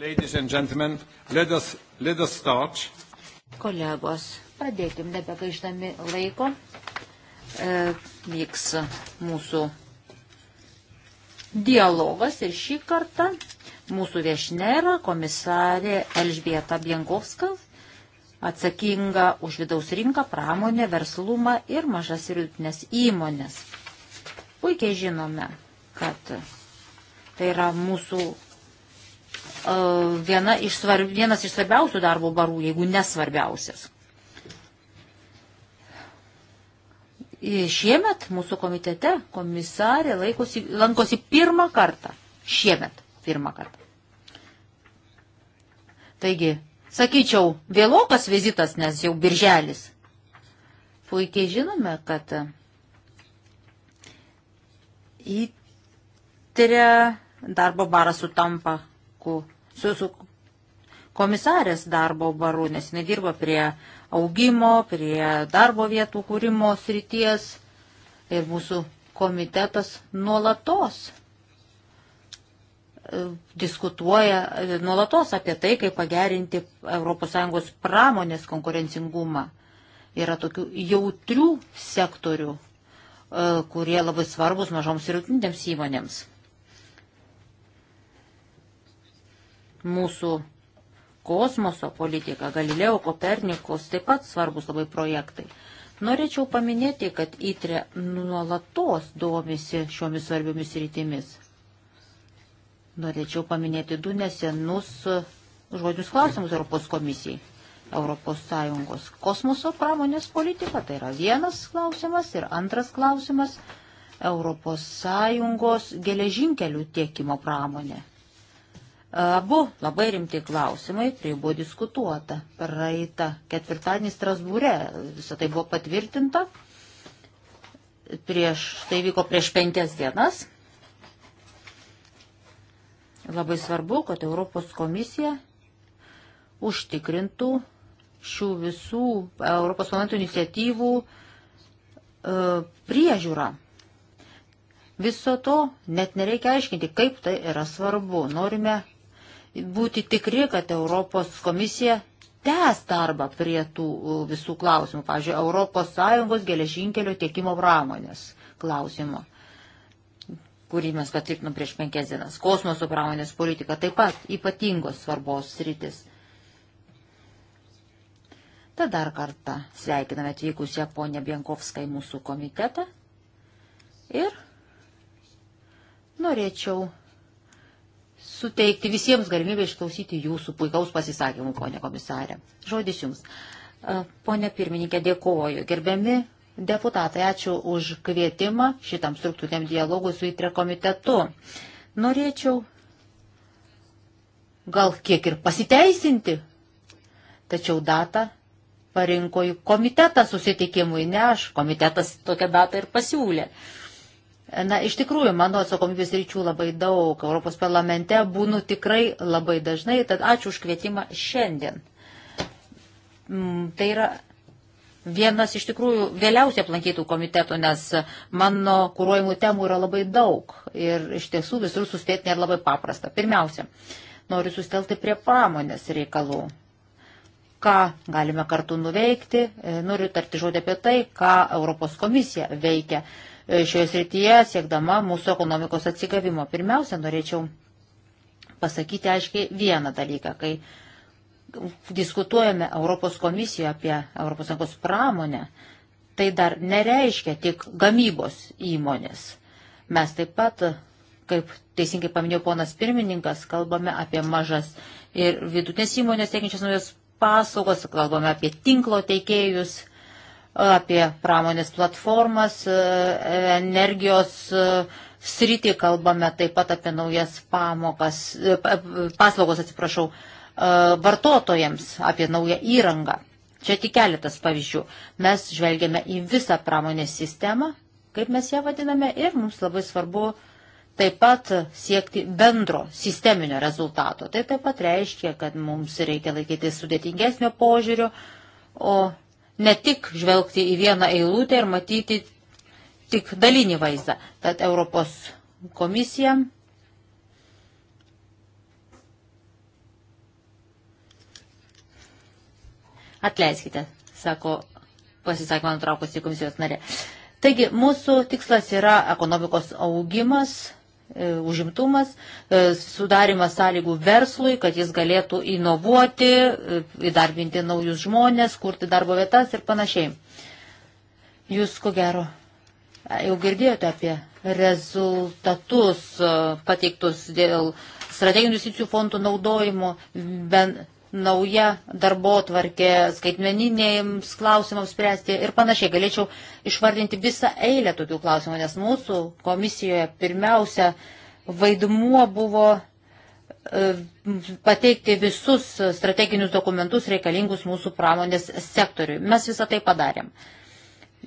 Ladies and gentlemen, let us, let us start. Kolegos, pradėkim nebegaiždami laiko. E, vyks mūsų dialogas ir šį kartą mūsų viešne yra komisarė Elžbieta Bienkovska, atsakinga už vidaus rinką, pramonę, verslumą ir mažas ir vidutinės įmonės. Puikiai žinome, kad tai yra mūsų E, viena iš svarb, vienas iš svarbiausių darbo barų, jeigu nesvarbiausias. E, šiemet mūsų komitete komisarė laikosi, lankosi pirmą kartą. Šiemet pirmą kartą. Taigi, sakyčiau, vėlokas vizitas, nes jau birželis. Puikiai žinome, kad įtrė darbo baras sutampa, ku su, su komisarės darbo baru, nes jinai dirba prie augimo, prie darbo vietų kūrimo srities ir mūsų komitetas nuolatos e, diskutuoja e, nuolatos apie tai, kaip pagerinti ES pramonės konkurencingumą. Yra tokių jautrių sektorių, e, kurie labai svarbus mažoms ir rutinėms įmonėms. mūsų kosmoso politika, Galileo Kopernikus, taip pat svarbus labai projektai. Norėčiau paminėti, kad ITRE nuolatos domisi šiomis svarbiomis rytimis. Norėčiau paminėti du nesenus žodžius klausimus Europos komisijai. Europos Sąjungos kosmoso pramonės politika, tai yra vienas klausimas ir antras klausimas Europos Sąjungos geležinkelių tiekimo pramonė. Abu labai rimti klausimai, prie buvo diskutuota praeitą ketvirtadienį Strasbūre, visą tai buvo patvirtinta, prieš, tai vyko prieš penkias dienas. Labai svarbu, kad Europos komisija užtikrintų šių visų Europos parlamento iniciatyvų e, priežiūrą. Viso to net nereikia aiškinti, kaip tai yra svarbu. Norime būti tikri, kad Europos komisija tęs darbą prie tų e, visų klausimų, pavyzdžiui, ES geležinkelio tiekimo pramonės klausimo, kurį mes patvirtinom prieš penkias dienas. Kosmoso pramonės politika taip pat ypatingos svarbos sritis. Tad dar kartą sveikiname atvykusią ponę Bienkovską į mūsų komitetą ir norėčiau suteikti visiems galimybę išklausyti jūsų puikaus pasisakymų, ponė komisarė. Žodis jums. Pone pirmininkė, dėkoju. Gerbiami deputatai, ačiū už kvietimą šitam struktūriniam dialogui su įtre komitetu. Norėčiau gal kiek ir pasiteisinti, tačiau datą parinko į komitetą susitikimui, ne aš, komitetas tokią datą ir pasiūlė. Uh, Na, iš tikrųjų, mano atsakomybės ryčių labai daug. Europos parlamente būnu tikrai labai dažnai, tad ačiū už kvietimą šiandien. Mm, tai yra vienas iš tikrųjų vėliausiai aplankytų komitetų, nes mano kūruojimų temų yra labai daug ir iš tiesų visur suspėti nėra labai paprasta. Pirmiausia, noriu sustelti prie pramonės reikalų ką galime kartu nuveikti. E, noriu tarti žodį apie tai, ką Europos komisija veikia šioje srityje, siekdama mūsų ekonomikos atsigavimo. Pirmiausia, norėčiau pasakyti aiškiai vieną dalyką, kai diskutuojame Europos komisijoje apie ES pramonę, tai dar nereiškia tik gamybos įmonės. Mes taip pat, kaip teisingai paminėjo ponas pirmininkas, kalbame apie mažas ir vidutinės įmonės teikiančias naujas paslaugas, kalbame apie tinklo teikėjus, apie pramonės platformas, e, energijos e, sritį kalbame, taip pat apie naujas pamokas, e, paslaugos, atsiprašau, vartotojams, apie naują įrangą. Čia tik keletas pavyzdžių. Mes žvelgiame į visą pramonės sistemą, kaip mes ją vadiname, ir mums labai svarbu taip pat siekti bendro sisteminio rezultato. Tai taip pat reiškia, kad mums reikia laikytis sudėtingesnio požiūrio, o ne tik žvelgti į vieną eilutę ir matyti tik dalinį vaizdą. Tad Europos komisija atleiskite, sako pasisakymą nutraukusi komisijos narė. Taigi, mūsų tikslas yra ekonomikos augimas E, užimtumas, e, sudarimas sąlygų verslui, kad jis galėtų inovuoti, e, įdarbinti naujus žmonės, kurti darbo vietas ir panašiai. Jūs, ko gero, jau girdėjote apie rezultatus pateiktus dėl strateginių investicijų fondų naudojimo, ben, nauja darbo tvarkė skaitmeninėms klausimams spręsti ir panašiai. Galėčiau išvardinti visą eilę tokių klausimų, nes mūsų komisijoje pirmiausia vaidmuo buvo e, pateikti visus strateginius dokumentus reikalingus mūsų pramonės sektoriui. Mes visą tai padarėm.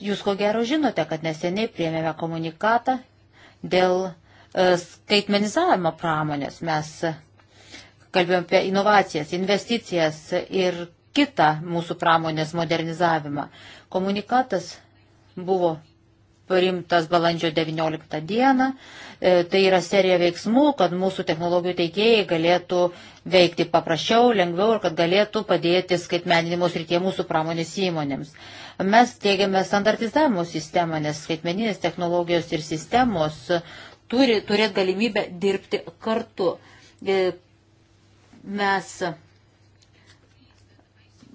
Jūs ko gero žinote, kad neseniai priemėme komunikatą dėl e, skaitmenizavimo pramonės. Mes kalbėjom apie inovacijas, investicijas ir kitą mūsų pramonės modernizavimą. Komunikatas buvo priimtas balandžio 19 dieną. E, tai yra serija veiksmų, kad mūsų technologijų teikėjai galėtų veikti paprasčiau, lengviau ir kad galėtų padėti skaitmeninimo srityje mūsų pramonės įmonėms. Mes teigiame standartizavimo sistemą, nes skaitmeninės technologijos ir sistemos turi turėti galimybę dirbti kartu e, Mes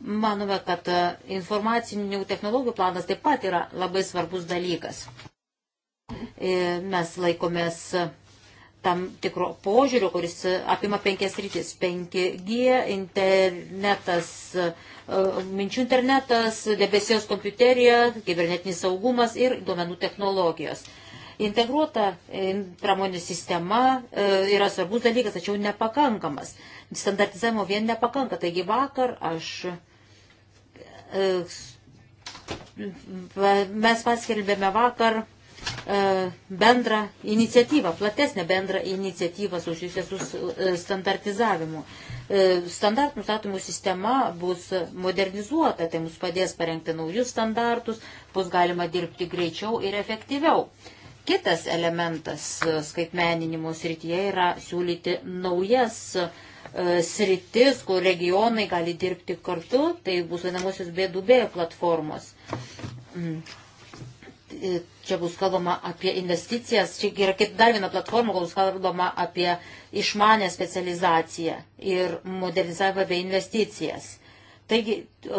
manome, kad informacinių technologijų planas taip pat yra labai svarbus dalykas. E, mes laikomės tam tikro požiūrio, kuris apima penkias rytis. 5G, internetas, e, minčių internetas, debesijos kompiuterija, kibernetinis saugumas ir duomenų technologijos. Integruota e, pramonės sistema e, yra svarbus dalykas, tačiau nepakankamas. Standartizavimo vien nepakanka. Taigi vakar aš. E, mes paskelbėme vakar bendrą iniciatyvą, platesnę bendrą iniciatyvą susijusią su standartizavimu. Standartų nustatymų sistema bus modernizuota, tai mums padės parengti naujus standartus, bus galima dirbti greičiau ir efektyviau. Kitas elementas e, skaitmeninimo srityje yra siūlyti naujas e, sritis, kur regionai gali dirbti kartu, tai bus vadinamosios B2B platformos. Mm. E, čia bus kalbama apie investicijas, čia yra dar viena platforma, kur bus kalbama apie išmanę specializaciją ir modernizavimą bei investicijas. Taigi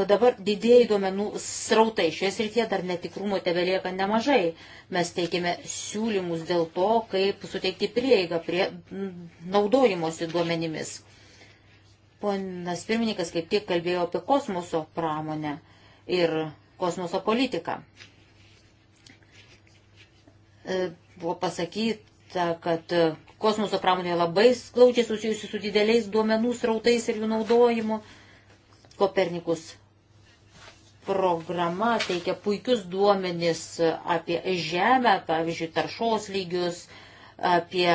dabar didėjai duomenų srautai. Šioje srityje dar netikrumo tebe lieka nemažai. Mes teikime siūlymus dėl to, kaip suteikti prieigą prie naudojimosi duomenimis. Ponas pirmininkas kaip tik kalbėjo apie kosmoso pramonę ir kosmoso politiką. E, buvo pasakyta, kad kosmoso pramonė labai sklaudžiai susijusi su dideliais duomenų srautais ir jų naudojimu. Kopernikus programa teikia puikius duomenis apie Žemę, pavyzdžiui, taršos lygius, apie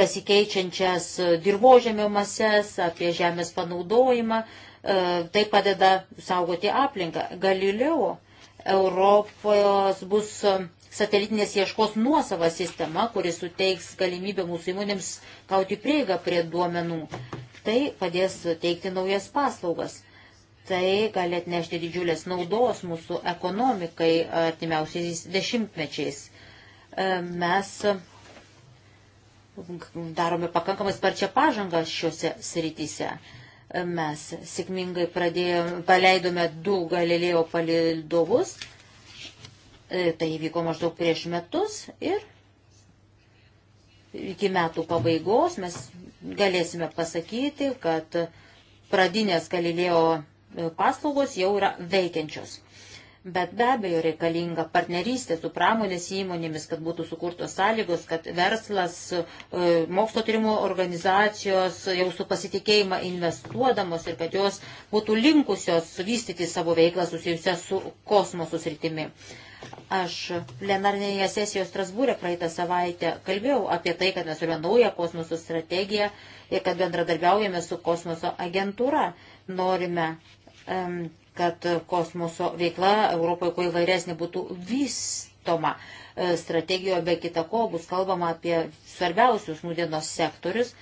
pasikeičiančias e, dirbožėmio mases, apie žemės panaudojimą. E, tai padeda saugoti aplinką. Galileo Europos bus satelitinės ieškos nuosava sistema, kuris suteiks galimybę mūsų įmonėms gauti prieigą prie duomenų. Tai padės teikti naujas paslaugas. Tai gali atnešti didžiulės naudos mūsų ekonomikai artimiausiais dešimtmečiais. E, mes darome pakankamai sparčią pažangą šiuose srityse. E, mes sėkmingai pradėjome, paleidome du Galilėjo palidovus. E, tai įvyko maždaug prieš metus ir iki metų pabaigos mes galėsime pasakyti, kad pradinės Galilėjo paslaugos jau yra veikiančios. Bet be abejo reikalinga partnerystė su pramonės įmonėmis, kad būtų sukurtos sąlygos, kad verslas, e, mokslo tyrimo organizacijos jaustų pasitikėjimą investuodamos ir kad jos būtų linkusios vystyti savo veiklą susijusią su kosmoso sritimi. Aš plenarnėje sesijoje Strasbūrė praeitą savaitę kalbėjau apie tai, kad mes turime naują kosmoso strategiją ir kad bendradarbiaujame su kosmoso agentūra. Norime, kad kosmoso veikla Europoje kuo įvairesnė būtų vystoma. E, strategijoje be kita ko bus kalbama apie svarbiausius nudienos sektorius.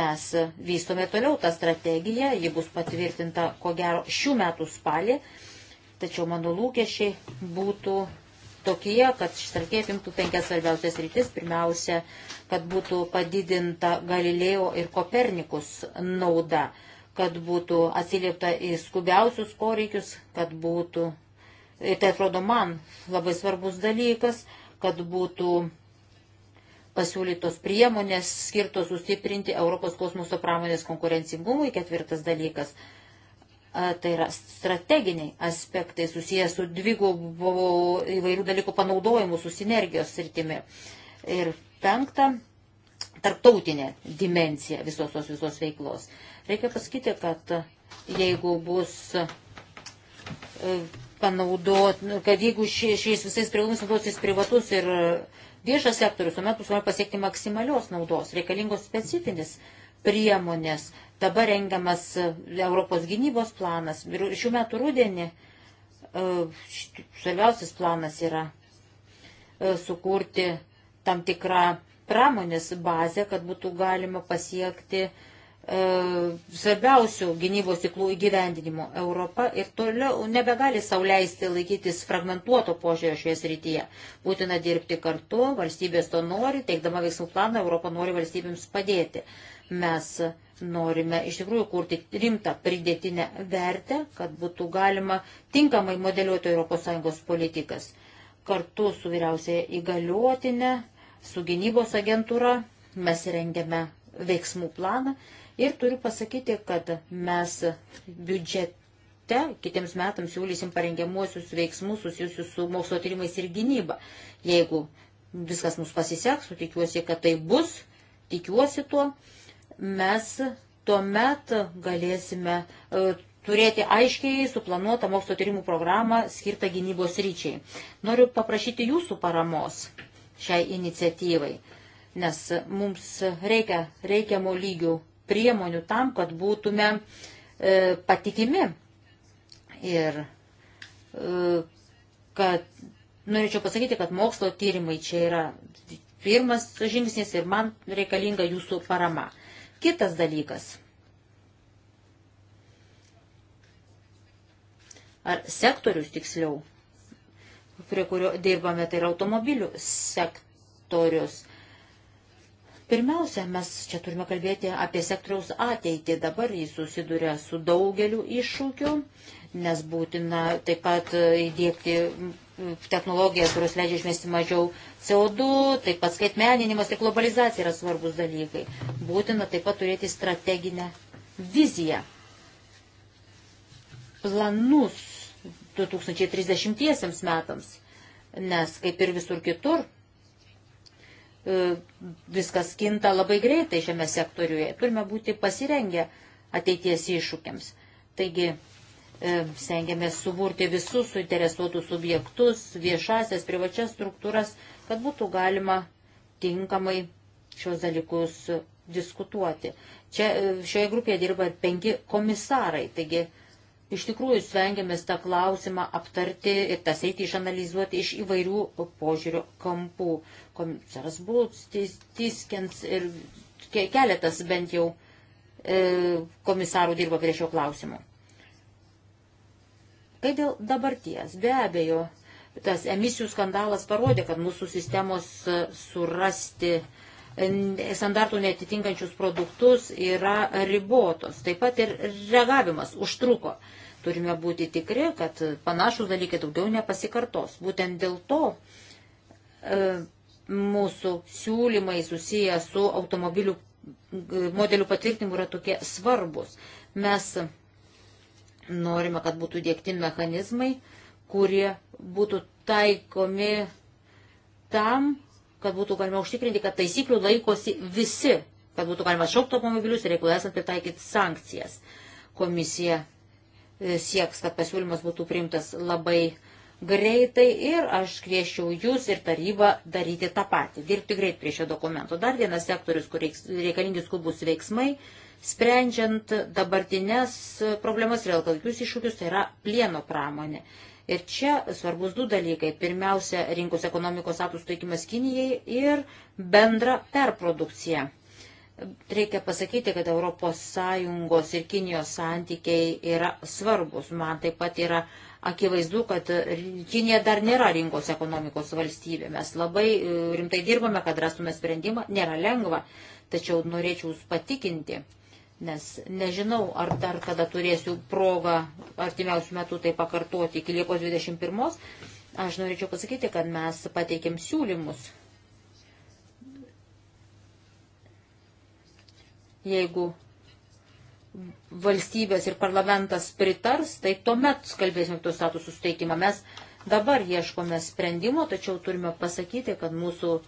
Mes vystome toliau tą strategiją, ji bus patvirtinta ko gero šių metų spalį, tačiau mano lūkesčiai būtų tokie, kad ši strategija apimtų penkias svarbiausias rytis. Pirmiausia, kad būtų padidinta Galilėjo ir Kopernikus nauda, kad būtų atsiliepta į skubiausius poreikius, kad būtų, ir tai atrodo man labai svarbus dalykas, kad būtų pasiūlytos priemonės skirtos sustiprinti Europos kosmoso pramonės konkurencingumui. Ketvirtas dalykas tai yra strateginiai aspektai susijęs su dvigubų įvairių dalykų panaudojimu, su sinergijos sritimi. Ir penkta, tarptautinė dimencija visos tos visos veiklos. Reikia pasakyti, kad jeigu bus e, panaudot, kad jeigu šiais visais privalumais naudosis privatus ir viešas sektorius, tuomet bus pasiekti maksimalios naudos, reikalingos specifinis priemonės Dabar rengiamas e, Europos gynybos planas. Šių metų rūdienį e, svarbiausias planas yra e, sukurti tam tikrą pramonės bazę, kad būtų galima pasiekti svarbiausių gynybos tiklų įgyvendinimo Europa ir toliau nebegali sauliaisti laikytis fragmentuoto požiūrio šioje srityje. Būtina dirbti kartu, valstybės to nori, teikdama veiksmų planą Europa nori valstybėms padėti. Mes norime iš tikrųjų kurti rimtą pridėtinę vertę, kad būtų galima tinkamai modeliuoti ES politikas. Kartu su vyriausiaja įgaliotinė, su gynybos agentūra mes rengiame veiksmų planą ir turiu pasakyti, kad mes biudžet biudžete kitiems metams siūlysim parengiamuosius veiksmus susijusius su mokslo tyrimais ir gynyba. Jeigu viskas mums pasiseks, tikiuosi, kad tai bus, tikiuosi tuo mes tuomet galėsime e, turėti aiškiai suplanuotą mokslo tyrimų programą skirtą gynybos ryčiai. Noriu paprašyti jūsų paramos šiai iniciatyvai, nes mums reikia reikiamo lygių priemonių tam, kad būtume e, patikimi ir e, kad norėčiau pasakyti, kad mokslo tyrimai čia yra pirmas žingsnis ir man reikalinga jūsų parama. Kitas dalykas. Ar sektorius tiksliau, prie kurio dirbame, tai yra automobilių sektorius. Pirmiausia, mes čia turime kalbėti apie sektoriaus ateitį. Dabar jis susiduria su daugeliu iššūkiu. Uh, nes būtina taip pat e, įdėkti technologijas, kurios leidžia išmesti mažiau CO2, taip pat skaitmeninimas ir tai globalizacija yra svarbus dalykai. Būtina taip pat turėti strateginę viziją, planus 2030 metams, nes kaip ir visur kitur, e, viskas kinta labai greitai šiame sektoriuje. Turime būti pasirengę ateities iššūkiams. Taigi, E, stengiamės suburti visus suinteresuotus subjektus, viešasias, privačias struktūras, kad būtų galima tinkamai šios dalykus diskutuoti. Čia e, šioje grupėje dirba penki komisarai, taigi iš tikrųjų stengiamės tą klausimą aptarti ir tą sritį išanalizuoti iš įvairių požiūrio kampų. Komisaras Būts, Tiskens ir keletas bent jau e, komisarų dirba prie šio klausimo. Kai dėl dabarties, be abejo, tas emisijų skandalas parodė, kad mūsų sistemos e, surasti e, standartų netitinkančius produktus yra ribotos. Taip pat ir reagavimas užtruko. Turime būti tikri, kad panašus dalykai daugiau nepasikartos. Būtent dėl to e, mūsų siūlymai susiję su automobilių e, modelių patvirtinimu yra tokie svarbus. Mes norime, kad būtų dėkti mechanizmai, kurie būtų taikomi tam, kad būtų galima užtikrinti, kad taisyklių laikosi visi, kad būtų galima šaukti automobilius ir jeigu esant pritaikyti sankcijas. Komisija e, sieks, kad pasiūlymas būtų priimtas labai greitai ir aš kvieščiau jūs ir tarybą daryti tą patį, dirbti greit prie šio dokumento. Dar vienas sektorius, kur reikalingi skubus veiksmai, sprendžiant dabartinės problemas ir ilgalaikius iššūkius, tai yra plieno pramonė. Ir čia svarbus du dalykai. Pirmiausia, rinkos ekonomikos status teikimas Kinijai ir bendra perprodukcija. Reikia pasakyti, kad ES ir Kinijos santykiai yra svarbus. Man taip pat yra akivaizdu, kad Kinija dar nėra rinkos ekonomikos valstybė. Mes labai e, rimtai dirbame, kad rastume sprendimą. Nėra lengva. Tačiau norėčiau jūs patikinti, nes nežinau, ar dar kada turėsiu progą artimiausių metų tai pakartoti iki Liepos 21. Aš norėčiau pasakyti, kad mes pateikėm siūlymus. Jeigu valstybės ir parlamentas pritars, tai tuomet kalbėsime apie to statusų suteikimą. Mes dabar ieškome sprendimo, tačiau turime pasakyti, kad mūsų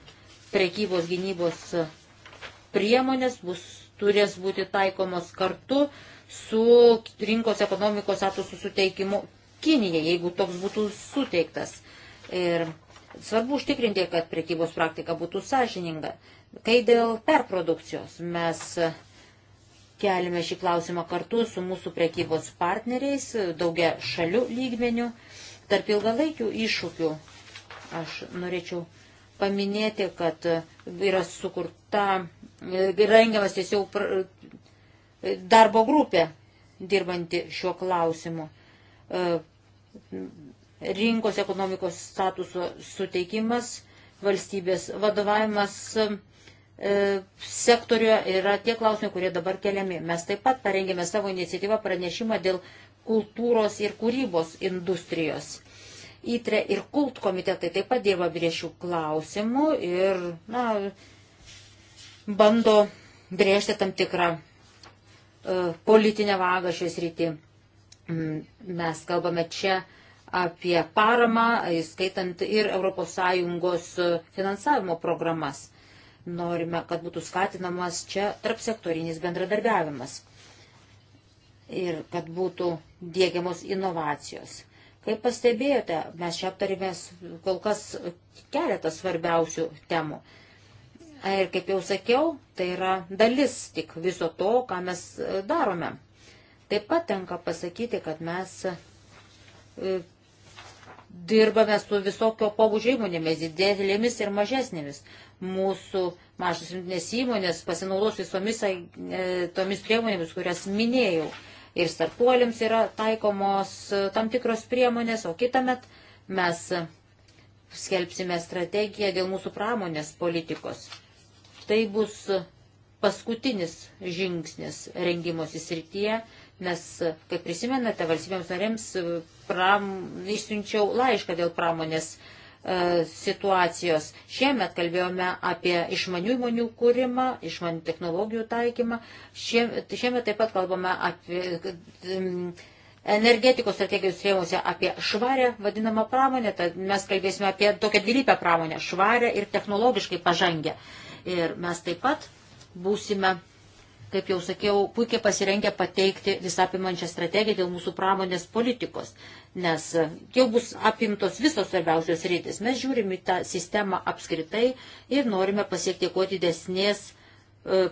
prekybos gynybos priemonės bus turės būti taikomos kartu su rinkos ekonomikos atusų suteikimu Kinijai, jeigu toks būtų suteiktas. Ir svarbu užtikrinti, kad prekybos praktika būtų sąžininga. Kai dėl perprodukcijos mes keliame šį klausimą kartu su mūsų prekybos partneriais, daugia šalių lygmenių, tarp ilgalaikių iššūkių. Aš norėčiau paminėti, kad yra sukurta rengiamas tiesiog darbo grupė dirbanti šiuo klausimu. E, rinkos ekonomikos statuso suteikimas, valstybės vadovavimas e, sektoriuje yra tie klausimai, kurie dabar keliami. Mes taip pat parengėme savo iniciatyvą pranešimą dėl kultūros ir kūrybos industrijos. ITRE ir kult komitetai taip pat dirba prie šių klausimų ir, na, bando brėžti tam tikrą e, politinę vagą šios rytį. Mm, mes kalbame čia apie paramą, įskaitant ir ES e, finansavimo programas. Norime, kad būtų skatinamas čia tarpsektorinis bendradarbiavimas ir kad būtų dėgiamos inovacijos. Kaip pastebėjote, mes čia aptarėme kol kas keletą svarbiausių temų. Ir kaip jau sakiau, tai yra dalis tik viso to, ką mes e, darome. Taip pat tenka pasakyti, kad mes e, dirbame su visokio pobūdžio įmonėmis, didelėmis ir mažesnėmis. Mūsų mažos imtinės įmonės pasinaudos visomis e, tomis priemonėmis, kurias minėjau. Ir startuoliams yra taikomos e, tam tikros priemonės, o kitamet mes skelbsime strategiją dėl mūsų pramonės politikos. Tai bus paskutinis žingsnis rengimosi srityje, nes, kaip prisimenate, valstybėms narėms e, pram, išsiunčiau laišką dėl pramonės e, situacijos. Šiemet kalbėjome apie išmanių įmonių kūrimą, išmanių technologijų taikymą. Šie, šiemet taip pat kalbame apie e, energetikos strategijos rėmose apie švarę vadinamą pramonę. Tad mes kalbėsime apie tokią dvilypę pramonę - švarę ir technologiškai pažangę. Uh, Ir mes taip pat būsime, kaip jau sakiau, puikiai pasirengę pateikti visapimančią strategiją dėl mūsų pramonės politikos, nes jau bus apimtos visos svarbiausios rytis. Mes žiūrim į tą sistemą apskritai ir norime pasiekti kuo didesnės e,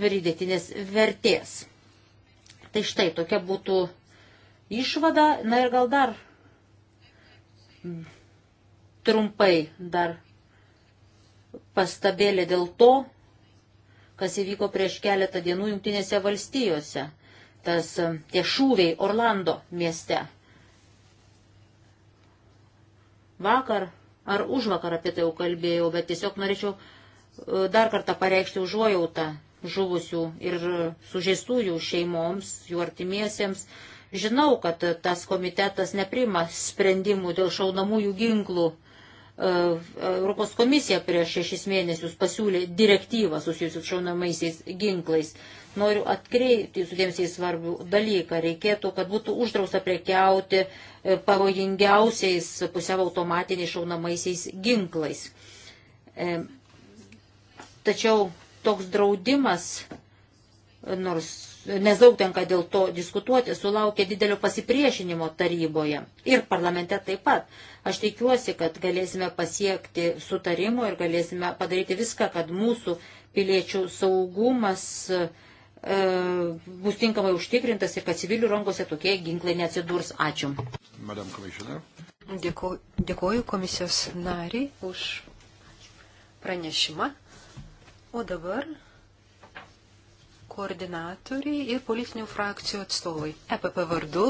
pridėtinės e, vertės. Tai štai tokia būtų išvada. Na ir gal dar trumpai dar pastabėlė dėl to, kas įvyko prieš keletą dienų Junktinėse valstijose. Tas e, tie šūviai Orlando mieste. Vakar ar už vakar apie tai jau kalbėjau, bet tiesiog norėčiau e, dar kartą pareikšti užuojautą žuvusių ir sužeistųjų šeimoms, jų artimiesiems. Žinau, kad tas komitetas neprima sprendimų dėl šaunamųjų ginklų E, Europos komisija prieš šešis mėnesius pasiūlė direktyvą susijusiu šaunamaisiais ginklais. Noriu atkreipti jūsų dėmesį į svarbių dalyką. Reikėtų, kad būtų uždrausta prekiauti e, pavojingiausiais pusiau automatiniais šaunamaisiais ginklais. E, tačiau toks draudimas, nors nes daug tenka dėl to diskutuoti, sulaukė didelio pasipriešinimo taryboje ir parlamente taip pat. Aš tikiuosi, kad galėsime pasiekti sutarimo ir galėsime padaryti viską, kad mūsų piliečių saugumas e, bus tinkamai užtikrintas ir kad civilių rankose tokie ginklai neatsidurs. Ačiū. Dėko, dėkoju komisijos nariai už pranešimą. O dabar koordinatoriai ir politinių frakcijų atstovai. EPP vardu.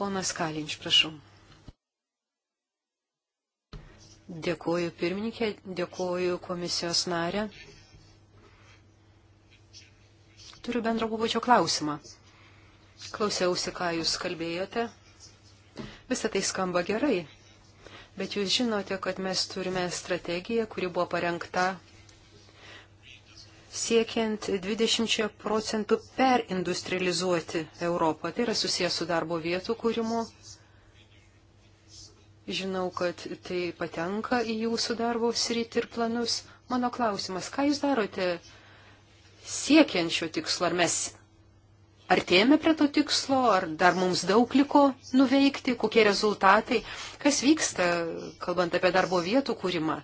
Ponas Kalinč, prašau. Dėkuoju pirmininkė, dėkuoju komisijos narė. Turiu bendro buvočio klausimą. Klausiausi, ką jūs kalbėjote. Visą tai skamba gerai, bet jūs žinote, kad mes turime strategiją, kuri buvo parengta siekiant 20 procentų perindustrializuoti Europą. Tai yra susijęs su darbo vietų kūrimu. Žinau, kad tai patenka į jūsų darbo sritį ir planus. Mano klausimas, ką jūs darote siekiant šio tikslo? Ar mes artėjame prie to tikslo, ar dar mums daug liko nuveikti, kokie rezultatai, kas vyksta, kalbant apie darbo vietų kūrimą?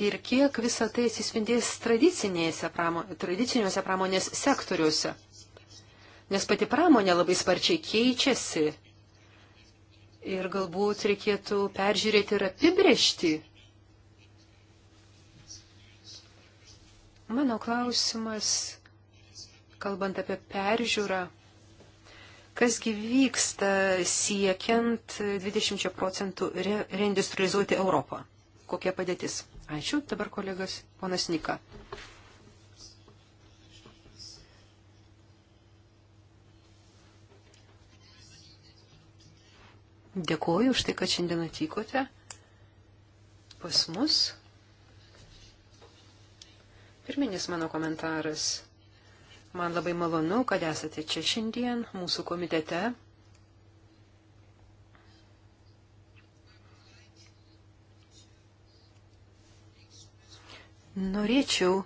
ir kiek visą tai atsispindės pramo, tradiciniuose pramonės sektoriuose. Nes pati pramonė labai sparčiai keičiasi ir galbūt reikėtų peržiūrėti ir apibriežti. Mano klausimas, kalbant apie peržiūrą, kasgi vyksta siekiant 20 procentų reindustrializuoti Europą? Kokia padėtis? Ačiū. Dabar kolegas ponas Nika. Dėkuoju už tai, kad šiandien atvykote pas mus. Pirminis mano komentaras. Man labai malonu, kad esate čia šiandien mūsų komitete. Norėčiau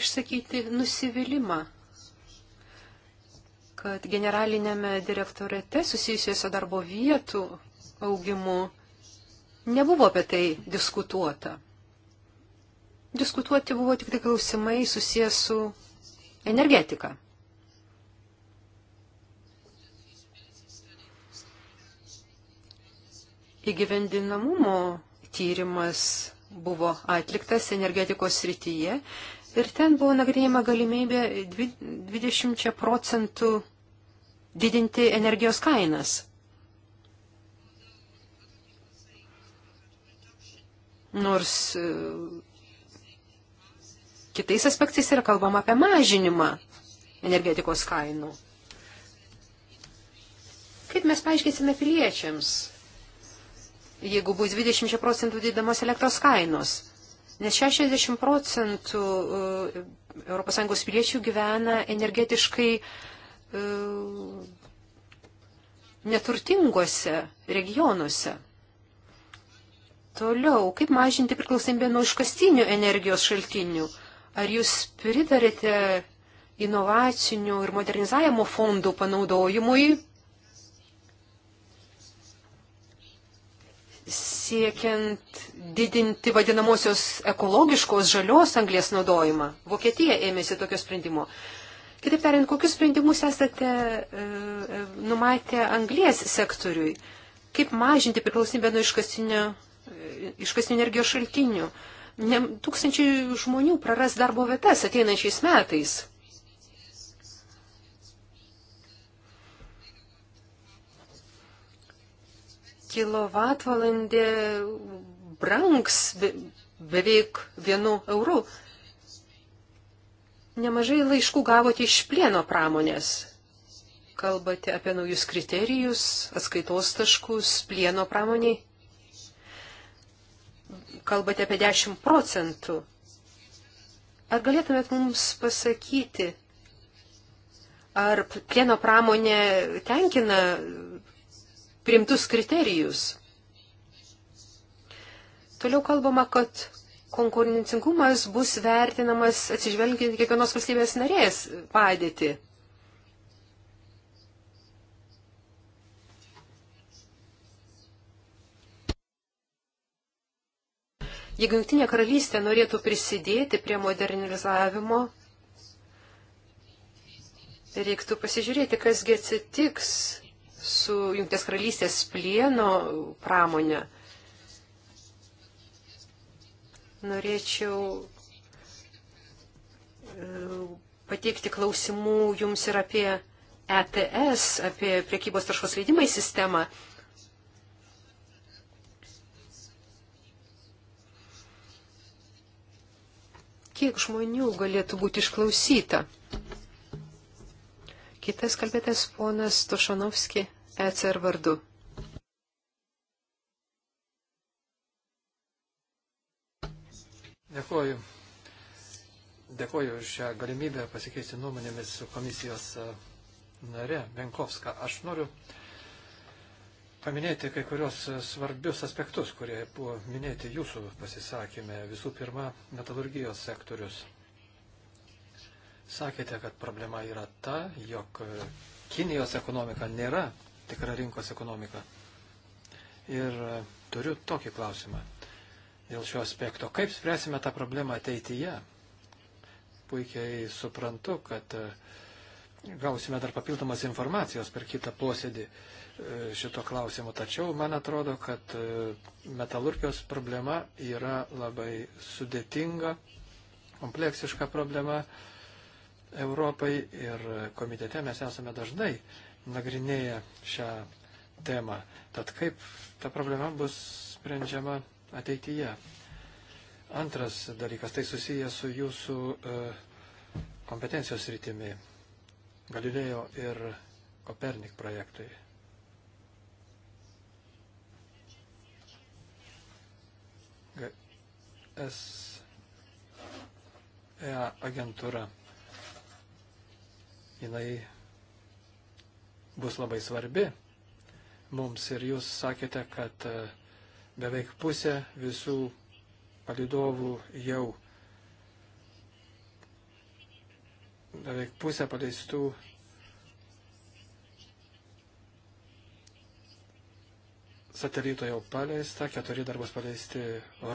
išsakyti nusivylimą, kad generalinėme direktorate susijusiuose darbo vietų augimu nebuvo apie tai diskutuota. Diskutuoti buvo tik tai klausimai susijęs su energetika. Įgyvendinamumo tyrimas buvo atliktas energetikos srityje ir ten buvo nagrinėjama galimybė 20 procentų didinti energijos kainas. Nors e, kitais aspektais yra kalbama apie mažinimą energetikos kainų. Kaip mes paaiškinsime piliečiams, jeigu bus 20 procentų didamos elektros kainos. Nes 60 procentų e, ES piliečių gyvena energetiškai e, neturtingose regionuose. Toliau, kaip mažinti priklausomybę nuo iškastinių energijos šaltinių? Ar jūs pritarėte inovacinių ir modernizavimo fondų panaudojimui siekiant didinti vadinamosios ekologiškos žalios anglės naudojimą. Vokietija ėmėsi tokio sprendimo. Kitaip tariant, kokius sprendimus esate e, e, numatę anglės sektoriui? Kaip mažinti priklausomybę nuo iškastinio, e, iškastinio energijos šaltinių? Ne, tūkstančiai žmonių praras darbo vietas ateinančiais metais. kilovatvalandė brangs be, beveik vienu euru. Nemažai laiškų gavote iš plieno pramonės. Kalbate apie naujus kriterijus, atskaitos taškus plieno pramoniai. Kalbate apie 10 procentų. Ar galėtumėt mums pasakyti, ar plieno pramonė tenkina primtus kriterijus. Toliau kalbama, kad konkurencingumas bus vertinamas atsižvelgiant kiekvienos valstybės narės padėti. Jeigu Junktinė karalystė norėtų prisidėti prie modernizavimo, reiktų pasižiūrėti, kasgi atsitiks su Junktinės karalystės plieno pramonė. Norėčiau e, pateikti klausimų jums ir apie ETS, apie priekybos taršos leidimai sistemą. Kiek žmonių galėtų būti išklausyta? Kitas kalbėtas ponas Tušanovski, ECR vardu. Dėkuoju. Dėkuoju už šią galimybę pasikeisti nuomonėmis su komisijos e, nare Benkovska. Aš noriu paminėti kai kurios e, svarbius aspektus, kurie buvo minėti jūsų pasisakymė. Visų pirma, metalurgijos sektorius. Sakėte, kad problema yra ta, jog Kinijos ekonomika nėra tikra rinkos ekonomika. Ir turiu tokį klausimą dėl šio aspekto. Kaip spręsime tą problemą ateityje? Puikiai suprantu, kad e, gausime dar papildomas informacijos per kitą posėdį e, šito klausimu. Tačiau man atrodo, kad e, metalurgijos problema yra labai sudėtinga, kompleksiška problema. Europai ir komitete mes esame dažnai nagrinėję šią temą. Tad kaip ta problema bus sprendžiama ateityje? Antras dalykas, tai susijęs su jūsų e, kompetencijos rytimi Galilėjo ir Kopernik projektui. S. E agentūra jinai bus labai svarbi mums. Ir jūs sakėte, kad e, beveik pusė visų palidovų jau beveik pusė paleistų satelito jau paleista, keturi dar bus paleisti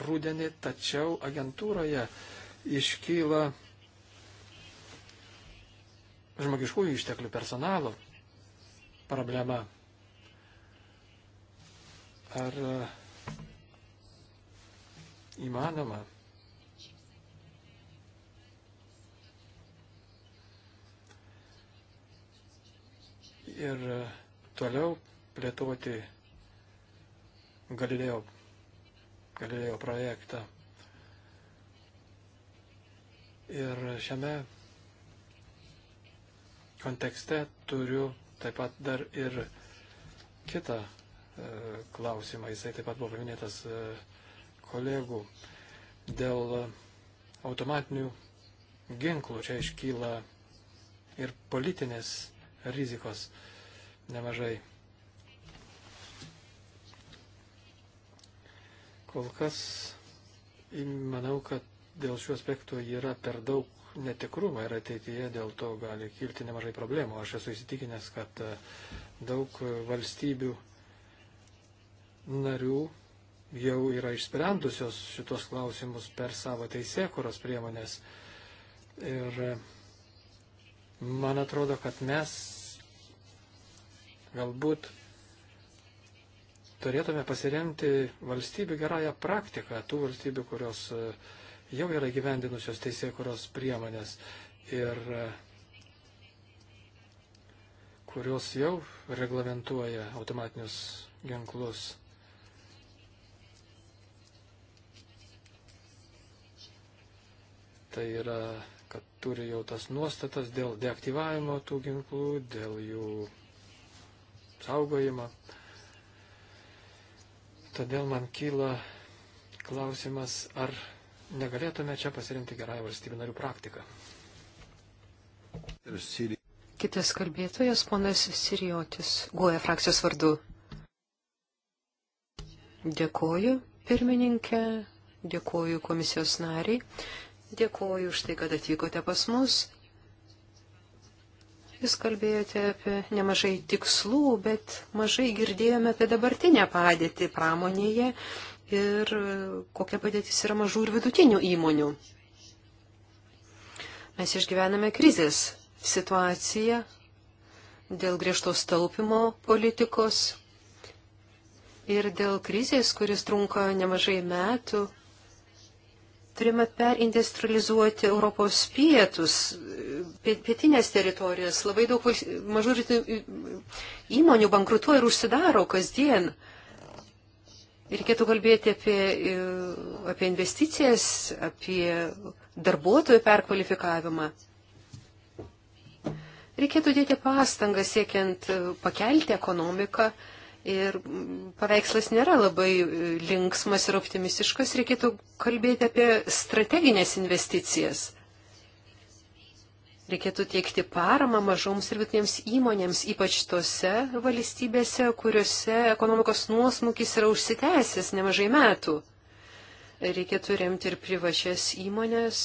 rudenį, tačiau agentūroje iškyla žmogiškųjų išteklių personalo problema. Ar e, įmanoma ir toliau plėtoti Galilėjo, Galilėjo projektą. Ir šiame kontekste turiu taip pat dar ir kitą e, klausimą. Jisai taip pat buvo paminėtas e, kolegų dėl automatinių ginklų. Čia iškyla ir politinės rizikos nemažai. Kol kas manau, kad dėl šių aspektų yra per daug netikrumą ir ateityje dėl to gali kilti nemažai problemų. Aš esu įsitikinęs, kad e, daug e, valstybių narių jau yra išsprendusios šitos klausimus per savo teisėkuros priemonės. Ir e, man atrodo, kad mes galbūt turėtume pasiremti valstybių gerąją praktiką, tų valstybių, kurios uh, jau yra gyvendinusios teisėkuros priemonės ir e, kurios jau reglamentuoja automatinius ginklus. Tai yra, kad turi jau tas nuostatas dėl deaktyvavimo tų ginklų, dėl jų saugojimo. Todėl man kyla klausimas, ar negalėtume čia pasirinkti gerąją valstybių narių praktiką. Kitas kalbėtojas, ponas Sirijotis, guoja frakcijos vardu. Dėkoju, pirmininkė, dėkoju komisijos nariai, dėkoju už tai, kad atvykote pas mus. Jūs kalbėjote apie nemažai tikslų, bet mažai girdėjome apie dabartinę padėtį pramonėje ir e, kokia padėtis yra mažų ir vidutinių įmonių. Mes išgyvename krizės situaciją dėl griežtos taupimo politikos ir dėl krizės, kuris trunka nemažai metų. Turime perindustrializuoti Europos pietus, pietinės teritorijas. Labai daug mažų rytų įmonių bankrutuoja ir užsidaro kasdien. Uh, Reikėtų kalbėti apie, apie investicijas, apie darbuotojų perkvalifikavimą. Reikėtų dėti pastangą siekiant e, pakelti ekonomiką ir paveikslas nėra labai e, linksmas ir optimistiškas. Reikėtų kalbėti apie strateginės investicijas reikėtų teikti paramą mažoms ir vidutinėms įmonėms, ypač tose valstybėse, kuriuose ekonomikos nuosmukis yra užsitęsęs nemažai metų. Reikėtų remti ir privačias įmonės,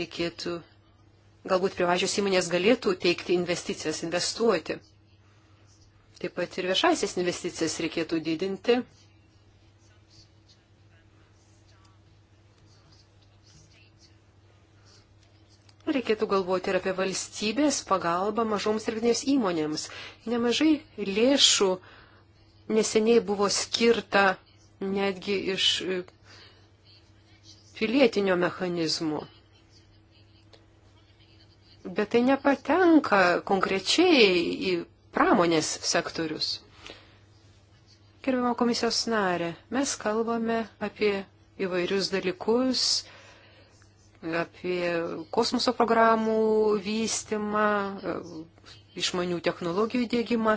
reikėtų, galbūt privačios įmonės galėtų teikti investicijas, investuoti. Taip pat ir viešaisias investicijas reikėtų didinti Reikėtų galvoti ir apie valstybės pagalbą mažoms ir vidinės įmonėms. Nemažai lėšų neseniai buvo skirta netgi iš e, pilietinio mechanizmo. Bet tai nepatenka konkrečiai į pramonės sektorius. Gerbimo komisijos narė, mes kalbame apie įvairius dalykus, apie kosmoso programų vystimą, e, išmanių technologijų dėgymą.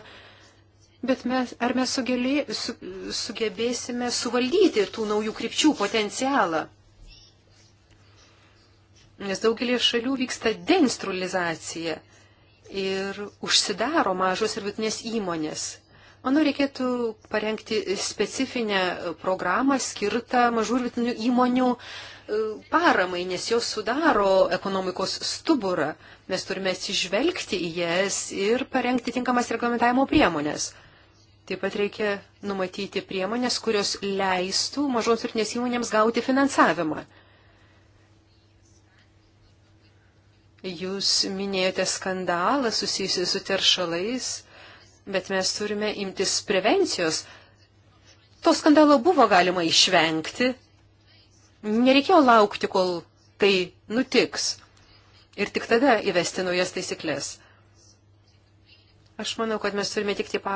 Bet mes, ar mes sugelė, su, sugebėsime suvaldyti tų naujų krypčių potencialą? Nes daugelį šalių vyksta denstrulizacija ir užsidaro mažos ir vidutinės įmonės. Manau, reikėtų parengti specifinę programą skirtą mažų ir vidutinių įmonių e, paramai, nes jos sudaro ekonomikos stuburą. Mes turime atsižvelgti į jas ir parengti tinkamas reglamentavimo priemonės. Taip pat reikia numatyti priemonės, kurios leistų mažoms ir nes įmonėms gauti finansavimą. Jūs minėjote skandalą susijusi su teršalais bet mes turime imtis prevencijos. To skandalo buvo galima išvengti. Nereikėjo laukti, kol tai nutiks. Ir tik tada įvesti naujas taisyklės. Aš manau, kad mes turime tikti pa,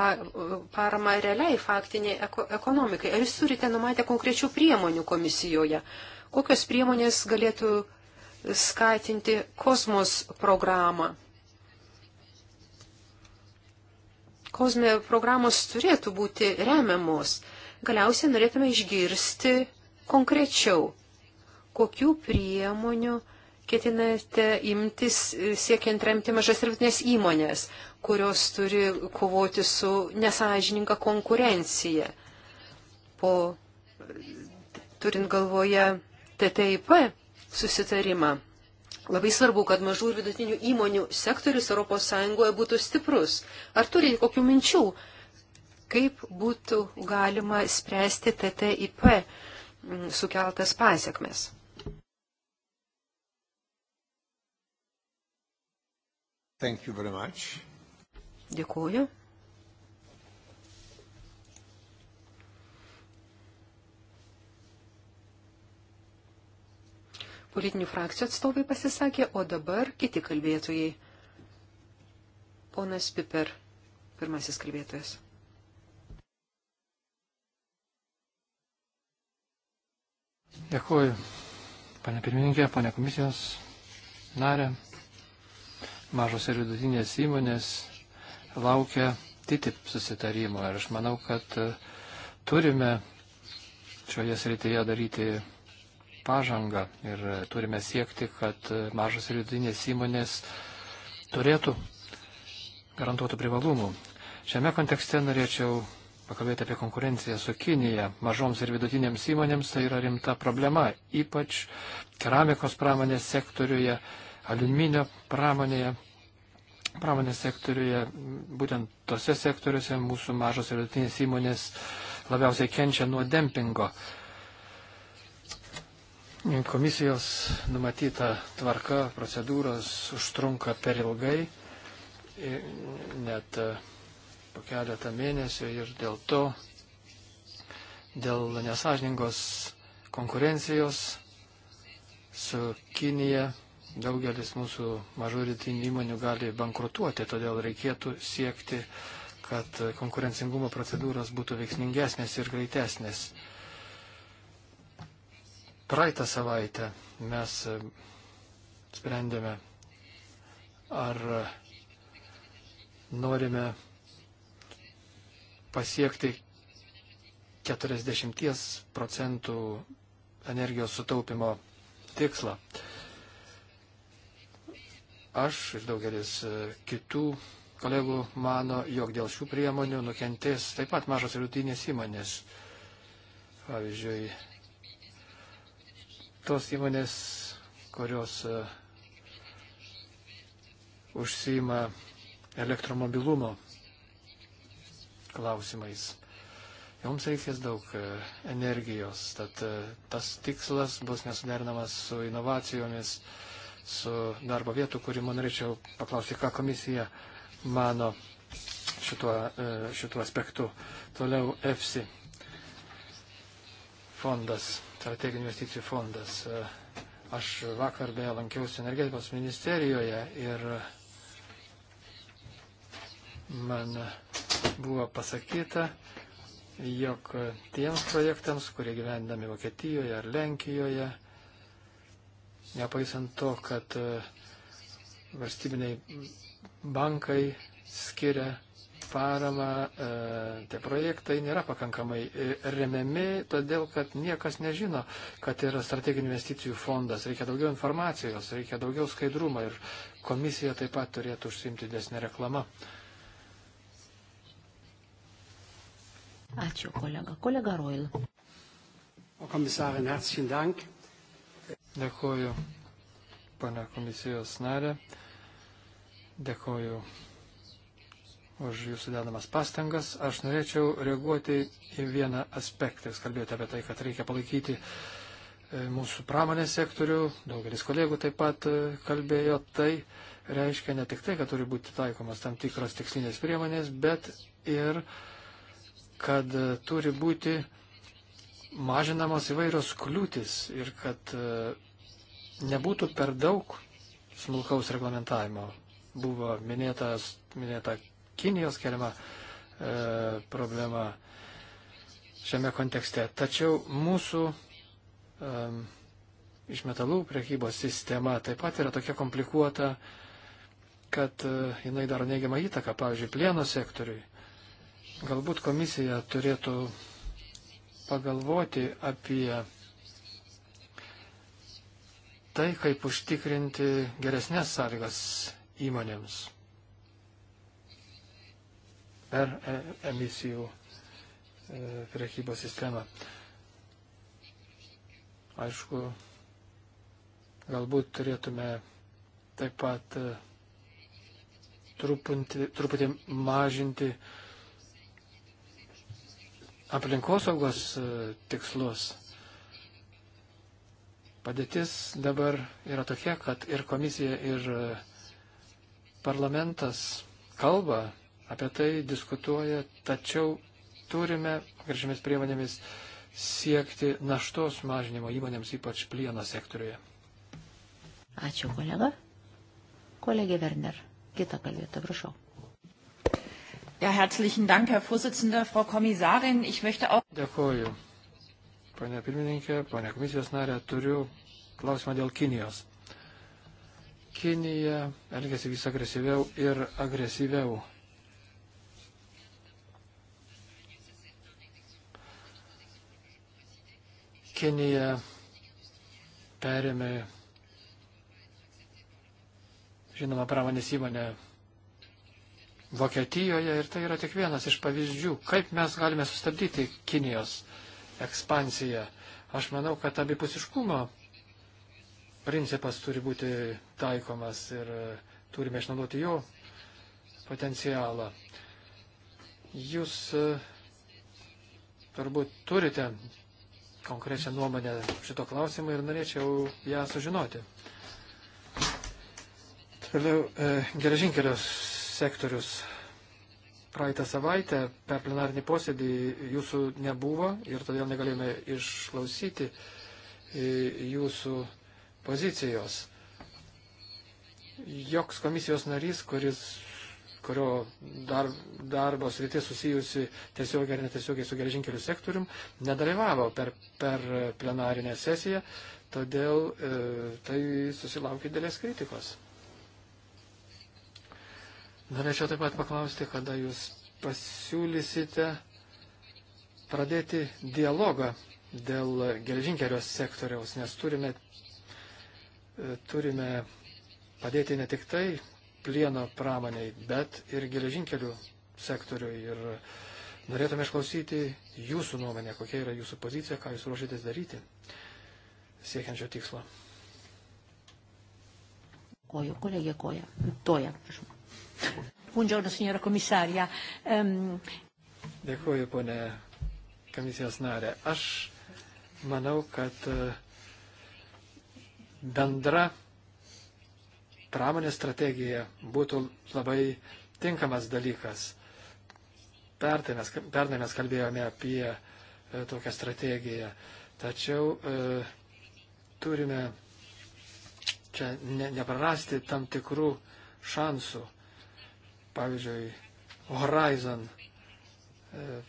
paramą realiai faktiniai eko, ekonomikai. Ar jūs turite numatę konkrečių priemonių komisijoje? Kokios priemonės galėtų skatinti kosmos programą? kozme programos turėtų būti remiamos. Galiausiai norėtume išgirsti konkrečiau, kokių priemonių ketinate imtis siekiant remti mažas ir vidutinės įmonės, kurios turi kovoti su nesažininka konkurencija. Po turint galvoje TTIP susitarimą. Labai svarbu, kad mažų ir vidutinių įmonių sektorius ES būtų stiprus. Ar turite kokių minčių, kaip būtų galima spręsti TTIP mm, sukeltas pasiekmes? Dėkuoju. politinių frakcijų atstovai pasisakė, o dabar kiti kalbėtojai. Ponas Piper, pirmasis kalbėtojas. Dėkuoju, pane pirmininkė, pane komisijos narė. Mažos ir vidutinės įmonės laukia TTIP susitarimo ir aš manau, kad e, turime šioje srityje daryti pažangą ir turime siekti, kad mažos ir vidutinės įmonės turėtų garantuotų privalumų. Šiame kontekste norėčiau pakalbėti apie konkurenciją su Kinija. Mažoms ir vidutinėms įmonėms tai yra rimta problema, ypač keramikos pramonės sektoriuje, aliuminio pramonėje, pramonės sektoriuje, būtent tose sektoriuose mūsų mažos ir vidutinės įmonės labiausiai kenčia nuo dempingo. Uh, Komisijos numatyta tvarka, procedūros užtrunka per ilgai, net e, po keletą mėnesių ir dėl to, dėl nesažningos konkurencijos su Kinija daugelis mūsų mažų rytinių įmonių gali bankrutuoti, todėl reikėtų siekti, kad konkurencingumo procedūros būtų veiksmingesnės ir greitesnės. Praeitą savaitę mes e, sprendėme, ar e, norime pasiekti 40 procentų energijos sutaupimo tikslą. Aš ir daugelis e, kitų kolegų mano, jog dėl šių priemonių nukentės taip pat mažos ir rutinės įmonės. Pavyzdžiui, tos įmonės, kurios e, užsima elektromobilumo klausimais. Joms reikės daug e, energijos, tad e, tas tikslas bus nesuderinamas su inovacijomis, su darbo vietų, kurį man norėčiau paklausti, ką komisija mano šituo, šituo aspektu. Toliau EFSI fondas strateginių investicijų fondas. Aš vakar beje lankiausi energetikos ministerijoje ir man buvo pasakyta, jog tiems projektams, kurie gyvendami Vokietijoje ar Lenkijoje, nepaisant to, kad valstybiniai bankai skiria paramą, e, tie projektai nėra pakankamai e, remiami, todėl kad niekas nežino, kad yra strateginių investicijų fondas. Reikia daugiau informacijos, reikia daugiau skaidrumo ir komisija taip pat turėtų užsimti didesnį reklamą. Ačiū, kolega. Kolega Roil. O komisarė, herzlichen Dank. Dėkuoju, pana komisijos narė. Dėkuoju už jūsų dedamas pastangas. Aš norėčiau reaguoti į vieną aspektą. Jūs kalbėjote apie tai, kad reikia palaikyti e, mūsų pramonės sektorių, daugelis kolegų taip pat e, kalbėjo, tai reiškia ne tik tai, kad turi būti taikomas tam tikros tikslinės priemonės, bet ir kad e, turi būti mažinamos įvairios kliūtis ir kad nebūtų per daug smulkaus reglamentavimo. Buvo minėtas, minėta Kinijos keliama e, problema šiame kontekste. Tačiau mūsų e, iš metalų priekybos sistema taip pat yra tokia komplikuota, kad e, jinai daro neigiamą įtaką, pavyzdžiui, plieno sektoriui. Galbūt komisija turėtų pagalvoti apie tai, kaip užtikrinti geresnės sąlygas įmonėms per e, emisijų e, priekybos sistemą. Aišku, galbūt turėtume taip pat e, truputį, truputį mažinti aplinkosaugos tikslus. Padėtis dabar yra tokia, kad ir komisija, ir parlamentas kalba apie tai diskutuoja, tačiau turime gražiamis priemonėmis siekti naštos mažinimo įmonėms, ypač plieno sektoriuje. Ačiū, kolega. Kolegė Werner, kitą kalbėtą, prašau. Ja, herzlichen Dank, Herr Vorsitzender, Frau Kommissarin. Ich möchte auch. Dėkoju. Pane pirmininkė, pane komisijos narė, turiu klausimą dėl Kinijos. Kinija elgesi vis agresyviau ir agresyviau Kinija perėmė žinoma pramonės įmonė Vokietijoje ir tai yra tik vienas iš pavyzdžių, kaip mes galime sustabdyti Kinijos ekspansiją. Aš manau, kad abipusiškumo principas turi būti taikomas ir turime išnaudoti jo potencialą. Jūs e, turbūt turite konkrečią nuomonę šito klausimu ir norėčiau ją sužinoti. Toliau e, geležinkelio sektorius. Praeitą savaitę per plenarinį posėdį jūsų nebuvo ir todėl negalėjome išklausyti e, jūsų pozicijos. Joks komisijos narys, kuris kurio dar, darbo sritis susijusi tiesiogiai ar netiesiogiai su geležinkeliu sektorium, nedalyvavo per, per plenarinę sesiją, todėl e, tai susilaukė dėlės kritikos. Norėčiau taip pat paklausti, kada jūs pasiūlysite pradėti dialogą dėl geležinkelio sektoriaus, nes turime, e, turime padėti ne tik tai plieno pramoniai, bet ir geležinkelių sektoriui. Ir norėtume išklausyti jūsų nuomonę, kokia yra jūsų pozicija, ką jūs ruošiatės daryti siekiančio tikslo. Kojo, kolegė Koja. Toja, prašau. Buongiorno, signora komisarija. Um... Ehm, Dėkuoju, ponė komisijos narė. Aš manau, kad e, bendra pramonės strategija būtų labai tinkamas dalykas. Pernai mes, pernai mes kalbėjome apie e, tokią strategiją, tačiau e, turime čia ne, neprarasti tam tikrų šansų. Pavyzdžiui, Horizon e,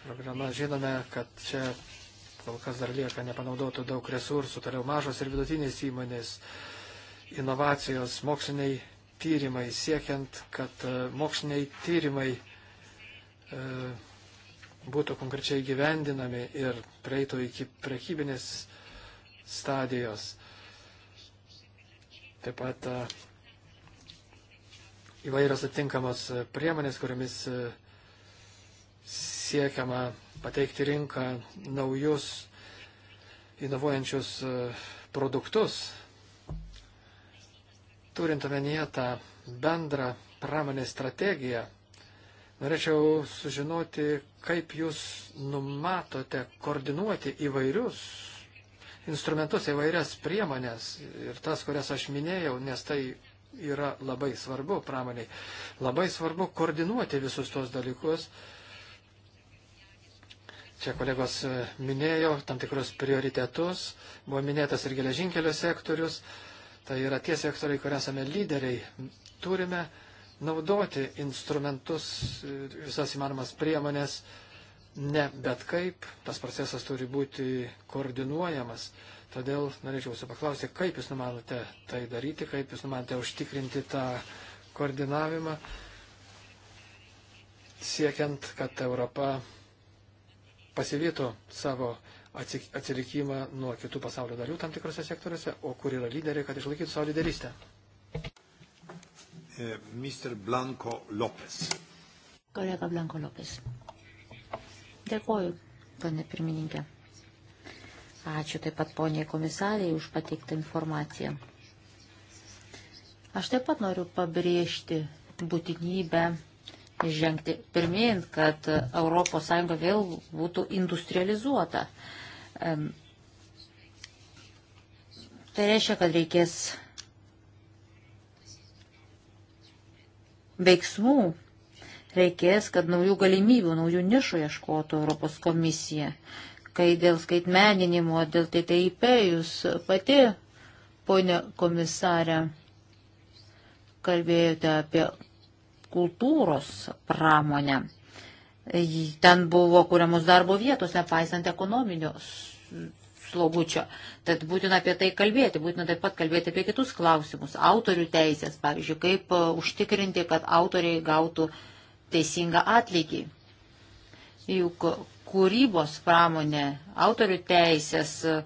programa, žinome, kad čia kol kas dar lieka nepanaudotų daug resursų, toliau mažos ir vidutinės įmonės. E, inovacijos, moksliniai tyrimai, siekiant, kad e, moksliniai tyrimai e, būtų konkrečiai gyvendinami ir prieitų iki prekybinės stadijos. Taip pat e, įvairios atitinkamos priemonės, kuriamis siekiama pateikti rinką naujus inovuojančius produktus, Turint omenyje tą bendrą pramonės strategiją, norėčiau sužinoti, kaip jūs numatote koordinuoti įvairius instrumentus, įvairias priemonės ir tas, kurias aš minėjau, nes tai yra labai svarbu pramoniai. Labai svarbu koordinuoti visus tuos dalykus. Čia kolegos e, minėjo tam tikrus prioritetus, buvo minėtas ir geležinkelio sektorius, tai yra tie sektoriai, kur esame lyderiai, turime naudoti instrumentus, visas įmanomas priemonės, ne bet kaip, tas procesas turi būti koordinuojamas. Todėl norėčiau jūsų paklausti, kaip jūs numanote tai daryti, kaip jūs numanote užtikrinti tą koordinavimą, siekiant, kad Europa pasivytų savo atsilikimą nuo kitų pasaulio dalių tam tikrose sektoriuose, o kur yra lyderiai, kad išlaikytų savo lyderystę. E, Mr. Blanco Lopez. Kolega Blanco Lopez. Dėkoju, pane pirmininkė. Ačiū taip pat poniai komisariai už pateiktą informaciją. Aš taip pat noriu pabrėžti būtinybę žengti pirmin, kad ES vėl būtų industrializuota. Tai reiškia, kad reikės veiksmų, reikės, kad naujų galimybių, naujų nišų ieškotų Europos komisija. Kai dėl skaitmeninimo, dėl TTIP jūs pati, ponė komisarė, kalbėjote apie kultūros pramonę. Ten buvo kuriamos darbo vietos, nepaisant ekonominius slogučio. Tad būtina apie tai kalbėti, būtina taip pat kalbėti apie kitus klausimus. Autorių teisės, pavyzdžiui, kaip e, užtikrinti, kad autoriai gautų teisingą atlygį. Juk kūrybos pramonė, autorių teisės e,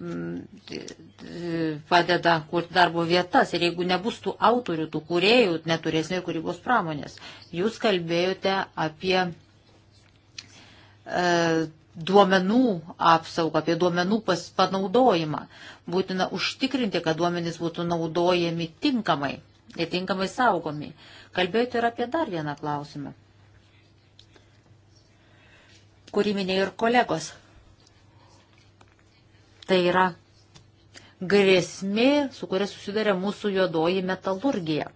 e, padeda kurti darbo vietas ir jeigu nebus tų autorių, tų kūrėjų, neturėsime kūrybos pramonės. Jūs kalbėjote apie duomenų apsaugą, apie duomenų panaudojimą. Būtina užtikrinti, kad duomenys būtų naudojami tinkamai ir tinkamai saugomi. Kalbėjote ir apie dar vieną klausimą, kurį minėjo ir kolegos. Tai yra grėsmė, su kuria susidarė mūsų juodoji metalurgija.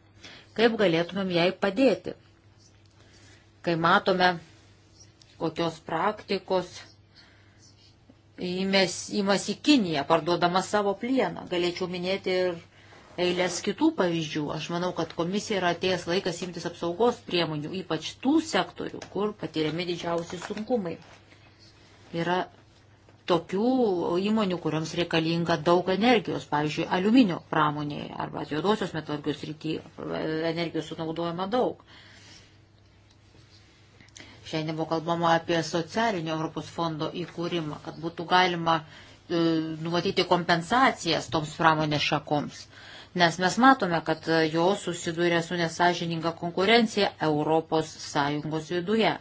Kaip galėtumėm jai padėti? Kai matome, kokios praktikos įmasi Kiniją, parduodama savo plieną. Galėčiau minėti ir eilės kitų pavyzdžių. Aš manau, kad komisija yra atėjęs laikas imtis apsaugos priemonių, ypač tų sektorių, kur patiriami didžiausi sunkumai. Yra tokių įmonių, kuriams reikalinga daug energijos, pavyzdžiui, aliuminio pramonėje arba juodosios metalurgijos rytyje energijos sunaudojama daug. Uh, Šiandien buvo kalbama apie socialinio Europos fondo įkūrimą, kad būtų galima e, numatyti kompensacijas toms pramonės šakoms. Nes mes matome, kad e, jos susiduria su nesažininga konkurencija ES viduje.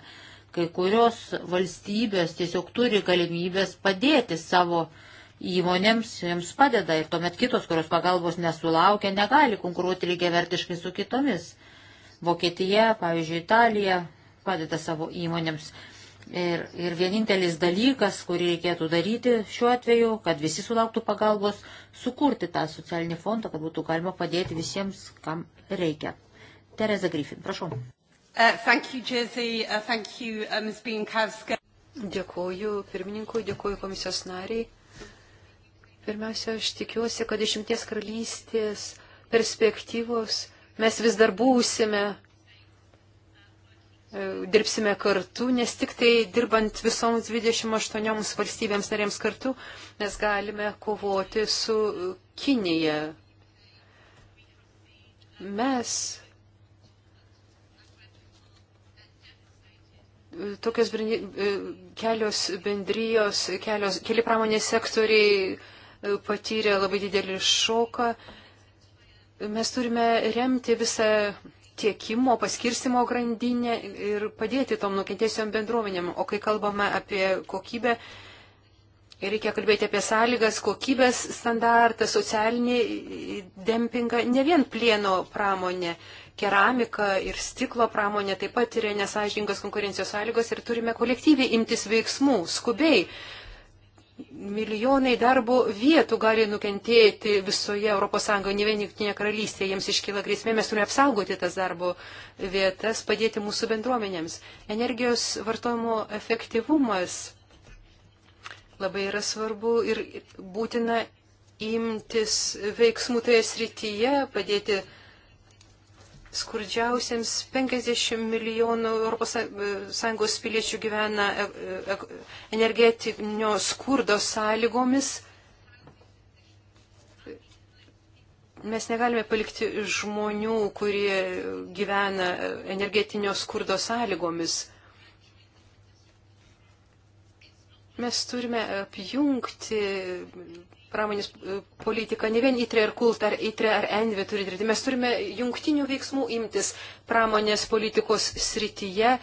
Kai kurios valstybės tiesiog turi galimybės padėti savo įmonėms, jiems padeda ir tuomet kitos, kurios pagalbos nesulaukia, negali konkuruoti lygiai vertiškai su kitomis. Vokietija, pavyzdžiui, Italija, padeda savo įmonėms. Ir, ir vienintelis dalykas, kurį reikėtų daryti šiuo atveju, kad visi sulauktų pagalbos, sukurti tą socialinį fondą, kad būtų galima padėti visiems, kam reikia. Tereza Griffin, prašau. Uh, you, Jersey. Uh, you, uh, dėkuoju pirmininkui, dėkuoju komisijos nariai. Pirmiausia, aš tikiuosi, kad išimties karalystės perspektyvos mes vis dar būsime dirbsime kartu, nes tik tai dirbant visoms 28 valstybėms narėms kartu mes galime kovoti su Kinija. Mes tokios kelios bendrijos, kelios, keli pramonės sektoriai e, patyrė labai didelį šoką. Mes turime remti visą tiekimo, paskirstimo grandinę ir padėti tom nukentėjusiam bendruomenėm. O kai kalbame apie kokybę, reikia kalbėti apie sąlygas, kokybės standartą, socialinį dempingą, ne vien plieno pramonė. Keramika ir stiklo pramonė taip pat yra nesažininkas konkurencijos sąlygos ir turime kolektyviai imtis veiksmų, skubiai, milijonai darbo vietų gali nukentėti visoje ES, ne vien Junktinėje karalystėje, jiems iškyla grėsmė, mes turime apsaugoti tas darbo vietas, padėti mūsų bendruomenėms. Energijos vartojimo efektyvumas labai yra svarbu ir būtina imtis veiksmų toje srityje, padėti skurdžiausiams 50 milijonų ES piliečių gyvena e, e, e, energetinio skurdo sąlygomis. Mes negalime palikti žmonių, kurie gyvena energetinio skurdo sąlygomis. Mes turime apjungti pramonės e, politika, ne vien ITRE ar KULT ar ITRE ar ENVI turi dirbti. Mes turime jungtinių veiksmų imtis pramonės politikos srityje,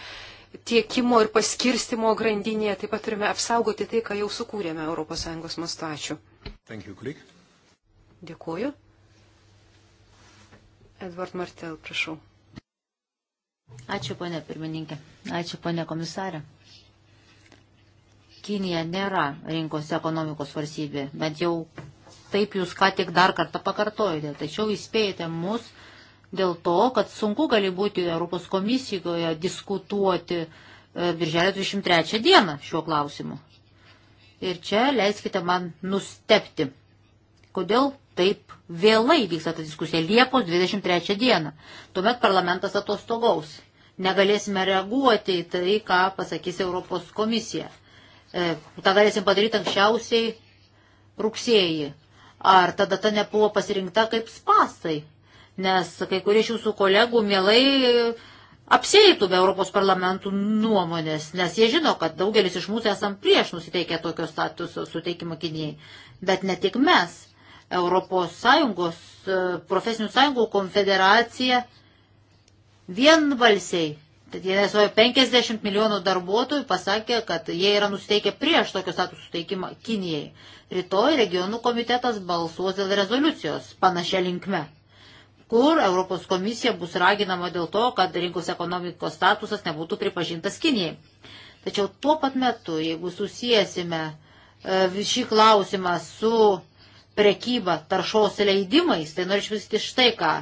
tiekimo ir paskirstimo grandinėje. Taip pat turime apsaugoti tai, ką jau sukūrėme ES mastu. Ačiū. You, Dėkuoju. Edvard Martel, prašau. Ačiū, ponė pirmininkė. Ačiū, ponė komisarė. Kinija nėra rinkos ekonomikos valstybė, bent jau taip jūs ką tik dar kartą pakartojate, tačiau įspėjate mus dėl to, kad sunku gali būti Europos komisijoje diskutuoti e, Birželio 23 dieną šiuo klausimu. Ir čia leiskite man nustepti, kodėl taip vėlai vyksta ta diskusija Liepos 23 dieną. Tuomet parlamentas atostogaus. Negalėsime reaguoti į tai, ką pasakys Europos komisija. E, tą galėsim padaryti anksčiausiai rugsėjį. Ar ta data nebuvo pasirinkta kaip spastai? Nes kai kurie iš jūsų kolegų mielai apseitų be Europos parlamentų nuomonės, nes jie žino, kad daugelis iš mūsų esam prieš nusiteikę tokio statuso suteikimą Kinijai. Bet ne tik mes. Europos Sąjungos e, profesinių sąjungų konfederacija vienbalsiai Tad jie nesuoja 50 milijonų darbuotojų pasakė, kad jie yra nusteikę prieš tokio statusų suteikimą Kinijai. Rytoj regionų komitetas balsuos dėl rezoliucijos panašia linkme, kur Europos komisija bus raginama dėl to, kad rinkos ekonomikos statusas nebūtų pripažintas Kinijai. Tačiau tuo pat metu, jeigu susijęsime e, šį klausimą su prekyba taršos leidimais, tai norėčiau pasakyti štai ką.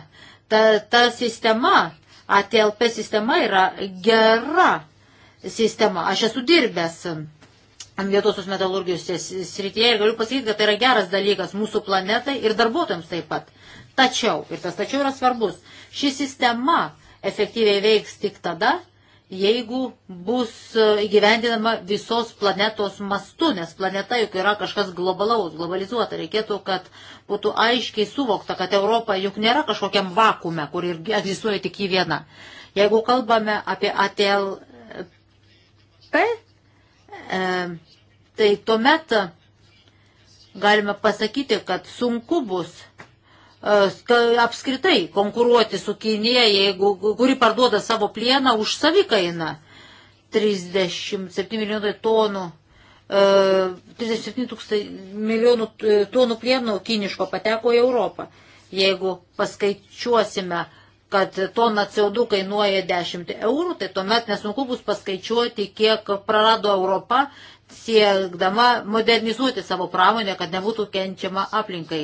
Ta, ta sistema ATLP sistema yra gera sistema. Aš esu dirbęs vietosios metalurgijos srityje ir galiu pasakyti, kad tai yra geras dalykas mūsų planetai ir darbuotojams taip pat. Tačiau, ir tas tačiau yra svarbus, ši sistema efektyviai veiks tik tada, jeigu bus e, įgyvendinama visos planetos mastu, nes planeta juk yra kažkas globalaus, globalizuota, reikėtų, kad būtų aiškiai suvokta, kad Europa juk nėra kažkokiam vakume, kur ir egzistuoja tik į vieną. Jeigu kalbame apie ATLP, e, tai tuomet galime pasakyti, kad sunku bus E, apskritai konkuruoti su Kinija, jeigu, kuri parduoda savo plieną už savikainą 37 milijonai tonų. 37 e, tūkstai, milijonų e, tonų plieno kiniško pateko į Europą. Jeigu paskaičiuosime, kad tona CO2 kainuoja 10 eurų, tai tuomet nesunku bus paskaičiuoti, kiek prarado Europa, siekdama modernizuoti savo pramonę, kad nebūtų kenčiama aplinkai.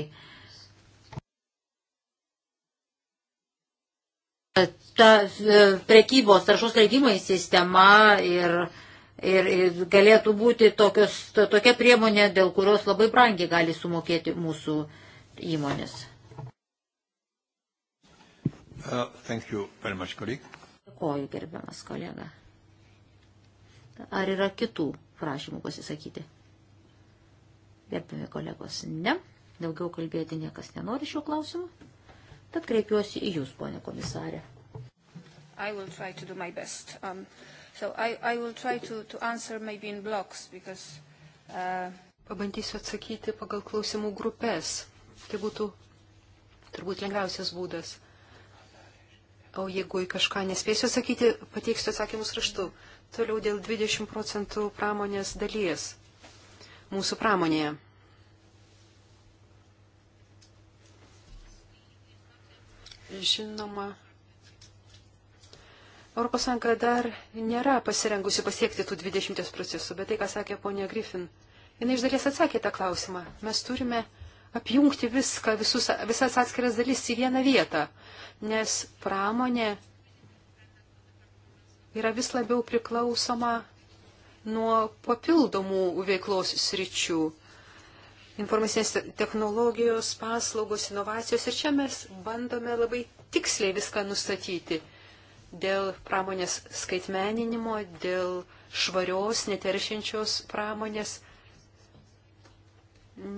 ta e, prekybos taršos leidimai sistema ir, ir, ir galėtų būti tokios, to, tokia priemonė, dėl kurios labai brangiai gali sumokėti mūsų įmonės. Uh, much, Dėkoju, gerbiamas kolega. Ar yra kitų prašymų pasisakyti? Gerbiami kolegos, ne. Daugiau kalbėti niekas nenori šiuo klausimu. Tad kreipiuosi į Jūs, ponė komisarė. I will try to do my best. Um, so I, I will try to, to answer maybe in blocks because. Uh... Pabandysiu atsakyti pagal klausimų grupės. Tai būtų turbūt lengviausias būdas. O jeigu į kažką nespėsiu atsakyti, pateiksiu atsakymus raštu. Toliau dėl 20 procentų pramonės dalies mūsų pramonėje. Žinoma, ES dar nėra pasirengusi pasiekti tų 20 procesų, bet tai, ką sakė ponia Griffin, jinai iš dalies atsakė tą klausimą. Mes turime apjungti viską, visus, visas atskiras dalis į vieną vietą, nes pramonė yra vis labiau priklausoma nuo papildomų veiklos sričių informacinės technologijos, paslaugos, inovacijos. Ir čia mes bandome labai tiksliai viską nustatyti dėl pramonės skaitmeninimo, dėl švarios, neteršiančios pramonės.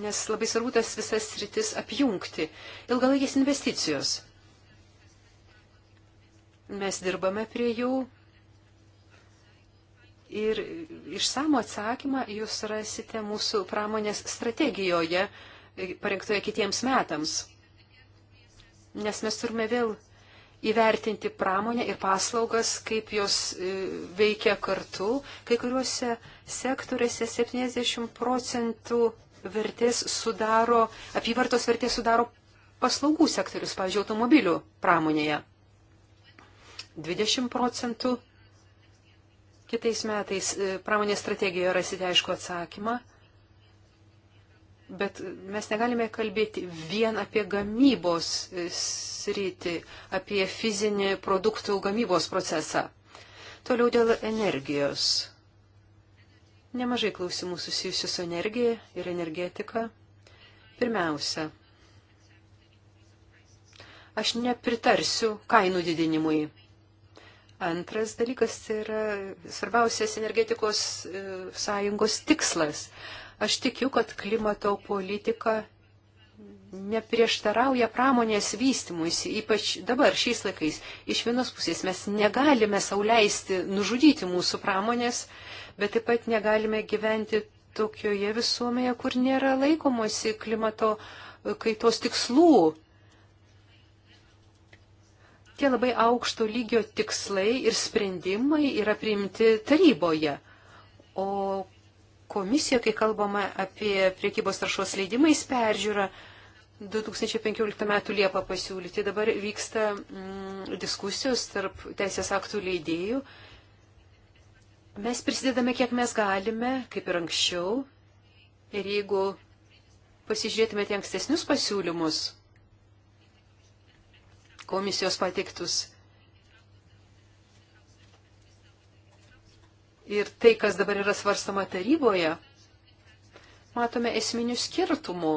Nes labai svarbu tas visas sritis apjungti. Ilgalaikės investicijos. Mes dirbame prie jų, Ir išsamų atsakymą jūs rasite mūsų pramonės strategijoje, e, parengtoje kitiems metams. Nes mes turime vėl įvertinti pramonę ir paslaugas, kaip jos e, veikia kartu. Kai kuriuose sektoriuose 70 procentų vertės sudaro, apyvartos vertės sudaro paslaugų sektorius, pavyzdžiui, automobilių pramonėje. 20 procentų Kitais metais e, pramonės strategijoje rasite aišku atsakymą, bet mes negalime kalbėti vien apie gamybos e, sritį, apie fizinį produktų gamybos procesą. Toliau dėl energijos. Nemažai klausimų susijusių su energija ir energetika. Pirmiausia, aš nepritarsiu kainų didinimui Antras dalykas yra svarbiausias energetikos e, sąjungos tikslas. Aš tikiu, kad klimato politika neprieštarauja pramonės vystimuisi, ypač dabar šiais laikais. Iš vienos pusės mes negalime sauliaisti nužudyti mūsų pramonės, bet taip pat negalime gyventi tokioje visuomenėje, kur nėra laikomosi klimato e, kaitos tikslų tie labai aukšto lygio tikslai ir sprendimai yra priimti taryboje. O komisija, kai kalbama apie priekybos taršos leidimais peržiūrą, 2015 m. Liepą pasiūlyti. Dabar vyksta mm, diskusijos tarp teisės aktų leidėjų. Mes prisidedame, kiek mes galime, kaip ir anksčiau. Ir jeigu pasižiūrėtumėte ankstesnius pasiūlymus, komisijos pateiktus. Ir tai, kas dabar yra svarstama taryboje, matome esminių skirtumų.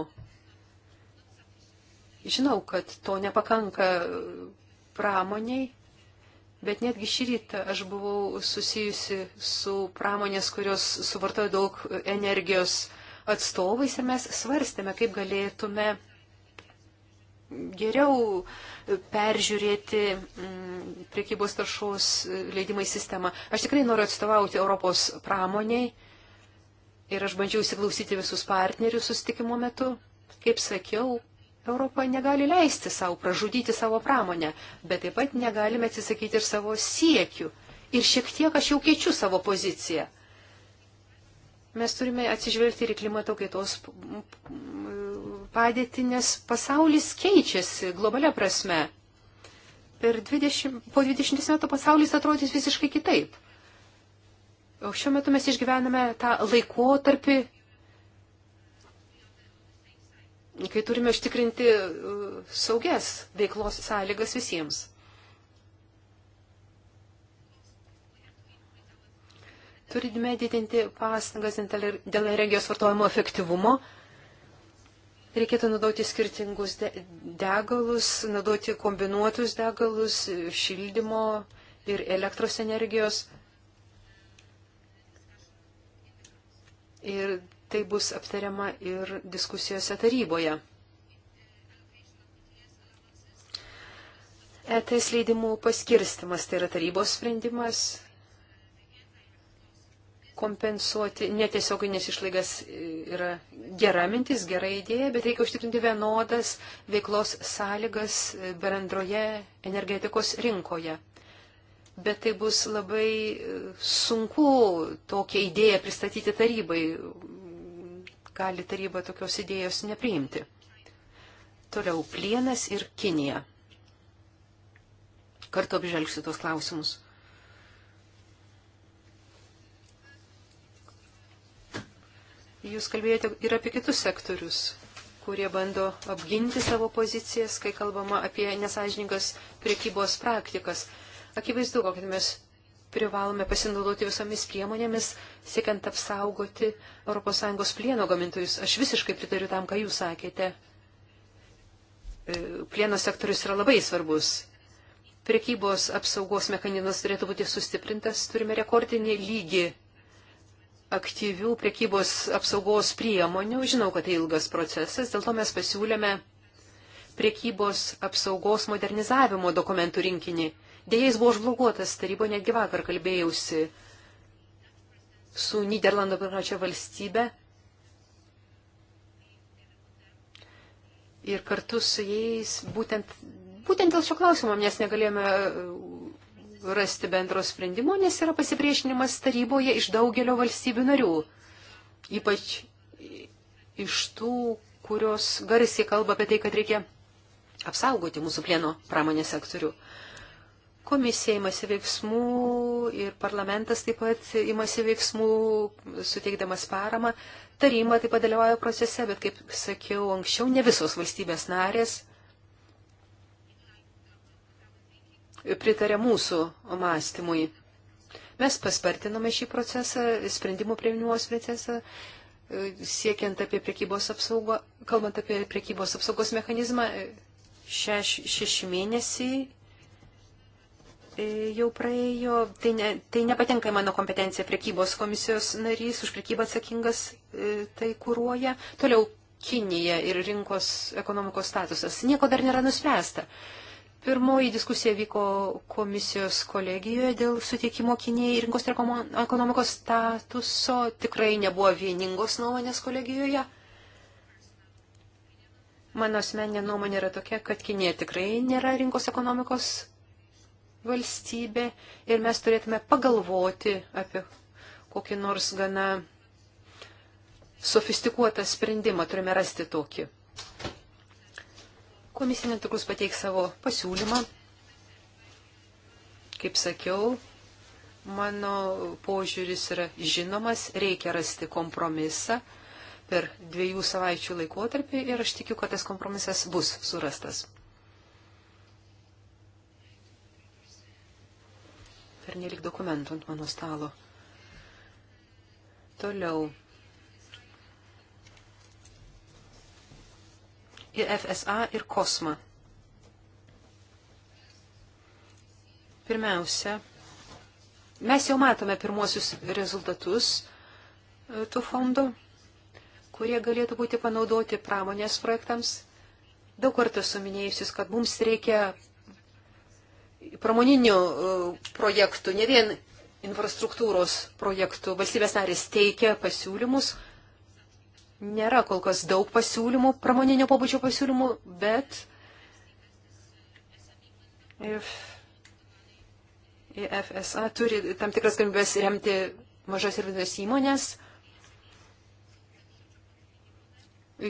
Žinau, kad to nepakanka pramoniai, bet netgi šį rytą aš buvau susijusi su pramonės, kurios suvartoja daug energijos atstovais ir mes svarstėme, kaip galėtume geriau peržiūrėti mm, priekybos taršos leidimai sistemą. Aš tikrai noriu atstovauti Europos pramoniai ir aš bandžiau įsiklausyti visus partnerius sustikimo metu. Kaip sakiau, Europa negali leisti savo pražudyti savo pramonę, bet taip pat negalime atsisakyti ir savo siekių. Ir šiek tiek aš jau keičiu savo poziciją. Mes turime atsižvelgti ir klimato kaitos padėtį, nes pasaulis keičiasi globalia prasme. Per 20, po 20 metų pasaulis atrodys visiškai kitaip. O šiuo metu mes išgyvename tą laikotarpį, kai turime užtikrinti uh, saugias veiklos sąlygas visiems. Turime didinti pastangas dėl energijos vartojimo efektyvumo Reikėtų naudoti skirtingus degalus, naudoti kombinuotus degalus, šildymo ir elektros energijos. Ir tai bus aptariama ir diskusijose taryboje. ETS leidimų paskirstimas tai yra tarybos sprendimas, kompensuoti netiesioginės išlaigas yra gera mintis, gera idėja, bet reikia užtikrinti vienodas veiklos sąlygas bendroje energetikos rinkoje. Bet tai bus labai e, sunku tokią idėją pristatyti tarybai. Gali taryba tokios idėjos nepriimti. Toliau plienas ir Kinija. Kartu apžvelgsiu tos klausimus. Jūs kalbėjote ir apie kitus sektorius, kurie bando apginti savo pozicijas, kai kalbama apie nesažininkas priekybos praktikas. Akivaizdu, kad mes privalome pasinaudoti visomis priemonėmis, siekiant apsaugoti ES plieno gamintojus. Aš visiškai pritariu tam, ką jūs sakėte. E, plieno sektorius yra labai svarbus. Prekybos apsaugos mechanizmas turėtų būti sustiprintas, turime rekordinį lygį aktyvių priekybos apsaugos priemonių. Žinau, kad tai ilgas procesas, dėl to mes pasiūlėme priekybos apsaugos modernizavimo dokumentų rinkinį. Dėja, jis buvo užblokuotas taryboje, netgi vakar kalbėjausi su Niderlandų pirmačia valstybe. Ir kartu su jais būtent, būtent dėl šio klausimo mes negalėjome rasti bendro sprendimo, nes yra pasipriešinimas taryboje iš daugelio valstybių narių, ypač iš tų, kurios garsiai kalba apie tai, kad reikia apsaugoti mūsų plieno pramonės sektorių. Komisija imasi veiksmų ir parlamentas taip pat imasi veiksmų, suteikdamas paramą. Taryba taip pat dalyvauja procese, bet kaip sakiau anksčiau, ne visos valstybės narės pritarė mūsų mąstymui. Mes paspartiname šį procesą, sprendimų prieimimo procesą, e, siekiant apie priekybos apsaugą, kalbant apie priekybos apsaugos mechanizmą, e, šeš, šeši mėnesiai e, jau praėjo, tai, ne, tai nepatenka į mano kompetenciją priekybos komisijos narys, už priekybą atsakingas tai kūruoja. Toliau Kinija ir rinkos ekonomikos statusas. Nieko dar nėra nuspręsta. Pirmoji diskusija vyko komisijos kolegijoje dėl suteikimo Kinijai rinkos ir ekonomikos statuso. Tikrai nebuvo vieningos nuomonės kolegijoje. Mano asmeninė nuomonė yra tokia, kad Kinija tikrai nėra rinkos ekonomikos valstybė ir mes turėtume pagalvoti apie kokį nors gana sofistikuotą sprendimą, turime rasti tokį. Komisija netrukus pateiks savo pasiūlymą. Kaip sakiau, mano požiūris yra žinomas, reikia rasti kompromisą per dviejų savaičių laikotarpį ir aš tikiu, kad tas kompromisas bus surastas. Per nelik dokumentų ant mano stalo. Toliau FSA ir kosmą. Pirmiausia, mes jau matome pirmuosius rezultatus e, tų fondų, kurie galėtų būti panaudoti pramonės projektams. Daug kartų esu minėjusis, kad mums reikia pramoninių e, projektų, ne vien infrastruktūros projektų. Valstybės narės teikia pasiūlymus, Nėra kol kas daug pasiūlymų, pramoninio pabudžio pasiūlymų, bet FSA e turi tam tikras galimybės remti mažas ir vidutinės įmonės.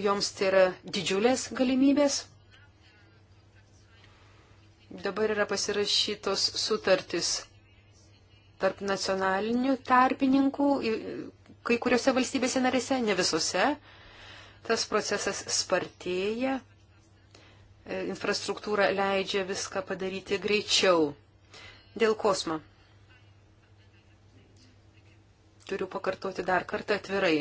Joms tai yra didžiulės galimybės. Dabar yra pasirašytos sutartis tarp nacionalinių tarpininkų, kai kuriuose valstybėse narėse, ne visose. Tas procesas spartėja, e, infrastruktūra leidžia viską padaryti greičiau. Dėl kosmo. Turiu pakartoti dar kartą atvirai.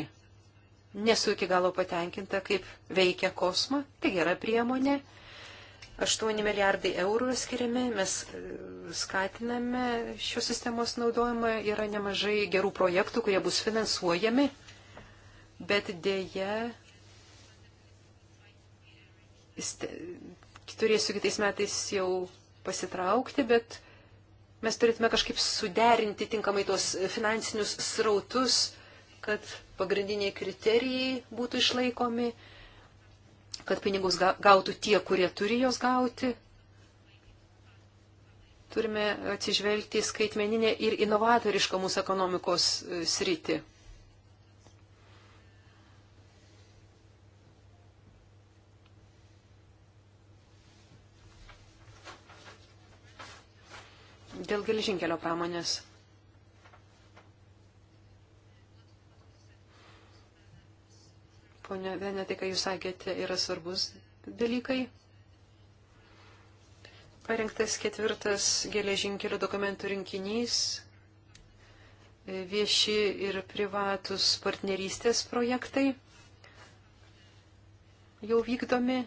Nesu iki galo patenkinta, kaip veikia kosmo. Tai gera priemonė. 8 milijardai eurų skiriami, mes e, skatiname šios sistemos naudojimą, yra nemažai gerų projektų, kurie bus finansuojami, bet dėje turėsiu kitais metais jau pasitraukti, bet mes turėtume kažkaip suderinti tinkamai tuos finansinius srautus, kad pagrindiniai kriterijai būtų išlaikomi kad pinigus gautų tie, kurie turi jos gauti. Turime atsižvelgti į skaitmeninę ir inovatorišką mūsų ekonomikos e, sritį. Dėl gelžinkelio pramonės. Pone Venė, tai, ką jūs sakėte, yra svarbus dalykai. Parengtas ketvirtas geležinkelio dokumentų rinkinys, vieši ir privatus partnerystės projektai jau vykdomi.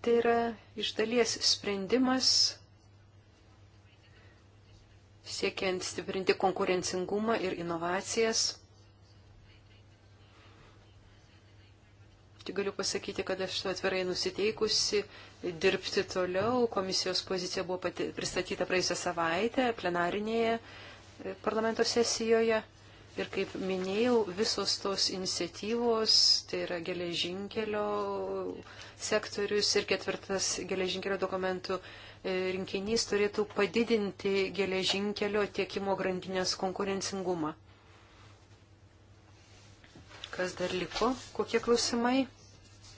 Tai yra iš dalies sprendimas siekiant stiprinti konkurencingumą ir inovacijas. Tik galiu pasakyti, kad aš atvirai nusiteikusi dirbti toliau. Komisijos pozicija buvo pati, pristatyta praėjusią savaitę plenarinėje e, parlamento sesijoje. Ir kaip minėjau, visos tos iniciatyvos, tai yra geležinkelio sektorius ir ketvirtas geležinkelio dokumentų e, rinkinys turėtų padidinti geležinkelio tiekimo grandinės konkurencingumą. Kas dar liko? Kokie klausimai?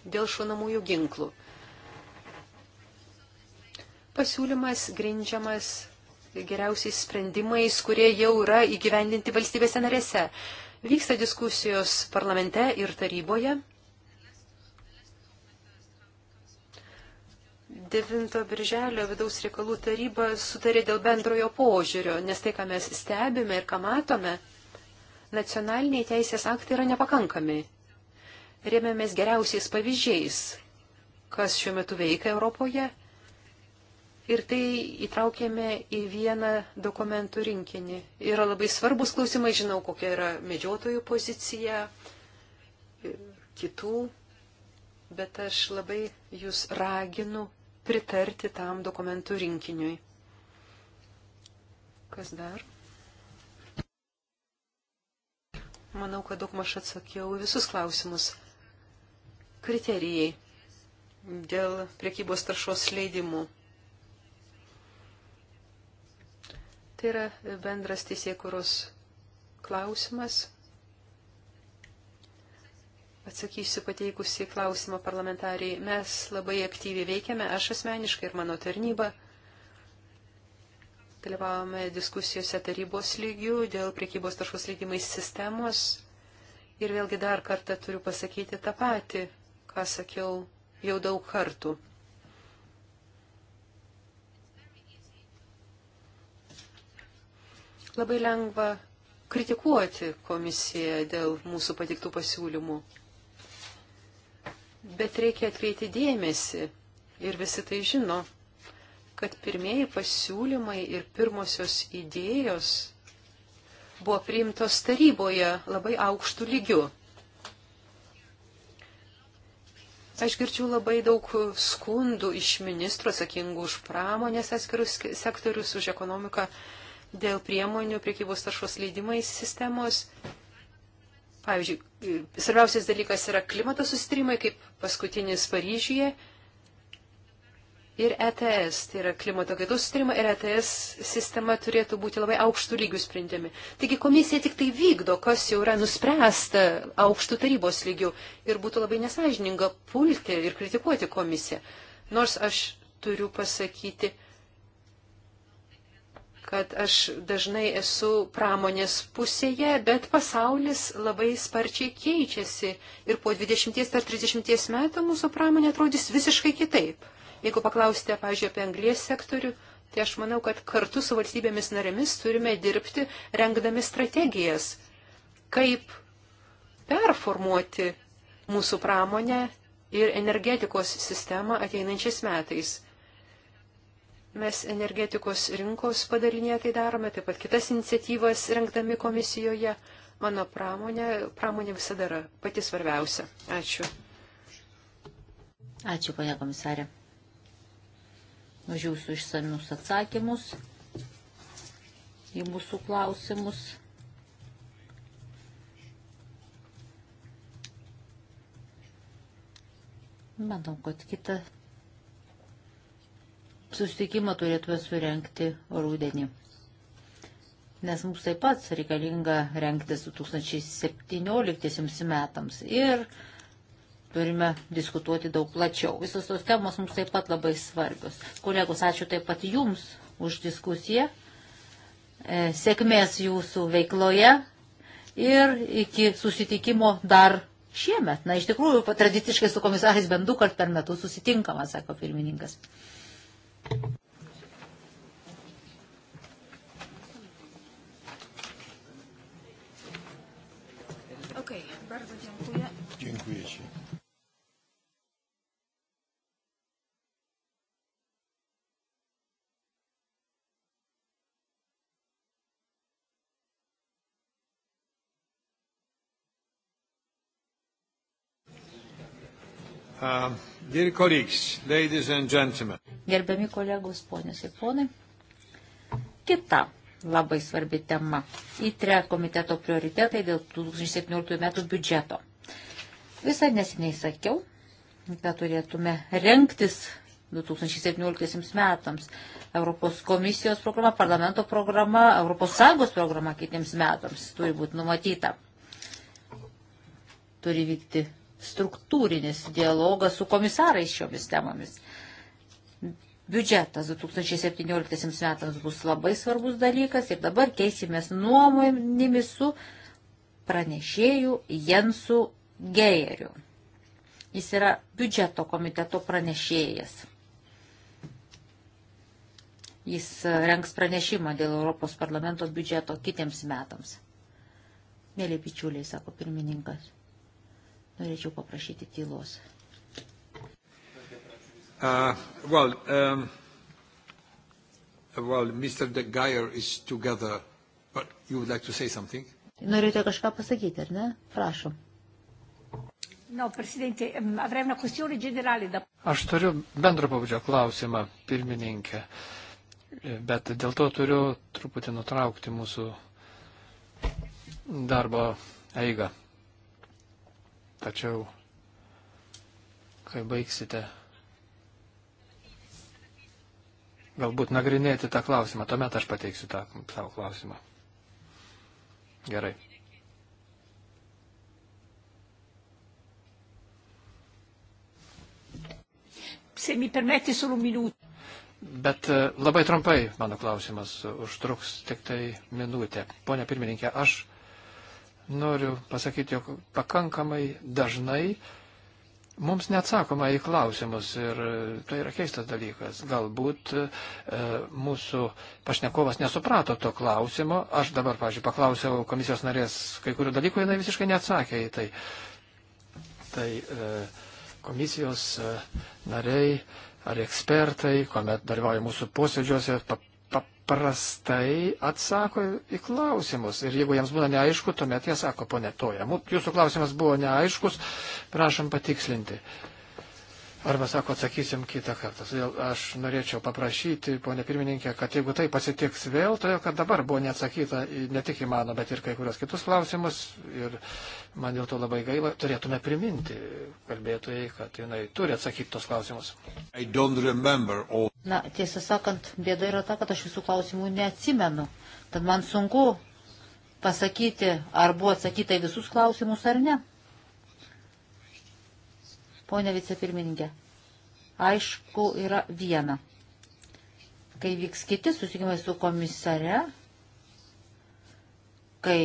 dėl šunamųjų ginklų. Pasiūlymas grindžiamas geriausiais sprendimais, kurie jau yra įgyvendinti valstybėse narėse. Vyksta diskusijos parlamente ir taryboje. Devinto birželio vidaus reikalų taryba sutarė dėl bendrojo požiūrio, nes tai, ką mes stebime ir ką matome, nacionaliniai teisės aktai yra nepakankami rėmėmės geriausiais pavyzdžiais, kas šiuo metu veikia Europoje. Ir tai įtraukėme į vieną dokumentų rinkinį. Yra labai svarbus klausimai, žinau, kokia yra medžiotojų pozicija, kitų, bet aš labai jūs raginu pritarti tam dokumentų rinkiniui. Kas dar? Manau, kad daugmaž atsakiau visus klausimus kriterijai dėl priekybos taršos leidimų. Tai yra bendras teisėkuros klausimas. Atsakysiu pateikusi klausimą parlamentariai. Mes labai aktyviai veikiame, aš asmeniškai ir mano tarnyba. Dalyvavome diskusijose tarybos lygių dėl priekybos taršos leidimais sistemos. Ir vėlgi dar kartą turiu pasakyti tą patį ką sakiau jau daug kartų. Labai lengva kritikuoti komisiją dėl mūsų patiktų pasiūlymų. Bet reikia atkreipti dėmesį ir visi tai žino, kad pirmieji pasiūlymai ir pirmosios idėjos buvo priimtos taryboje labai aukštų lygių. Aš girčiau labai daug skundų iš ministrų atsakingų už pramonės atskirus sektorius, už ekonomiką dėl priemonių priekybos taršos leidimais sistemos. Pavyzdžiui, svarbiausias dalykas yra klimato sustrimai, kaip paskutinis Paryžyje ir ETS, tai yra klimato kaitos sustarimą ir ETS sistema turėtų būti labai aukštų lygių sprendžiami. Taigi komisija tik tai vykdo, kas jau yra nuspręsta aukštų tarybos lygių ir būtų labai nesažininga pulti ir kritikuoti komisiją. Nors aš turiu pasakyti, kad aš dažnai esu pramonės pusėje, bet pasaulis labai sparčiai keičiasi ir po 20 ar 30 metų mūsų pramonė atrodys visiškai kitaip. Jeigu paklausite, pavyzdžiui, apie anglės sektorių, tai aš manau, kad kartu su valstybėmis narėmis turime dirbti, rengdami strategijas, kaip performuoti mūsų pramonę ir energetikos sistemą ateinančiais metais. Mes energetikos rinkos padalinėje tai darome, taip pat kitas iniciatyvas rengdami komisijoje. Mano pramonė, pramonė visada yra pati svarbiausia. Ačiū. Ačiū, ponia komisarė už jūsų išsamius atsakymus į mūsų klausimus. Manau, kad kitą susitikimą turėtume surenkti rūdienį. Nes mums taip pat reikalinga renktis 2017 metams. Ir turime diskutuoti daug plačiau. Visos tos temos mums taip pat labai svarbios. Kolegos, ačiū taip pat jums už diskusiją. E, sėkmės jūsų veikloje ir iki susitikimo dar šiemet. Na, iš tikrųjų, tradiciškai su komisarais bent du kart per metus susitinkamas, sako pirmininkas. Uh, Gerbiami kolegos, ponios ir ponai, kita labai svarbi tema - įtre komiteto prioritetai dėl 2017 metų biudžeto. Visai nesiniai sakiau, kad turėtume renktis 2017 metams. Europos komisijos programa, parlamento programa, ES programa kitiems metams turi būti numatyta. Turi vykti struktūrinis dialogas su komisarais šiomis temomis. Biudžetas 2017 metams bus labai svarbus dalykas ir dabar keisimės nuomonėmis su pranešėju Jensu Geiriu. Jis yra biudžeto komiteto pranešėjas. Jis renks pranešimą dėl Europos parlamento biudžeto kitiems metams. Mėly bičiuliai, sako pirmininkas. Norėčiau paprašyti tylos. Uh, well, um, well, Mr. De Geyer is together, but you would like to say something? Norite kažką pasakyti, ar ne? Prašom. No, Presidente, um, avrei una questione generale da... Aš turiu bendro pabudžio klausimą, pirmininkė, bet dėl to turiu truputį nutraukti mūsų darbo eigą. Tačiau, kai baigsite galbūt nagrinėti tą klausimą, tuomet aš pateiksiu tą savo klausimą. Gerai. Se mi permette solo un minuto. Bet e, labai trumpai mano klausimas užtruks tik tai minutę. Pone pirmininkė, aš noriu pasakyti, jog pakankamai dažnai mums neatsakoma į klausimus ir e, tai yra keistas dalykas. Galbūt e, mūsų pašnekovas nesuprato to klausimo. Aš dabar, pažiūrėjau, paklausiau komisijos narės kai kurių dalykų, jinai visiškai neatsakė į tai. Tai e, komisijos e, nariai ar ekspertai, kuomet dalyvauja mūsų posėdžiuose, paprastai atsako į klausimus. Ir jeigu jiems būna neaišku, tuomet jie sako, ponė Toja, mūsų, jūsų klausimas buvo neaiškus, prašom patikslinti. Uh, Arba sako, atsakysim kitą kartą. Todėl aš norėčiau paprašyti, ponė pirmininkė, kad jeigu tai pasitiks vėl, todėl tai kad dabar buvo neatsakyta ne tik į mano, bet ir kai kurios kitus klausimus. Ir man dėl to labai gaila. Turėtume priminti kalbėtojai, kad jinai turi atsakyti tos klausimus. All... Na, tiesą sakant, bėda yra ta, kad aš visų klausimų neatsimenu. Tad man sunku pasakyti, ar buvo atsakyta į visus klausimus ar ne. Pone vicepirmininkė, aišku, yra viena. Kai vyks kiti susitikimai su komisare, kai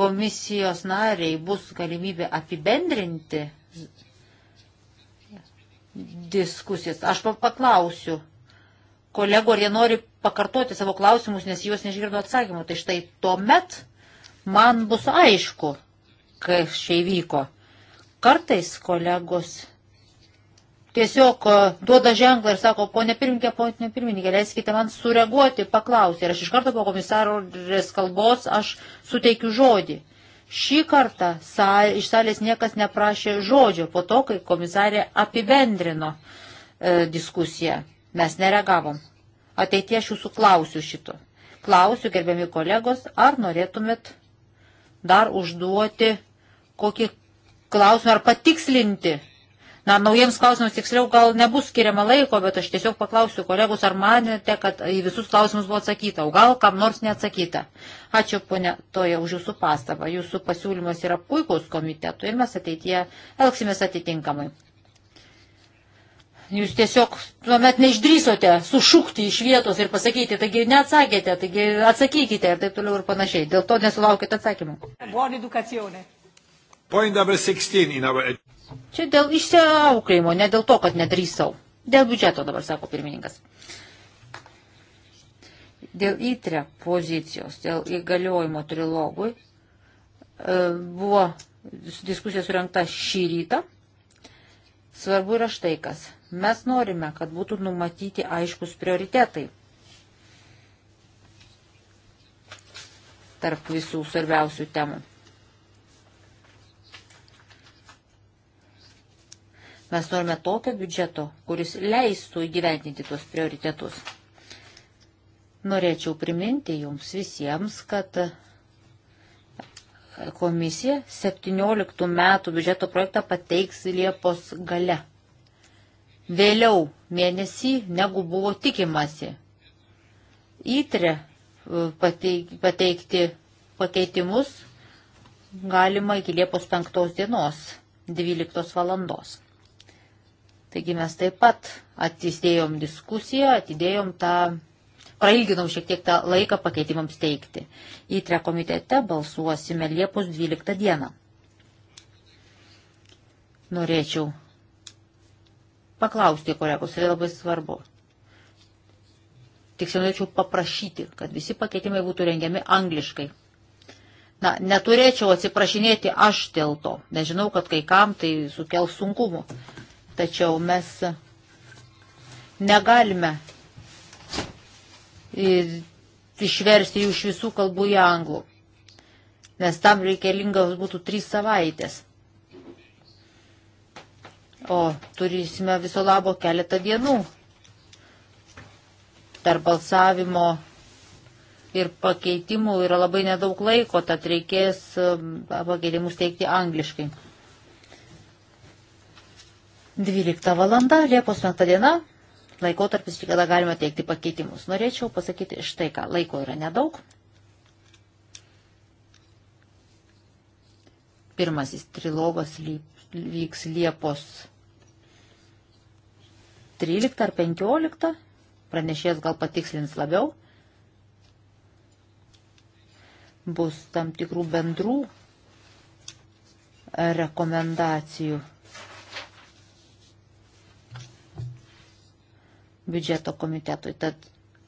komisijos nariai bus galimybė apibendrinti diskusijas. Aš paklausiu kolegų, ar jie nori pakartoti savo klausimus, nes juos neišgirdo atsakymų. Tai štai tuomet man bus aišku, kas čia įvyko. Kartais kolegos tiesiog e, duoda ženklą ir sako, ponė pirmininkė, ponė pirmininkė, leiskite man sureaguoti, paklausti. Ir aš iš karto po komisarės kalbos aš suteikiu žodį. Šį kartą sal, iš salės niekas neprašė žodžio po to, kai komisarė apibendrino e, diskusiją. Mes nereagavom. Ateitie aš jūsų klausiu šito. Klausiu, gerbiami kolegos, ar norėtumėt dar užduoti kokį klausimą ar patikslinti. Na, naujiems klausimams tiksliau gal nebus skiriama laiko, bet aš tiesiog paklausiu kolegus, ar manėte, kad į visus klausimus buvo atsakyta, o gal kam nors neatsakyta. Ačiū, ponė Toja, už jūsų pastabą. Jūsų pasiūlymas yra puikus komitetų ir mes ateityje elgsimės atitinkamai. Jūs tiesiog tuomet neišdrysote sušukti iš vietos ir pasakyti, taigi neatsakėte, taigi atsakykite ir taip toliau ir panašiai. Dėl to nesulaukite atsakymų. Buona edukacijone. Our... Čia dėl išsiauklėjimo, ne dėl to, kad nedrįsau. Dėl biudžeto dabar sako pirmininkas. Dėl įtre pozicijos, dėl įgaliojimo trilogui e, buvo diskusija surinkta šį rytą. Svarbu yra štai kas. Mes norime, kad būtų numatyti aiškus prioritetai tarp visų svarbiausių temų. Mes norime tokio biudžeto, kuris leistų įgyventinti tuos prioritetus. Norėčiau priminti jums visiems, kad komisija 17 metų biudžeto projektą pateiks Liepos gale. Vėliau mėnesį, negu buvo tikimasi. Įtre e, pateikti pakeitimus galima iki Liepos 5 dienos 12 valandos. Taigi mes taip pat atidėjom diskusiją, atidėjom tą, prailginom šiek tiek tą laiką pakeitimams teikti. Įtre komitete balsuosime Liepos 12 dieną. Norėčiau paklausti kolegos, tai labai svarbu. Tiksliau norėčiau paprašyti, kad visi pakeitimai būtų rengiami angliškai. Na, neturėčiau atsiprašinėti aš dėl to, nežinau, kad kai kam tai sukels sunkumų tačiau mes negalime išversti jų iš visų kalbų į anglų, nes tam reikalingas būtų trys savaitės. O turėsime viso labo keletą dienų tarp balsavimo ir pakeitimų yra labai nedaug laiko, tad reikės um, pakeitimus teikti angliškai. 12 valanda, Liepos 5 diena, laikotarpis, kada galima teikti pakeitimus. Norėčiau pasakyti štai ką, laiko yra nedaug. Pirmasis trilogas vyks Liepos 13 ar 15, pranešėjas gal patikslins labiau. Bus tam tikrų bendrų rekomendacijų biudžeto komitetui. Tad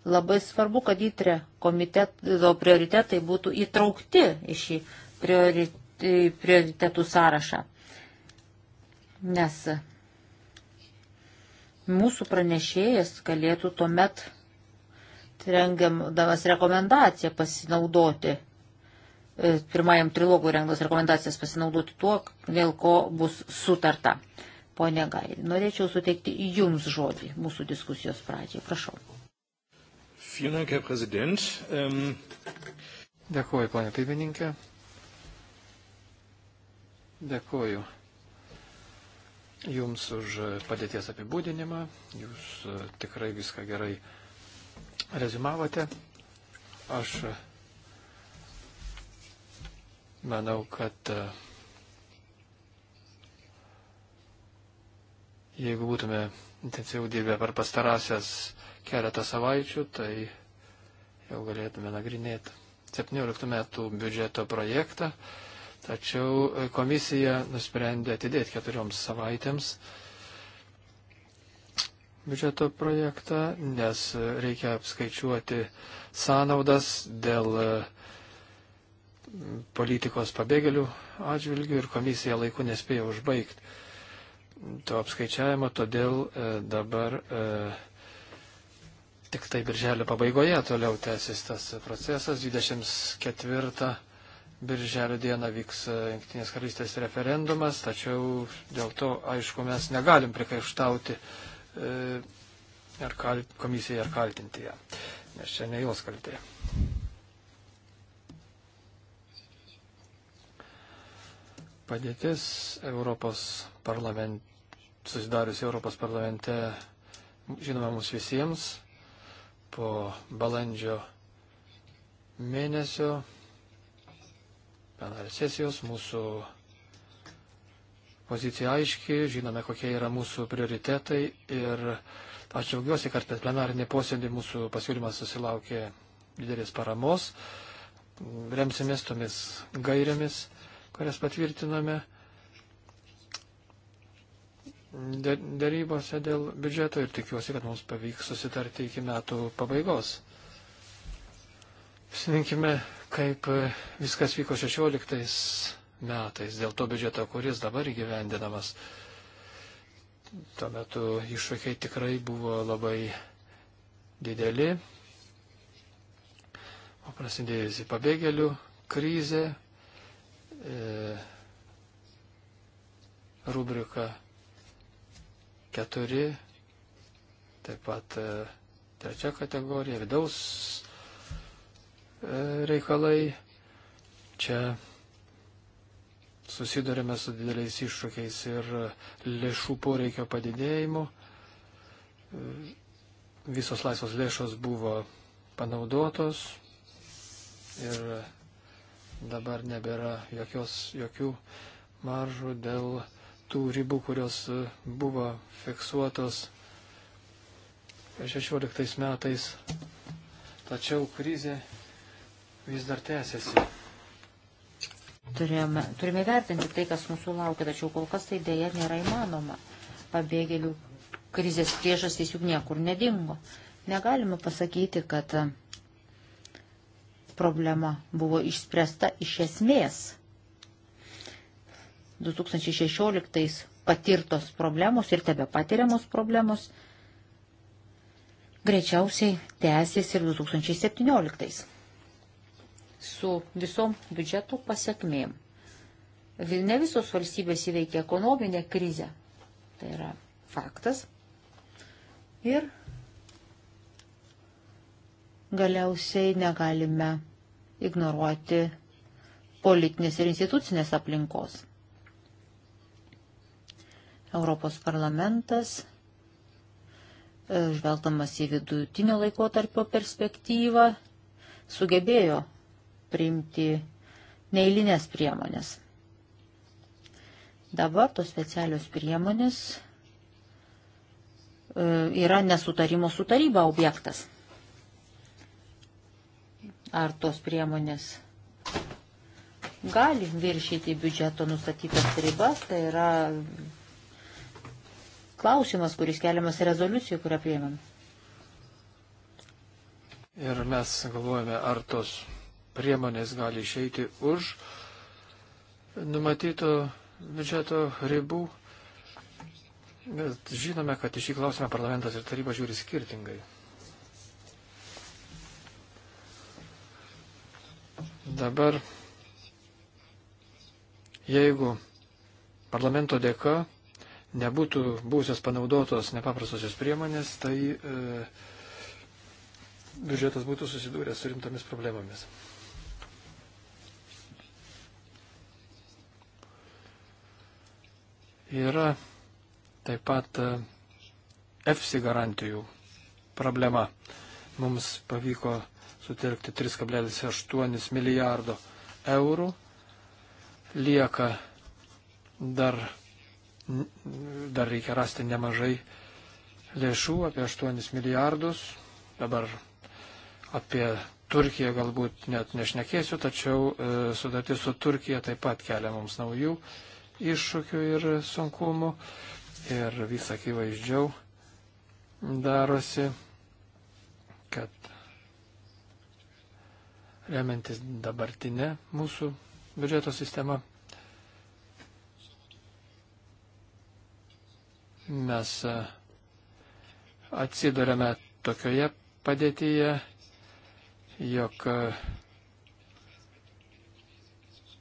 labai svarbu, kad įtrė komiteto prioritetai būtų įtraukti į šį prioritetų sąrašą. Nes mūsų pranešėjas galėtų tuomet rengiamdamas rekomendaciją pasinaudoti, e, pirmajam trilogui rengdamas rekomendacijas pasinaudoti tuo, dėl ko bus sutarta. Pone Gali, norėčiau suteikti Jums žodį mūsų diskusijos pradžiai. Prašau. Ähm, Dėkuoju, ponė pirmininkė. Dėkuoju Jums už padėties apibūdinimą. Jūs e, tikrai viską gerai rezumavote. Aš e, manau, kad uh, Jeigu būtume intensyviau dirbę per pastarąsias keletą savaičių, tai jau galėtume nagrinėti 17 metų biudžeto projektą. Tačiau komisija nusprendė atidėti keturioms savaitėms biudžeto projektą, nes reikia apskaičiuoti sąnaudas dėl mm, politikos pabėgėlių atžvilgių ir komisija laiku nespėjo užbaigti to apskaičiavimo, todėl e, dabar e, tik tai birželio pabaigoje toliau tęsis tas procesas. 24 birželio dieną vyks e, Junktinės karalystės referendumas, tačiau dėl to, aišku, mes negalim prikaištauti ar kal, komisijai ar kaltinti ją, nes čia ne jos kaltė. Padėtis Europos parlamente susidariusi Europos parlamente, žinoma, mums visiems po balandžio mėnesio plenarinės sesijos mūsų pozicija aiški, žinome, kokie yra mūsų prioritetai ir aš džiaugiuosi, kad per plenarinį posėdį mūsų pasiūlymas susilaukė didelės paramos. Remsimės tomis gairėmis, kurias patvirtinome darybose dėl biudžeto ir tikiuosi, kad mums pavyks susitarti iki metų pabaigos. Prisiminkime, kaip viskas vyko 16 metais dėl to biudžeto, kuris dabar įgyvendinamas. Tuo metu iššūkiai tikrai buvo labai dideli. O prasidėjusi pabėgėlių krizė, e, rubrika 4, taip pat e, trečia kategorija, vidaus e, reikalai. Čia susidurime su dideliais iššūkiais ir lėšų poreikio padidėjimu. E, visos laisvos lėšos buvo panaudotos ir dabar nebėra jokios, jokių maržų dėl uh, tų ribų, kurios e, buvo fiksuotos 16 metais. Tačiau krizė vis dar tęsiasi. Turime, turime vertinti tai, kas mūsų laukia, tačiau kol kas tai dėja nėra įmanoma. Pabėgėlių krizės priežastys juk niekur nedingo. Negalime pasakyti, kad problema buvo išspręsta iš esmės 2016 patirtos problemos ir tebe patiriamos problemos greičiausiai tęsis ir 2017 su visom biudžeto pasiekmėm. Ne visos valstybės įveikia ekonominę krizę. Tai yra faktas. Ir galiausiai negalime ignoruoti politinės ir institucinės aplinkos. Europos parlamentas, e, žvelgdamas į vidutinio laikotarpio perspektyvą, sugebėjo priimti neįlinės priemonės. Dabar tos specialios priemonės e, yra nesutarimo su taryba objektas. Ar tos priemonės gali viršyti biudžeto nustatytas ribas, tai yra klausimas, kuris keliamas rezoliucijų, kurią priėmėm. Ir mes galvojame, ar tos priemonės gali išeiti už numatyto biudžeto ribų. Bet žinome, kad iš šį klausimą parlamentas ir taryba žiūri skirtingai. Dabar, jeigu parlamento dėka nebūtų būsios panaudotos nepaprastosios priemonės, tai e, biudžetas būtų susidūręs su rimtomis problemomis. Yra taip pat EFSI garantijų problema. Mums pavyko sutelkti 3,8 milijardo eurų. Lieka dar dar reikia rasti nemažai lėšų, apie 8 milijardus. Dabar apie Turkiją galbūt net nešnekėsiu, tačiau e, sudartis su Turkija taip pat kelia mums naujų iššūkių ir sunkumų. Ir vis akivaizdžiau darosi, kad remiantis dabartinė mūsų biudžeto sistema mes e, atsidurėme tokioje padėtyje, jog e,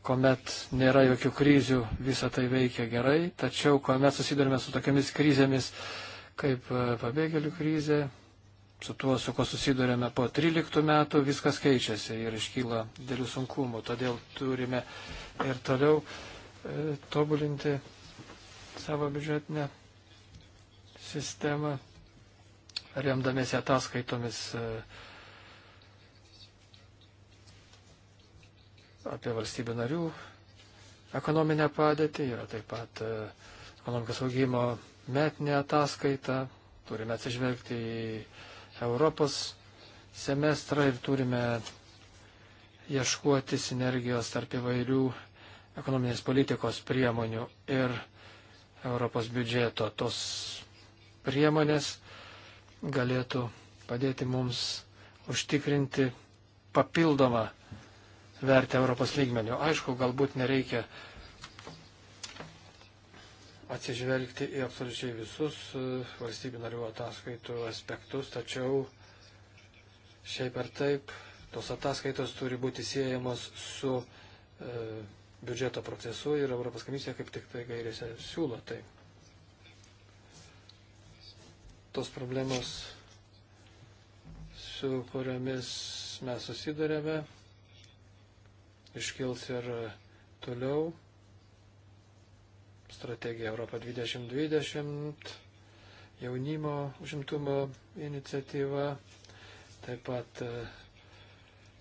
kuomet nėra jokių krizių, visa tai veikia gerai, tačiau kuomet susidurime su tokiamis krizėmis kaip e, pabėgėlių krizė, su tuo, su ko susidurėme po 13 metų, viskas keičiasi ir iškyla dėlių sunkumų, todėl turime ir toliau e, tobulinti savo biudžetinę sistemą, remdamėsi ataskaitomis e, apie valstybių narių ekonominę padėtį, yra taip pat e, ekonomikos augimo metinė ataskaita, turime atsižvelgti į Europos semestrą ir turime ieškoti sinergijos tarp įvairių ekonominės politikos priemonių ir Europos biudžeto. Tos priemonės galėtų padėti mums užtikrinti papildomą vertę Europos lygmenių. Aišku, galbūt nereikia atsižvelgti į absoliučiai visus e, valstybių narių ataskaitų aspektus, tačiau šiaip ar taip tos ataskaitos turi būti siejamos su e, biudžeto procesu ir Europos komisija kaip tik tai gairėse siūlo taip tos problemos, su kuriomis mes susidarėme, iškils ir toliau. Strategija Europa 2020, jaunimo užimtumo iniciatyva, taip pat e,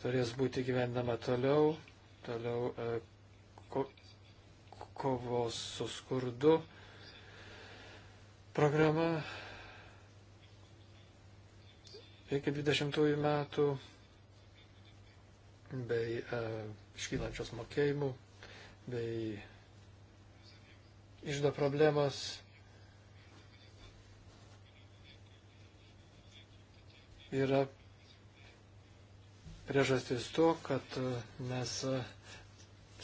turės būti gyvendama toliau, toliau e, ko, kovos su skurdu programa iki 20 metų bei e, iškylančios mokėjimų bei išdo problemos. Yra priežastis to, kad e, mes e,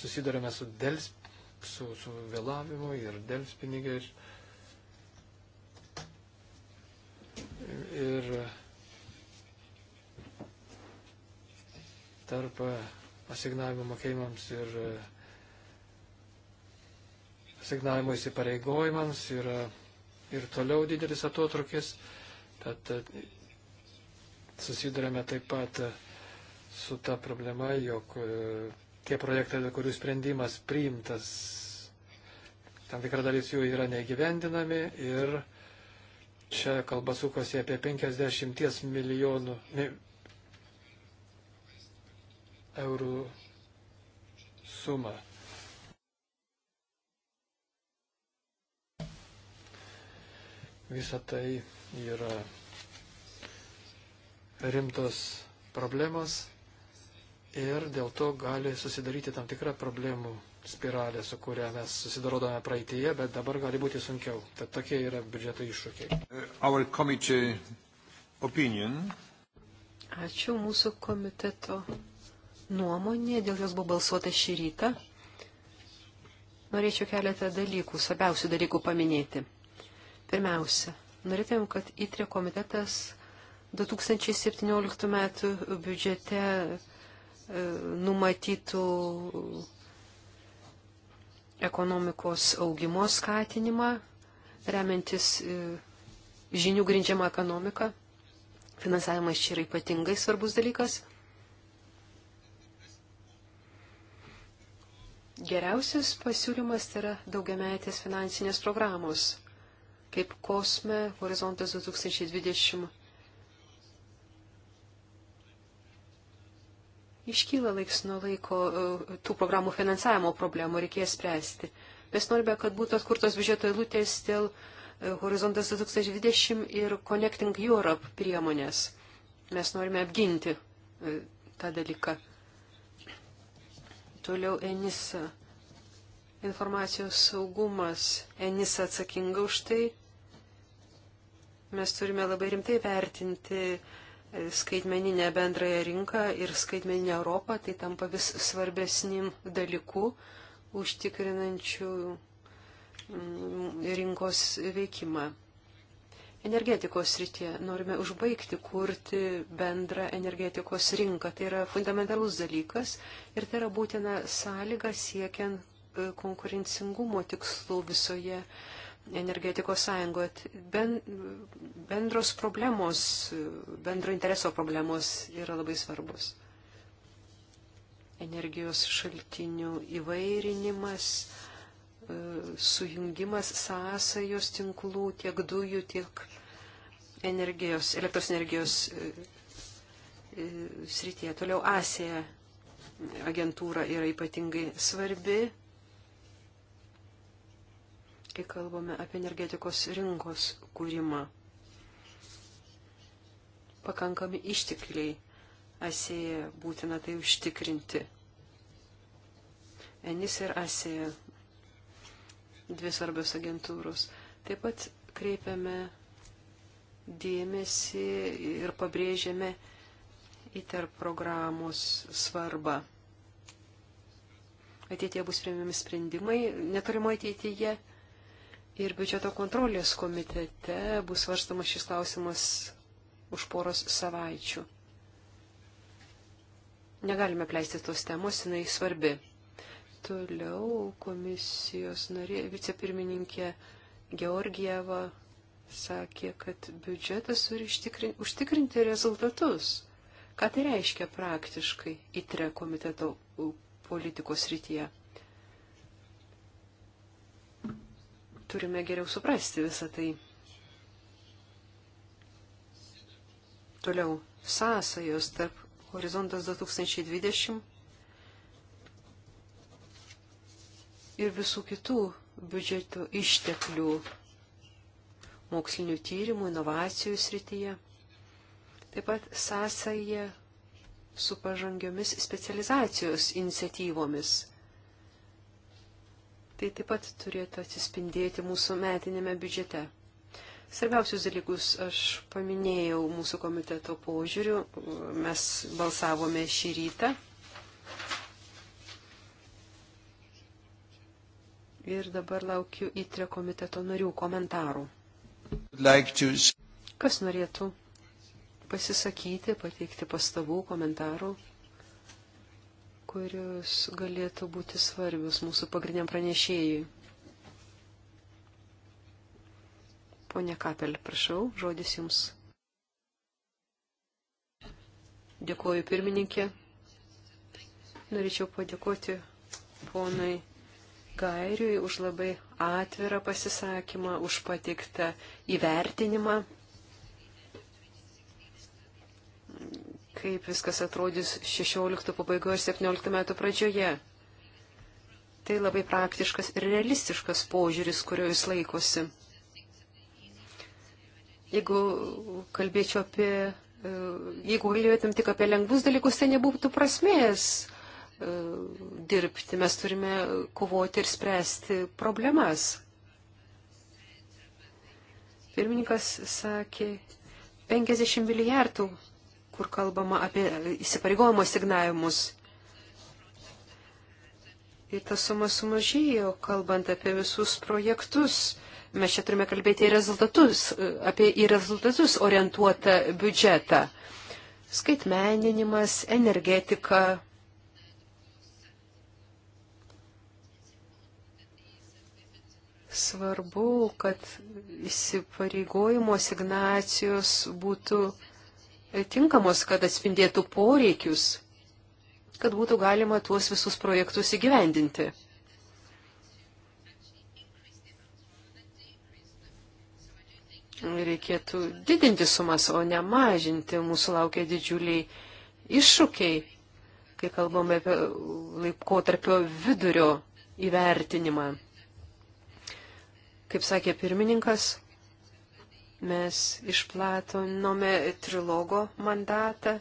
susidurėme su, dels, su, su vėlavimu ir delspinigiais. Ir, ir tarp asignavimo mokėjimams ir e, asignavimo įsipareigojimams yra ir toliau didelis atotrukis. Tad e, susidurėme taip pat e, su ta problema, jog tie projektai, kurių sprendimas priimtas, tam tikra dalis jų yra neįgyvendinami ir čia kalba sukosi apie 50 milijonų, eurų sumą. Visa tai yra rimtos problemos ir dėl to gali susidaryti tam tikra problemų spiralė, su kuria mes susidarodame praeitėje, bet dabar gali būti sunkiau. Tad tokie yra biudžeto iššūkiai. Uh, Ačiū mūsų komiteto nuomonė, dėl jos buvo balsuota šį rytą. Norėčiau keletą dalykų, svarbiausių dalykų paminėti. Pirmiausia, norėtumėm, kad įtrė komitetas 2017 metų biudžete e, numatytų ekonomikos augimo skatinimą, remiantis e, žinių grindžiamą ekonomiką. Finansavimas čia yra ypatingai svarbus dalykas. Geriausias pasiūlymas yra daugiametės finansinės programos, kaip Kosme, Horizontas 2020. Iškyla laiks nuo laiko e, tų programų finansavimo problemų, reikės spręsti. Mes norime, kad būtų atkurtos biudžeto eilutės dėl e, Horizontas 2020 ir Connecting Europe priemonės. Mes norime apginti e, tą dalyką. Toliau Enisa. Informacijos saugumas. Enisa atsakinga už tai. Mes turime labai rimtai vertinti e, skaitmeninę bendrąją rinką ir skaitmeninę Europą. Tai tampa vis svarbesnim dalyku užtikrinančių mm, rinkos veikimą energetikos srityje. Norime užbaigti kurti bendrą energetikos rinką. Tai yra fundamentalus dalykas ir tai yra būtina sąlyga siekiant e, konkurencingumo tikslų visoje energetikos sąjungoje. Ben, bendros problemos, e, bendro intereso problemos yra labai svarbus. Energijos šaltinių įvairinimas, e, sujungimas sąsajos tinklų tiek dujų, tiek energijos, elektros energijos e, e, srityje. Toliau Asija agentūra yra ypatingai svarbi, kai kalbame apie energetikos rinkos kūrimą. Pakankami ištikliai Asija būtina tai užtikrinti. Enis ir Asija, dvi svarbios agentūros. Taip pat kreipiame dėmesį ir pabrėžėme įter programos svarbą. Ateitie bus priimami sprendimai neturimo ateityje ir biudžeto kontrolės komitete bus svarstamas šis klausimas už poros savaičių. Negalime pleisti tos temos, jinai svarbi. Toliau komisijos narė, vicepirmininkė Georgieva sakė, kad biudžetas turi užtikrinti rezultatus. Ką tai reiškia praktiškai įtre komiteto politikos rytyje? Turime geriau suprasti visą tai. Toliau, sąsajos tarp horizontas 2020 ir visų kitų biudžeto išteklių mokslinių tyrimų, inovacijų srityje. Taip pat sąsaja su pažangiomis specializacijos iniciatyvomis. Tai taip pat turėtų atsispindėti mūsų metinėme biudžete. Svarbiausius dalykus aš paminėjau mūsų komiteto požiūriu. Mes balsavome šį rytą. Ir dabar laukiu įtrio komiteto narių komentarų. Kas norėtų pasisakyti, pateikti pastabų, komentarų, kurios galėtų būti svarbios mūsų pagrindiniam pranešėjui? Pone Kapel, prašau, žodis jums. Dėkuoju pirmininkė. Norėčiau padėkoti ponai Gairiui už labai atvirą pasisakymą, už patiktą įvertinimą, kaip viskas atrodys 16 pabaigoje ir 17 metų pradžioje. Tai labai praktiškas ir realistiškas požiūris, kurio jis laikosi. Jeigu kalbėčiau apie, e, jeigu kalbėtum tik apie lengvus dalykus, tai nebūtų prasmės E, dirbti, mes turime kovoti ir spręsti problemas. Pirmininkas sakė 50 milijardų, kur kalbama apie įsipareigojimo signavimus. Ir ta suma sumažėjo, kalbant apie visus projektus. Mes čia turime kalbėti į rezultatus, e, apie į rezultatus orientuotą biudžetą. Skaitmeninimas, energetika, svarbu, kad įsipareigojimo signacijos būtų tinkamos, kad atspindėtų poreikius, kad būtų galima tuos visus projektus įgyvendinti. Reikėtų didinti sumas, o ne mažinti. Mūsų laukia didžiuliai iššūkiai, kai kalbame apie laikotarpio vidurio įvertinimą. Kaip sakė pirmininkas, mes išplatinome trilogo mandatą,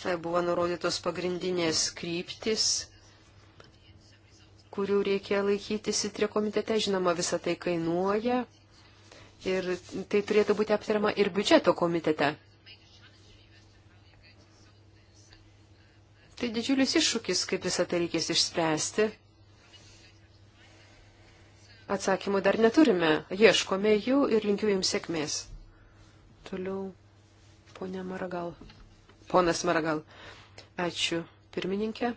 tai buvo nurodytos pagrindinės kryptis, kurių reikia laikytis į trikomitete. Žinoma, visa tai kainuoja ir tai turėtų būti aptariama ir biudžeto komitete. Tai didžiulis iššūkis, kaip visą tai reikės išspręsti. Atsakymų dar neturime, ieškome jų ir linkiu jums sėkmės. Toliau, ponė Maragal. Ponas Maragal. Ačiū, pirmininkė.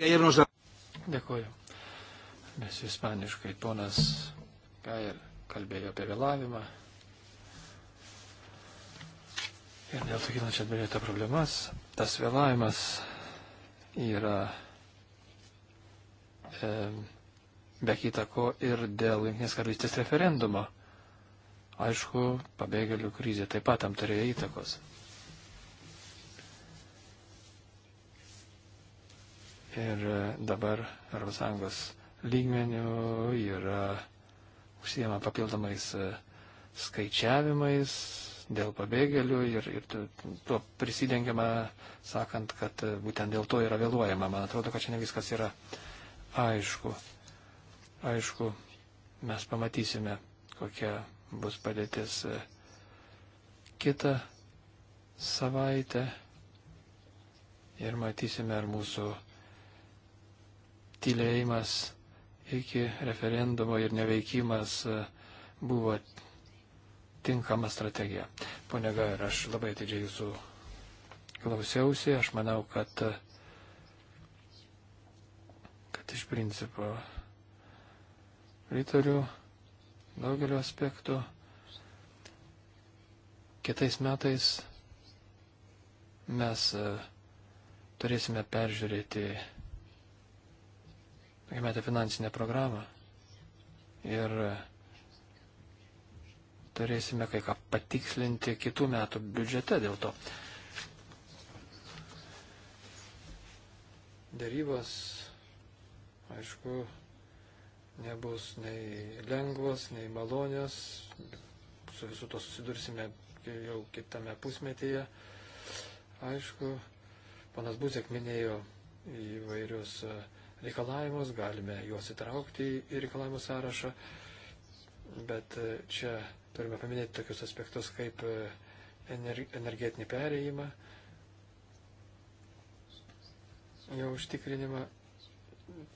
Dėkuoju. Mes ispaniškai ponas Gair kalbėjo apie vėlavimą. Ir dėl to kylančią dviejotą problemas, tas vėlavimas yra E, be kitako ir dėl Junktinės karalystės referendumo. Aišku, pabėgėlių krizė taip pat tam turėjo įtakos. Ir e, dabar ES lygmenių yra užsijama papildomais e, skaičiavimais dėl pabėgėlių ir, ir tuo prisidengiama, sakant, kad būtent dėl to yra vėluojama. Man atrodo, kad čia ne viskas yra uh, aišku. Aišku, mes pamatysime, kokia bus padėtis e, kitą savaitę ir matysime, ar mūsų tylėjimas iki referendumo ir neveikimas e, buvo tinkama strategija. Pone Gair, aš labai atidžiai jūsų klausiausi, aš manau, kad e, kad iš principo pritariu daugelio aspektų. Kitais metais mes e, turėsime peržiūrėti metę finansinę programą ir e, turėsime kai ką patikslinti kitų metų biudžete dėl to. Darybos aišku, nebus nei lengvos, nei malonios. Su visu to susidursime jau kitame pusmetyje. Aišku, panas Buzek minėjo įvairius e, reikalavimus, galime juos įtraukti į reikalavimų sąrašą, bet e, čia turime paminėti tokius aspektus kaip e, energetinį perėjimą, jo užtikrinimą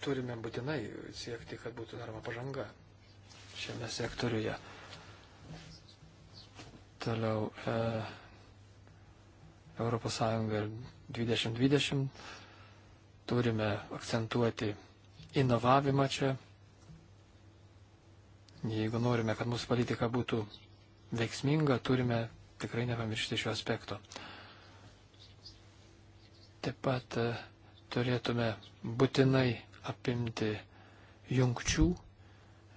turime būtinai siekti, kad būtų daroma pažanga šiame sektoriuje. Toliau e, Europos Sąjunga 2020 turime akcentuoti inovavimą čia. Jeigu norime, kad mūsų politika būtų veiksminga, turime tikrai nepamiršti šio aspekto. Taip pat e, turėtume būtinai apimti jungčių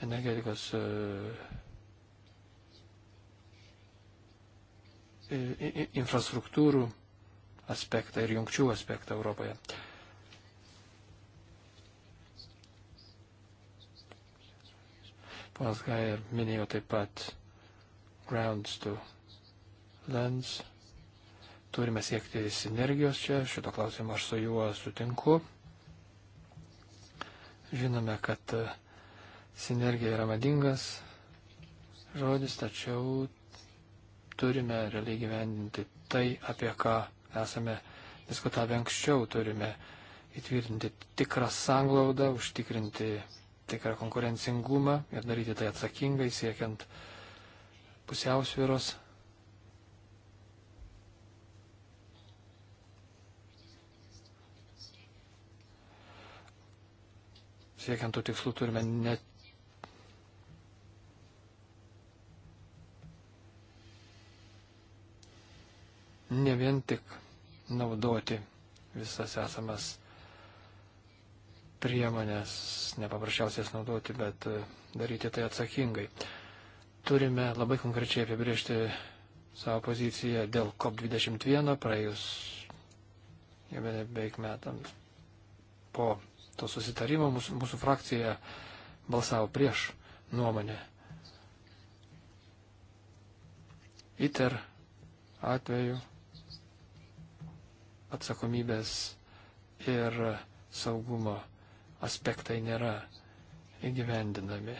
energetikos e, infrastruktūrų aspektą ir jungčių aspektą Europoje. Ponas Gair minėjo taip pat grounds to lands. Turime siekti sinergijos čia, šito klausimo aš su juo sutinku. Žinome, kad e, sinergija yra madingas žodis, tačiau turime realiai gyvendinti tai, apie ką esame diskutavę anksčiau, turime įtvirtinti tikrą sanglaudą, užtikrinti tikrą konkurencingumą ir daryti tai atsakingai, siekiant pusiausvyros siekiant tų tikslų turime ne. Ne vien tik naudoti visas esamas priemonės, nepaprasčiausias naudoti, bet e, daryti tai atsakingai. Turime labai konkrečiai apibriežti savo poziciją dėl COP21 praėjus jau beveik metams po to susitarimo, mūsų, mūsų frakcija balsavo prieš nuomonę. ITER atveju atsakomybės ir saugumo aspektai nėra įgyvendinami.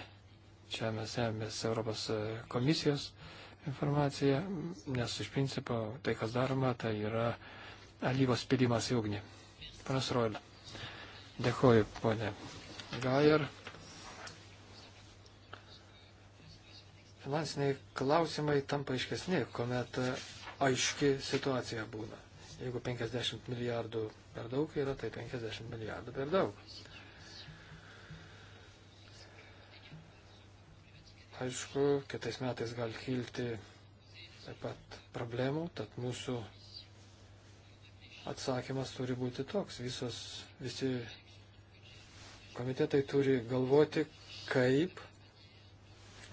Čia mes ėmės Europos komisijos informaciją, nes iš principo tai, kas daroma, tai yra alyvos pilimas į ugnį. Panas Roilas. Dėkuoju, ponė Gajer. Finansiniai klausimai tampa aiškesni, kuomet aiški situacija būna. Jeigu 50 milijardų per daug yra, tai 50 milijardų per daug. Aišku, kitais metais gali kilti taip pat problemų, tad mūsų atsakymas turi būti toks. Visos, visi komitetai turi galvoti, kaip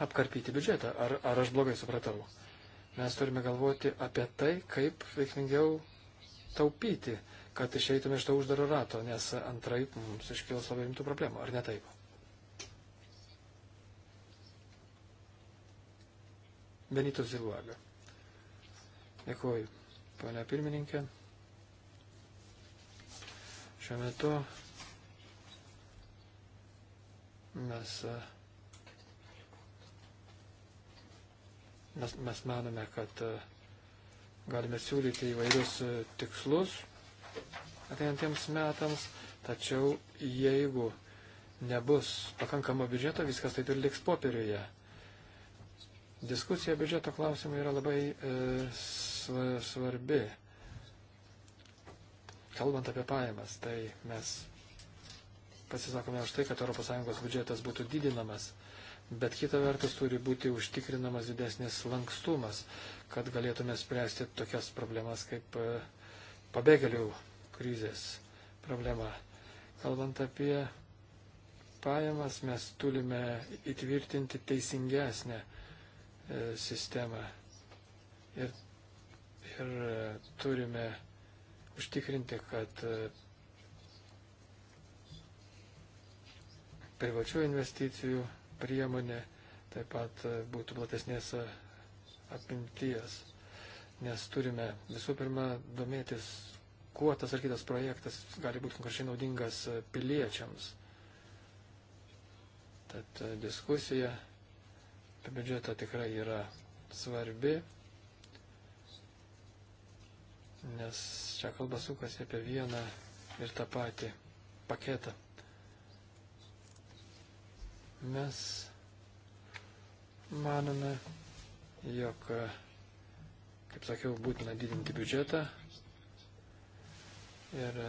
apkarpyti biudžetą. Ar, ar aš blogai supratau? Mes turime galvoti apie tai, kaip veiksmingiau taupyti, kad išeitume iš to uždaro rato, nes antraip mums iškils labai rimtų problemų, ar ne taip? Benito Ziluaga. Dėkuoju, ponia pirmininkė. Šiuo metu Mes, e, mes, mes manome, kad e, galime siūlyti įvairius e, tikslus ateinantiems metams, tačiau jeigu nebus pakankamo biudžeto, viskas taip ir liks popieriuje. Diskusija biudžeto klausimai yra labai e, svarbi kalbant apie pajamas, tai mes pasisakome už tai, kad ES biudžetas būtų didinamas, bet kita vertus turi būti užtikrinamas didesnis lankstumas, kad galėtume spręsti tokias problemas kaip e, pabėgėlių krizės problema. Kalbant apie pajamas, mes turime įtvirtinti teisingesnę e, sistemą ir, ir e, turime užtikrinti, kad privačių investicijų priemonė taip pat būtų platesnės apimties, nes turime visų pirma domėtis, kuo tas ar kitas projektas gali būti konkrečiai naudingas piliečiams. Tad diskusija apie biudžetą tikrai yra svarbi, nes čia kalba sukasi apie vieną ir tą patį paketą. Mes manome, jog, kaip sakiau, būtina didinti biudžetą ir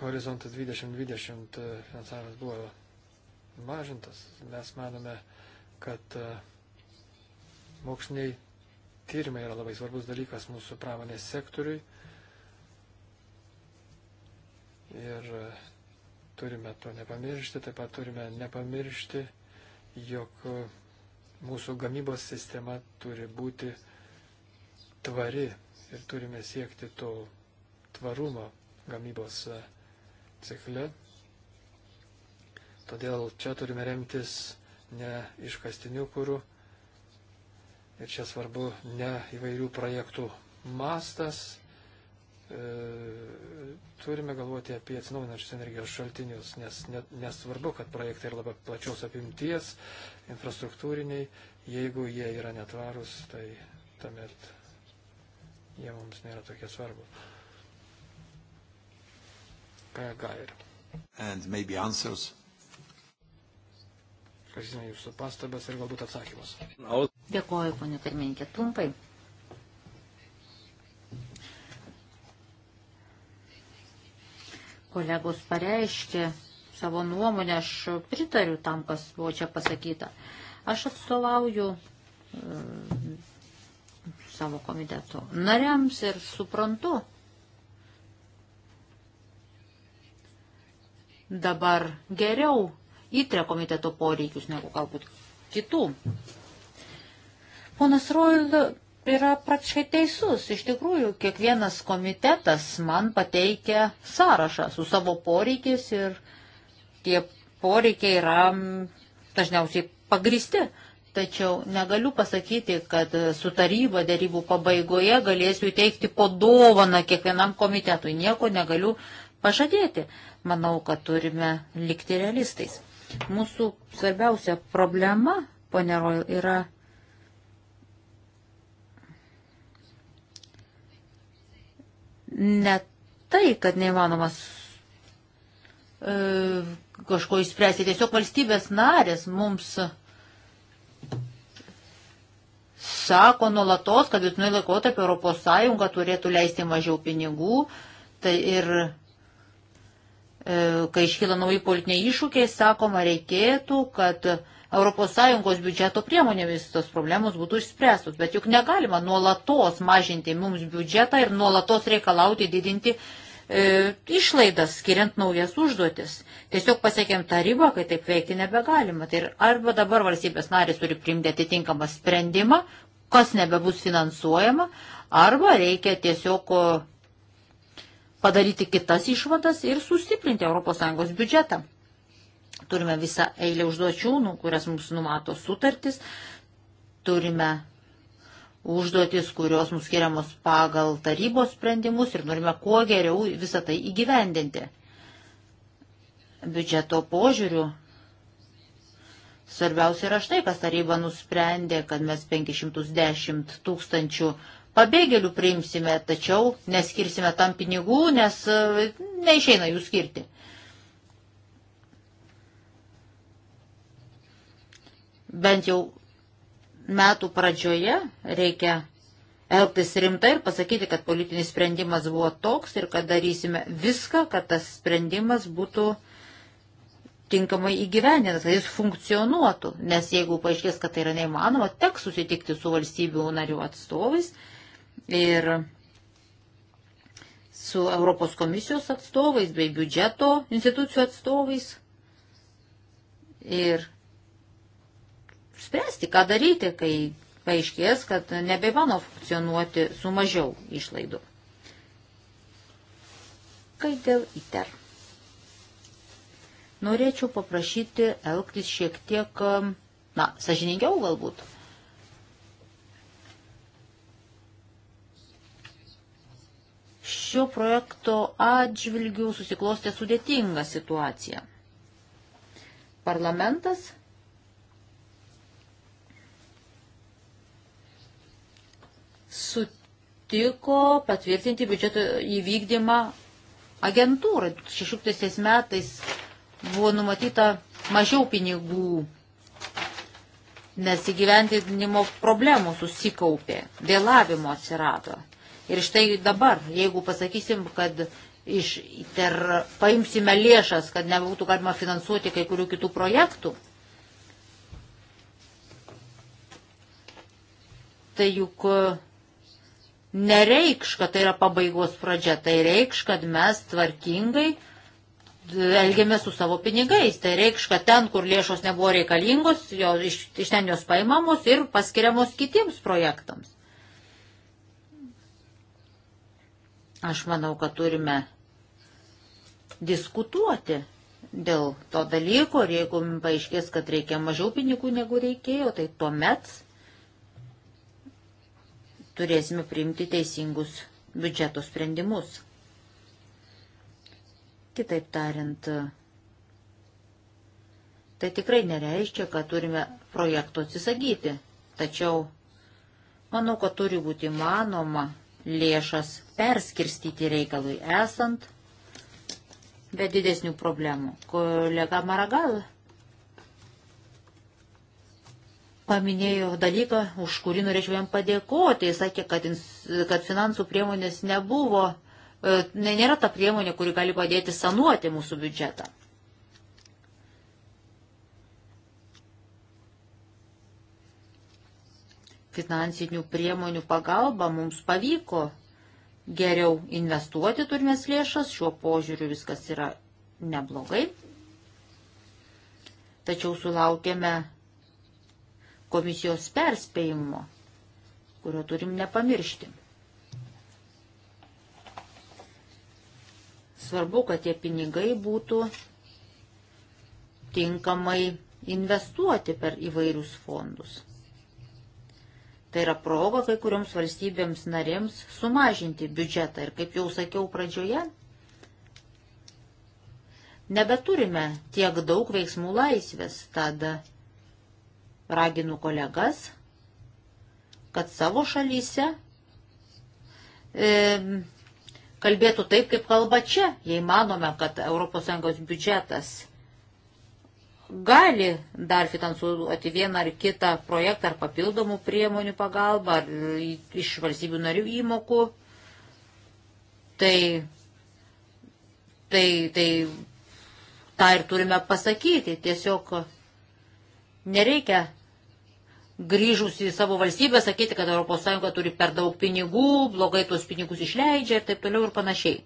horizontas 2020 finansavimas buvo mažintas. Mes manome, kad e, moksliniai tyrimai yra labai svarbus dalykas mūsų pramonės sektoriui. Ir e, turime to nepamiršti, taip pat turime nepamiršti, jog e, mūsų gamybos sistema turi būti tvari ir turime siekti to tvarumo gamybos e, cikle. Todėl čia turime remtis ne iškastiniu kūru ir čia svarbu ne įvairių projektų mastas, E, turime galvoti apie atsinaujinančius energijos šaltinius, nes nesvarbu, kad projektai yra labai plačiaus apimties, infrastruktūriniai, jeigu jie yra netvarūs, tai tamet jie mums nėra tokie svarbu. Kaja Gair. And maybe answers. Prašysime jūsų pastabas ir galbūt atsakymus. Dėkuoju, ponė pirmininkė, trumpai. kolegos pareiškė savo nuomonę, aš pritariu tam, kas buvo čia pasakyta. Aš atstovauju e, savo komiteto nariams ir suprantu dabar geriau įtre komiteto poreikius negu galbūt kitų. Ponas Roil yra praktiškai teisus. Iš tikrųjų, kiekvienas komitetas man pateikia sąrašą su savo poreikiais ir tie poreikiai yra dažniausiai pagristi. Tačiau negaliu pasakyti, kad su taryba dėrybų pabaigoje galėsiu įteikti po dovaną kiekvienam komitetui. Nieko negaliu pažadėti. Manau, kad turime likti realistais. Mūsų svarbiausia problema, poneroj, yra ne tai, kad neįmanomas e, kažko išspręsti, tiesiog valstybės narės mums sako nuolatos, kad vidutinai laikotarpį Europos Sąjunga turėtų leisti mažiau pinigų, tai ir e, kai iškyla nauji politiniai iššūkiai, sakoma, reikėtų, kad ES biudžeto priemonėmis tos problemos būtų išspręstos. Bet juk negalima nuolatos mažinti mums biudžetą ir nuolatos reikalauti didinti e, išlaidas, skiriant naujas užduotis. Tiesiog pasiekėm tą ribą, kai taip veikti nebegalima. Tai arba dabar valstybės narės turi priimti atitinkamą sprendimą, kas nebebus finansuojama, arba reikia tiesiog padaryti kitas išvadas ir sustiprinti ES biudžetą. Turime visą eilę užduočių, nu, kurias mums numato sutartis. Turime užduotis, kurios mums skiriamos pagal tarybos sprendimus ir norime kuo geriau visą tai įgyvendinti. Biudžeto požiūrių Svarbiausia yra štai, kas taryba nusprendė, kad mes 510 tūkstančių pabėgėlių priimsime, tačiau neskirsime tam pinigų, nes e, neišeina jų skirti. bent jau metų pradžioje reikia elgtis rimtai ir pasakyti, kad politinis sprendimas buvo toks ir kad darysime viską, kad tas sprendimas būtų tinkamai įgyvendintas, kad jis funkcionuotų. Nes jeigu paaiškės, kad tai yra neįmanoma, teks susitikti su valstybių narių atstovais ir su Europos komisijos atstovais bei biudžeto institucijų atstovais. Ir spręsti, ką daryti, kai paaiškės, kad nebeįmano funkcionuoti su mažiau išlaidų. Kai dėl ITER. Norėčiau paprašyti elgtis šiek tiek, na, sažiningiau galbūt. Šio projekto atžvilgių susiklostė sudėtinga situacija. Parlamentas sutiko patvirtinti biudžeto įvykdymą agentūrai. 16 metais buvo numatyta mažiau pinigų, nes įgyvendinimo problemų susikaupė, vėlavimo atsirado. Ir štai dabar, jeigu pasakysim, kad iš, ter, paimsime lėšas, kad nebūtų galima finansuoti kai kurių kitų projektų, tai juk nereikš, kad tai yra pabaigos pradžia, tai reikš, kad mes tvarkingai elgiamės su savo pinigais. Tai reikš, kad ten, kur lėšos nebuvo reikalingos, jo, iš, iš ten jos paimamos ir paskiriamos kitiems projektams. Aš manau, kad turime diskutuoti dėl to dalyko ir jeigu paaiškės, kad reikia mažiau pinigų negu reikėjo, tai tuomet turėsime priimti teisingus biudžeto sprendimus. Kitaip tariant, tai tikrai nereiškia, kad turime projekto atsisakyti, tačiau manau, kad turi būti manoma lėšas perskirstyti reikalui esant, be didesnių problemų. Kolega Maragal paminėjo dalyką, už kurį norėčiau jam padėkoti. Jis sakė, kad, kad finansų priemonės nebuvo, e, ne, nėra ta priemonė, kuri gali padėti sanuoti mūsų biudžetą. Finansinių priemonių pagalba mums pavyko geriau investuoti turimės lėšas, šiuo požiūriu viskas yra neblogai. Tačiau sulaukėme komisijos perspėjimo, kurio turim nepamiršti. Svarbu, kad tie pinigai būtų tinkamai investuoti per įvairius fondus. Tai yra proga kai kurioms valstybėms narėms sumažinti biudžetą. Ir kaip jau sakiau pradžioje, nebeturime tiek daug veiksmų laisvės, tada Raginu kolegas, kad savo šalyse e, kalbėtų taip, kaip kalba čia, jei manome, kad ES biudžetas gali dar finansuoti vieną ar kitą projektą ar papildomų priemonių pagalbą ar iš valstybių narių įmokų. Tai, tai, tai tą ir turime pasakyti. Tiesiog nereikia grįžus į savo valstybę sakyti, kad ES turi per daug pinigų, blogai tuos pinigus išleidžia ir taip toliau ir panašiai.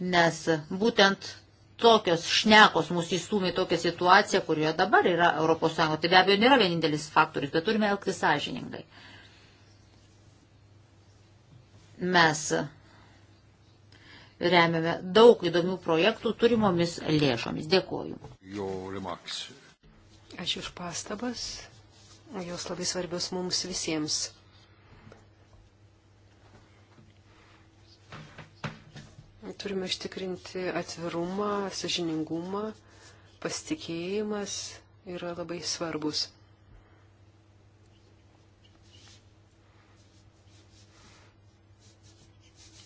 Nes būtent tokios šnekos mus įstumė tokią situaciją, kurioje dabar yra ES. Tai be abejo nėra vienintelis faktorius, bet turime elgtis sąžiningai. Mes remiame daug įdomių projektų turimomis lėšomis. Dėkuoju. Ačiū už pastabas. Jos labai svarbios mums visiems. Turime ištikrinti atvirumą, sažiningumą, pasitikėjimas yra labai svarbus.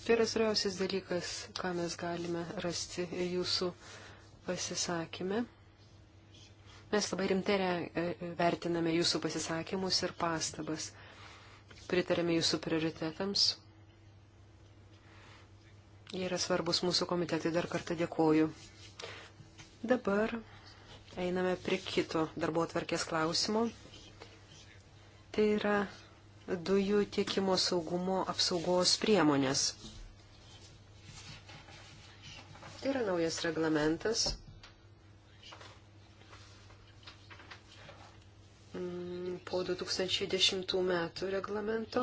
Tai yra svarbiausias dalykas, ką mes galime rasti jūsų pasisakymę. Mes labai rimtai e, vertiname jūsų pasisakymus ir pastabas. Pritarėme jūsų prioritetams. Jie yra svarbus mūsų komitetai. Dar kartą dėkoju. Dabar einame prie kito darbo atvarkės klausimo. Tai yra dujų tiekimo saugumo apsaugos priemonės. Tai yra naujas reglamentas Mm, po 2010 metų reglamento.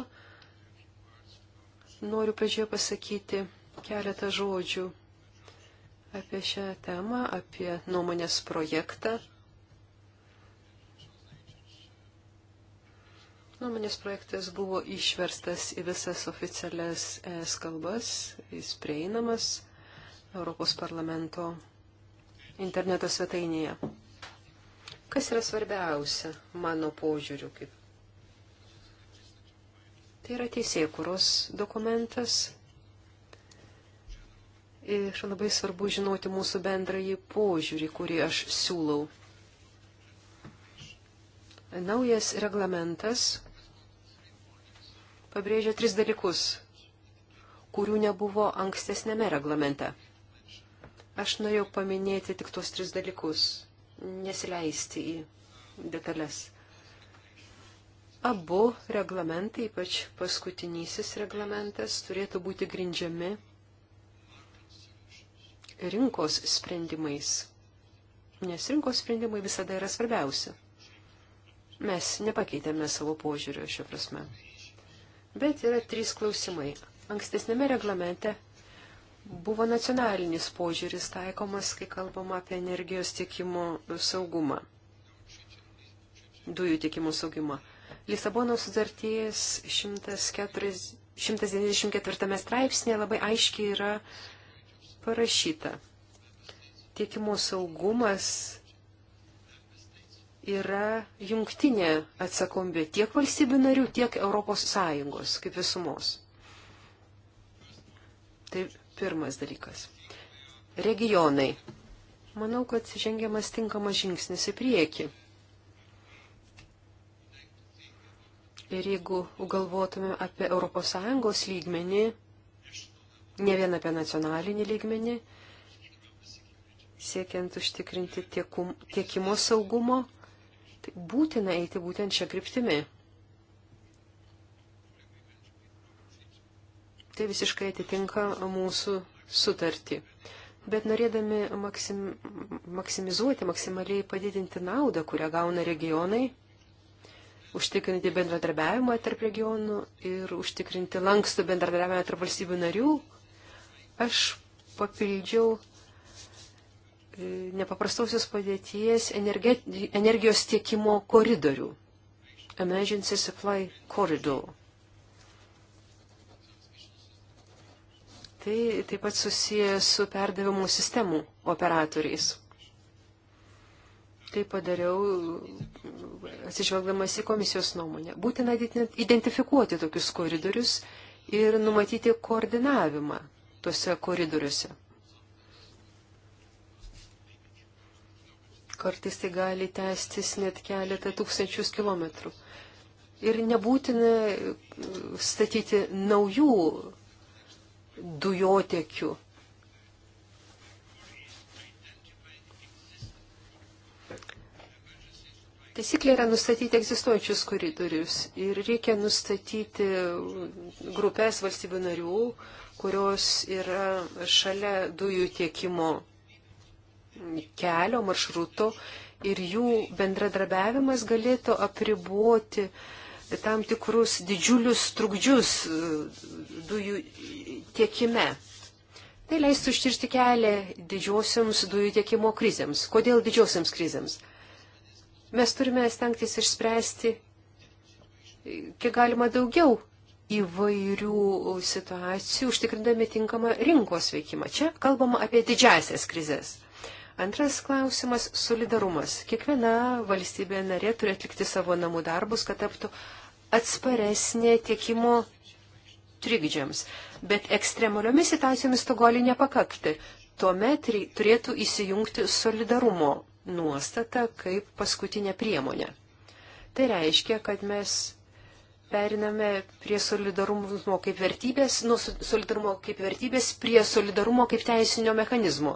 Noriu pradžioje pasakyti keletą žodžių apie šią temą, apie nuomonės projektą. Nuomonės projektas buvo išverstas į visas oficialias ES kalbas, jis prieinamas Europos parlamento interneto svetainėje. Kas yra svarbiausia mano požiūriu? Kaip? Tai yra teisėkuros dokumentas. Ir labai svarbu žinoti mūsų bendrąjį požiūrį, kurį aš siūlau. Naujas reglamentas pabrėžia tris dalykus, kurių nebuvo ankstesnėme reglamente. Aš norėjau paminėti tik tuos tris dalykus nesileisti į detalės. Abu reglamentai, ypač paskutinysis reglamentas, turėtų būti grindžiami rinkos sprendimais, nes rinkos sprendimai visada yra svarbiausi. Mes nepakeitėme savo požiūrio šio prasme. Bet yra trys klausimai. Ankstesnėme reglamente buvo nacionalinis požiūris taikomas, kai kalbama apie energijos tiekimo saugumą, dujų tiekimo saugumą. Lisabono sutarties 194 straipsnė labai aiškiai yra parašyta. Tiekimo saugumas yra jungtinė atsakomybė tiek valstybių narių, tiek Europos Sąjungos kaip visumos. Taip, Pirmas dalykas. Regionai. Manau, kad žengiamas tinkamas žingsnis į priekį. Ir jeigu galvotume apie ES lygmenį, ne vien apie nacionalinį lygmenį, siekiant užtikrinti tiekum, tiekimo saugumo, tai būtina eiti būtent šią kryptimį. Tai visiškai atitinka mūsų sutartį. Bet norėdami maksim, maksimizuoti, maksimaliai padidinti naudą, kurią gauna regionai, užtikrinti bendradarbiavimą tarp regionų ir užtikrinti lankstų bendradarbiavimą tarp valstybių narių, aš papildžiau e, nepaprastosios padėties energi, energijos tiekimo koridorių. Emergency Supply Corridor. Tai taip pat susiję su perdavimų sistemų operatoriais. Tai padariau atsižvelgdamas į komisijos nuomonę. Būtina identifikuoti tokius koridorius ir numatyti koordinavimą tuose koridoriuose. Kartais tai gali tęstis net keletą tūkstančius kilometrų. Ir nebūtina e, statyti naujų dujotekių. Taisyklė yra nustatyti egzistuojančius koridorius ir reikia nustatyti grupės valstybių narių, kurios yra šalia dujų tiekimo kelio, maršruto ir jų bendradarbiavimas galėtų apriboti tam tikrus didžiulius trukdžius e, dujų tiekime. Tai leistų ištirsti kelią didžiosiams dujų tiekimo krizėms. Kodėl didžiosiams krizėms? Mes turime stengtis išspręsti kiek galima daugiau įvairių situacijų, užtikrindami tinkamą rinkos veikimą. Čia kalbama apie didžiasias krizės. Antras klausimas - solidarumas. Kiekviena valstybė narė turi atlikti savo namų darbus, kad taptų atsparesnė tiekimo trikdžiams. Bet ekstremaliomis situacijomis to gali nepakakti. Tuomet turėtų įsijungti solidarumo nuostata kaip paskutinė priemonė. Tai reiškia, kad mes periname prie solidarumo kaip vertybės, nuo solidarumo kaip vertybės prie solidarumo kaip teisinio mechanizmo.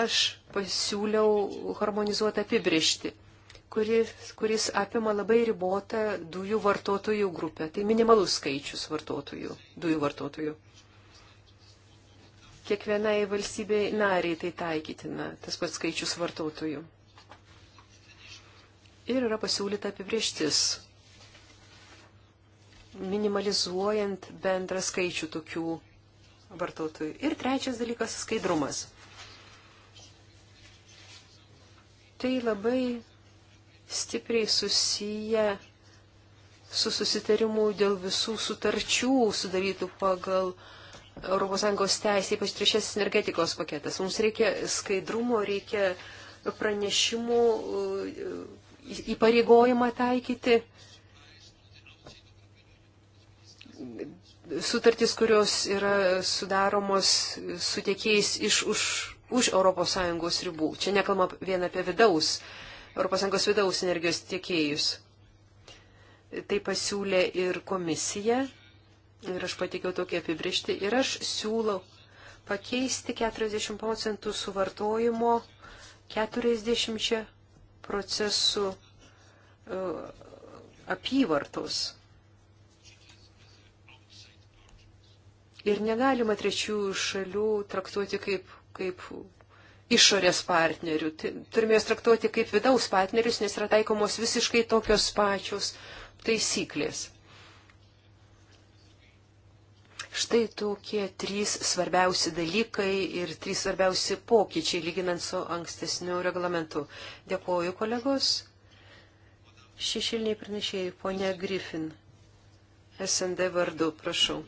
Aš pasiūliau harmonizuotą apibriežtį kuris, kuris apima labai ribotą dujų vartotojų grupę. Tai minimalus skaičius vartotojų, dujų vartotojų. Kiekvienai valstybei nariai tai taikytina, tas pats skaičius vartotojų. Ir yra pasiūlyta apibrieštis, minimalizuojant bendrą skaičių tokių vartotojų. Ir trečias dalykas - skaidrumas. Tai labai stipriai susiję su susitarimu dėl visų sutarčių sudarytų pagal ES teisę, ypač trečiasis energetikos paketas. Mums reikia skaidrumo, reikia pranešimų įpareigojimą taikyti. Sutartys, kurios yra sudaromos su tiekėjais iš už, už ES ribų. Čia nekalba vien apie vidaus uh, ES vidaus energijos tiekėjus. Tai pasiūlė ir komisija, ir aš patikiau tokį apibrišti, ir aš siūlau pakeisti 40 procentų suvartojimo 40 procesų e, apyvartos. Ir negalima trečiųjų šalių traktuoti kaip, kaip išorės partnerių. Turime juos traktuoti kaip vidaus partnerius, nes yra taikomos visiškai tokios pačios taisyklės. Štai tokie trys svarbiausi dalykai ir trys svarbiausi pokyčiai lyginant su ankstesniu reglamentu. Dėkuoju kolegos. Šešiliniai pranešėjai, ponia Griffin. SND vardu, prašau.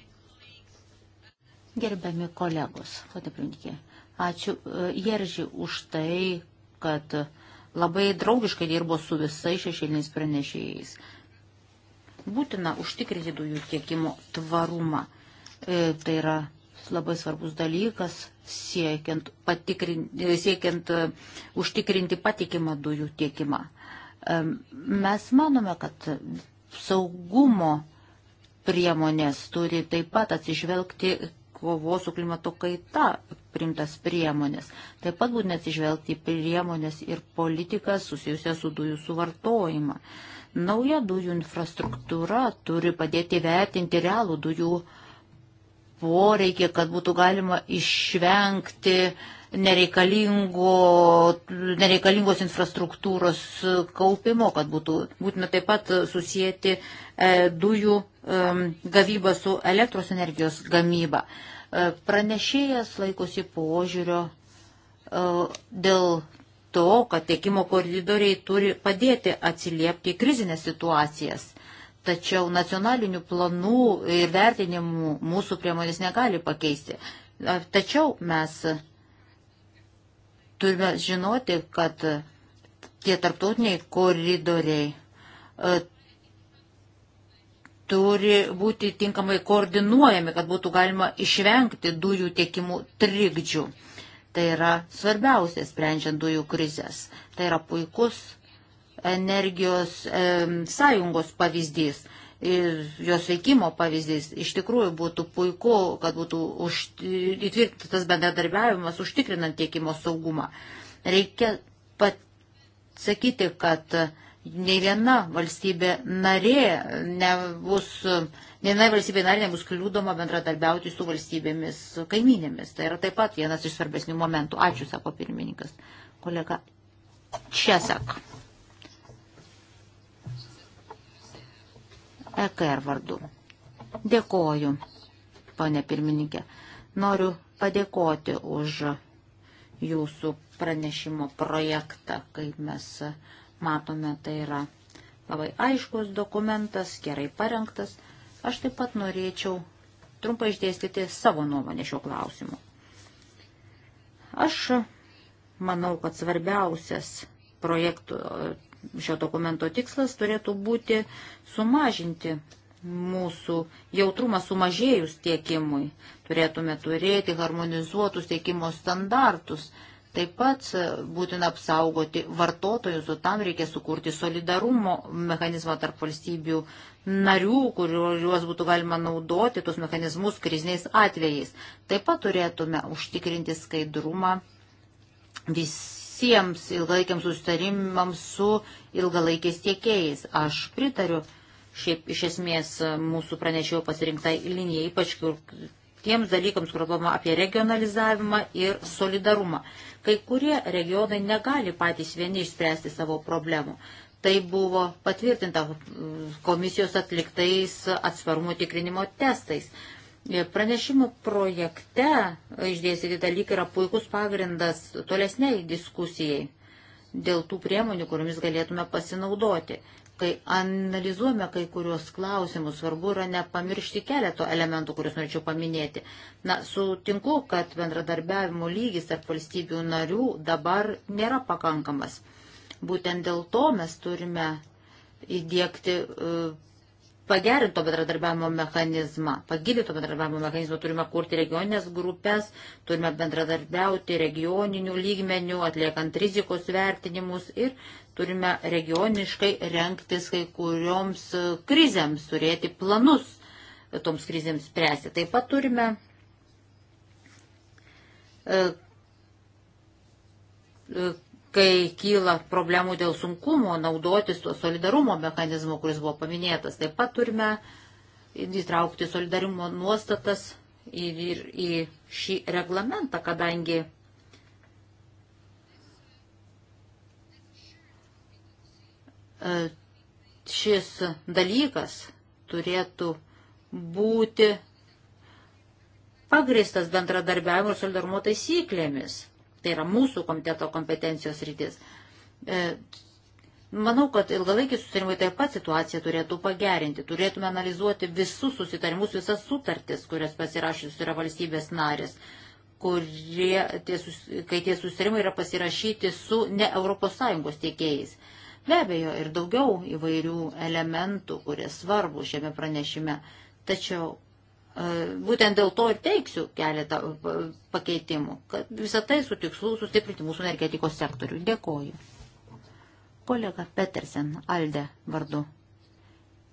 Gerbiami kolegos, ponia Prinikė. Ačiū e, Jerži už tai, kad labai draugiškai dirbo su visais šešėliniais pranešėjais. Būtina užtikrinti dujų tiekimo tvarumą. E, tai yra labai svarbus dalykas, siekiant, e, siekiant e, užtikrinti patikimą dujų tiekimą. Mes manome, kad saugumo priemonės turi taip pat atsižvelgti kovos su klimato kaita primtas priemonės. Taip pat būtina atsižvelgti į priemonės ir politiką susijusią su dujų suvartojimą. Nauja dujų infrastruktūra turi padėti vertinti realų dujų poreikį, kad būtų galima išvengti nereikalingos infrastruktūros kaupimo, kad būtų būtina taip pat susijęti e, dujų e, gavybą su elektros energijos gamyba. E, Pranešėjas laikosi požiūrio e, dėl to, kad tiekimo koridoriai turi padėti atsiliepti į krizinės situacijas. Tačiau nacionalinių planų ir vertinimų mūsų priemonės negali pakeisti. E, tačiau mes turime žinoti, kad tie tarptautiniai koridoriai e, turi būti tinkamai koordinuojami, kad būtų galima išvengti dujų tiekimų trikdžių. Tai yra svarbiausia sprendžiant dujų krizės. Tai yra puikus energijos e, sąjungos pavyzdys ir jos veikimo pavyzdys. Iš tikrųjų būtų puiku, kad būtų už, įtvirtintas bendradarbiavimas užtikrinant tiekimo saugumą. Reikia pasakyti, kad nei viena valstybė narė nebus, nei viena valstybė narė nebus kliūdoma bendradarbiauti su valstybėmis kaiminėmis. Tai yra taip pat vienas iš svarbesnių momentų. Ačiū, sako pirmininkas. Kolega Česak. EKR vardu. Dėkoju, ponė pirmininkė. Noriu padėkoti už jūsų pranešimo projektą, kaip mes uh, matome, tai yra labai aiškus dokumentas, gerai parengtas. Aš taip pat norėčiau trumpai išdėstyti savo nuomonę šiuo klausimu. Aš manau, kad svarbiausias projektų šio dokumento tikslas turėtų būti sumažinti mūsų jautrumą sumažėjus tiekimui. Turėtume turėti harmonizuotus tiekimo standartus Taip pat būtina apsaugoti vartotojus, o tam reikia sukurti solidarumo mechanizmą tarp valstybių narių, kuriuos būtų galima naudoti tuos mechanizmus kriziniais atvejais. Taip pat turėtume užtikrinti skaidrumą visiems ilgalaikiams sustarimams su ilgalaikiais tiekėjais. Aš pritariu šiaip iš esmės mūsų pranešėjo pasirinktai linijai, ypač kur tiems dalykams, kur kalbama apie regionalizavimą ir solidarumą. Kai kurie regionai negali patys vieni išspręsti savo problemų. Tai buvo patvirtinta komisijos atliktais atsparumo tikrinimo testais. Pranešimo projekte išdėstyti dalykai yra puikus pagrindas tolesniai diskusijai dėl tų priemonių, kuriomis galėtume pasinaudoti kai analizuojame kai kurios klausimus, svarbu yra nepamiršti keleto elementų, kuriuos norėčiau paminėti. Na, sutinku, kad bendradarbiavimo lygis tarp valstybių narių dabar nėra pakankamas. Būtent dėl to mes turime įdėkti e, pagerinto bendradarbiavimo mechanizmą, pagydyto bendradarbiavimo mechanizmą, turime kurti regioninės grupės, turime bendradarbiauti regioninių lygmenių, atliekant rizikos vertinimus ir turime regioniškai renktis kai kurioms krizėms, turėti planus toms krizėms spręsti. Taip pat turime e, e, kai kyla problemų dėl sunkumo naudotis tuo solidarumo mechanizmu, kuris buvo paminėtas. Taip pat turime įtraukti solidarumo nuostatas ir, ir į šį reglamentą, kadangi e, šis dalykas turėtų būti pagristas bendradarbiavimo ir solidarumo taisyklėmis. Tai yra mūsų komiteto kompetencijos rytis. E, manau, kad ilgalaikiai susitarimai taip pat situaciją turėtų pagerinti. Turėtume analizuoti visus susitarimus, visas sutartis, kurias pasirašysius yra valstybės narės, kurie, tie, kai tie susitarimai yra pasirašyti su ne ES tiekėjais. Be abejo, ir daugiau įvairių elementų, kurie svarbu šiame pranešime. Tačiau E, būtent dėl to ir teiksiu keletą pakeitimų, kad visą tai su tikslu sustiprinti mūsų energetikos sektorių. Dėkoju. Kolega Petersen, Alde vardu.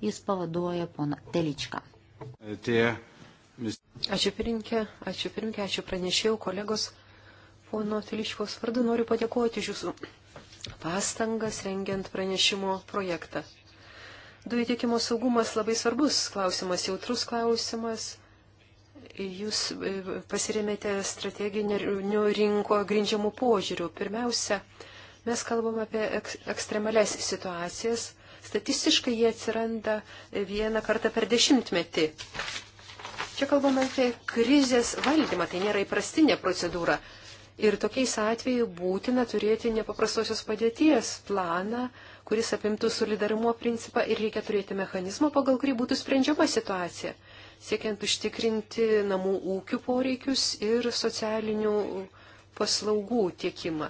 Jis pavaduoja poną Teličką. Ačiū pirinkė, ačiū pirinkė, ačiū pranešėjau kolegos. Pono Teličkos vardu noriu padėkoti už jūsų pastangas rengiant pranešimo projektą. Dujų tiekimo saugumas labai svarbus klausimas, jautrus klausimas. Jūs e, pasiremėte strateginių rinko grindžiamų požiūrių. Pirmiausia, mes kalbam apie ek ekstremales situacijas. Statistiškai jie atsiranda vieną kartą per dešimtmetį. Čia kalbame apie krizės valdymą, tai nėra įprastinė procedūra. Ir tokiais atveju būtina turėti nepaprastosios padėties planą, kuris apimtų solidarumo principą ir reikia turėti mechanizmą, pagal kurį būtų sprendžiama situacija, siekiant užtikrinti namų ūkių poreikius ir socialinių paslaugų tiekimą.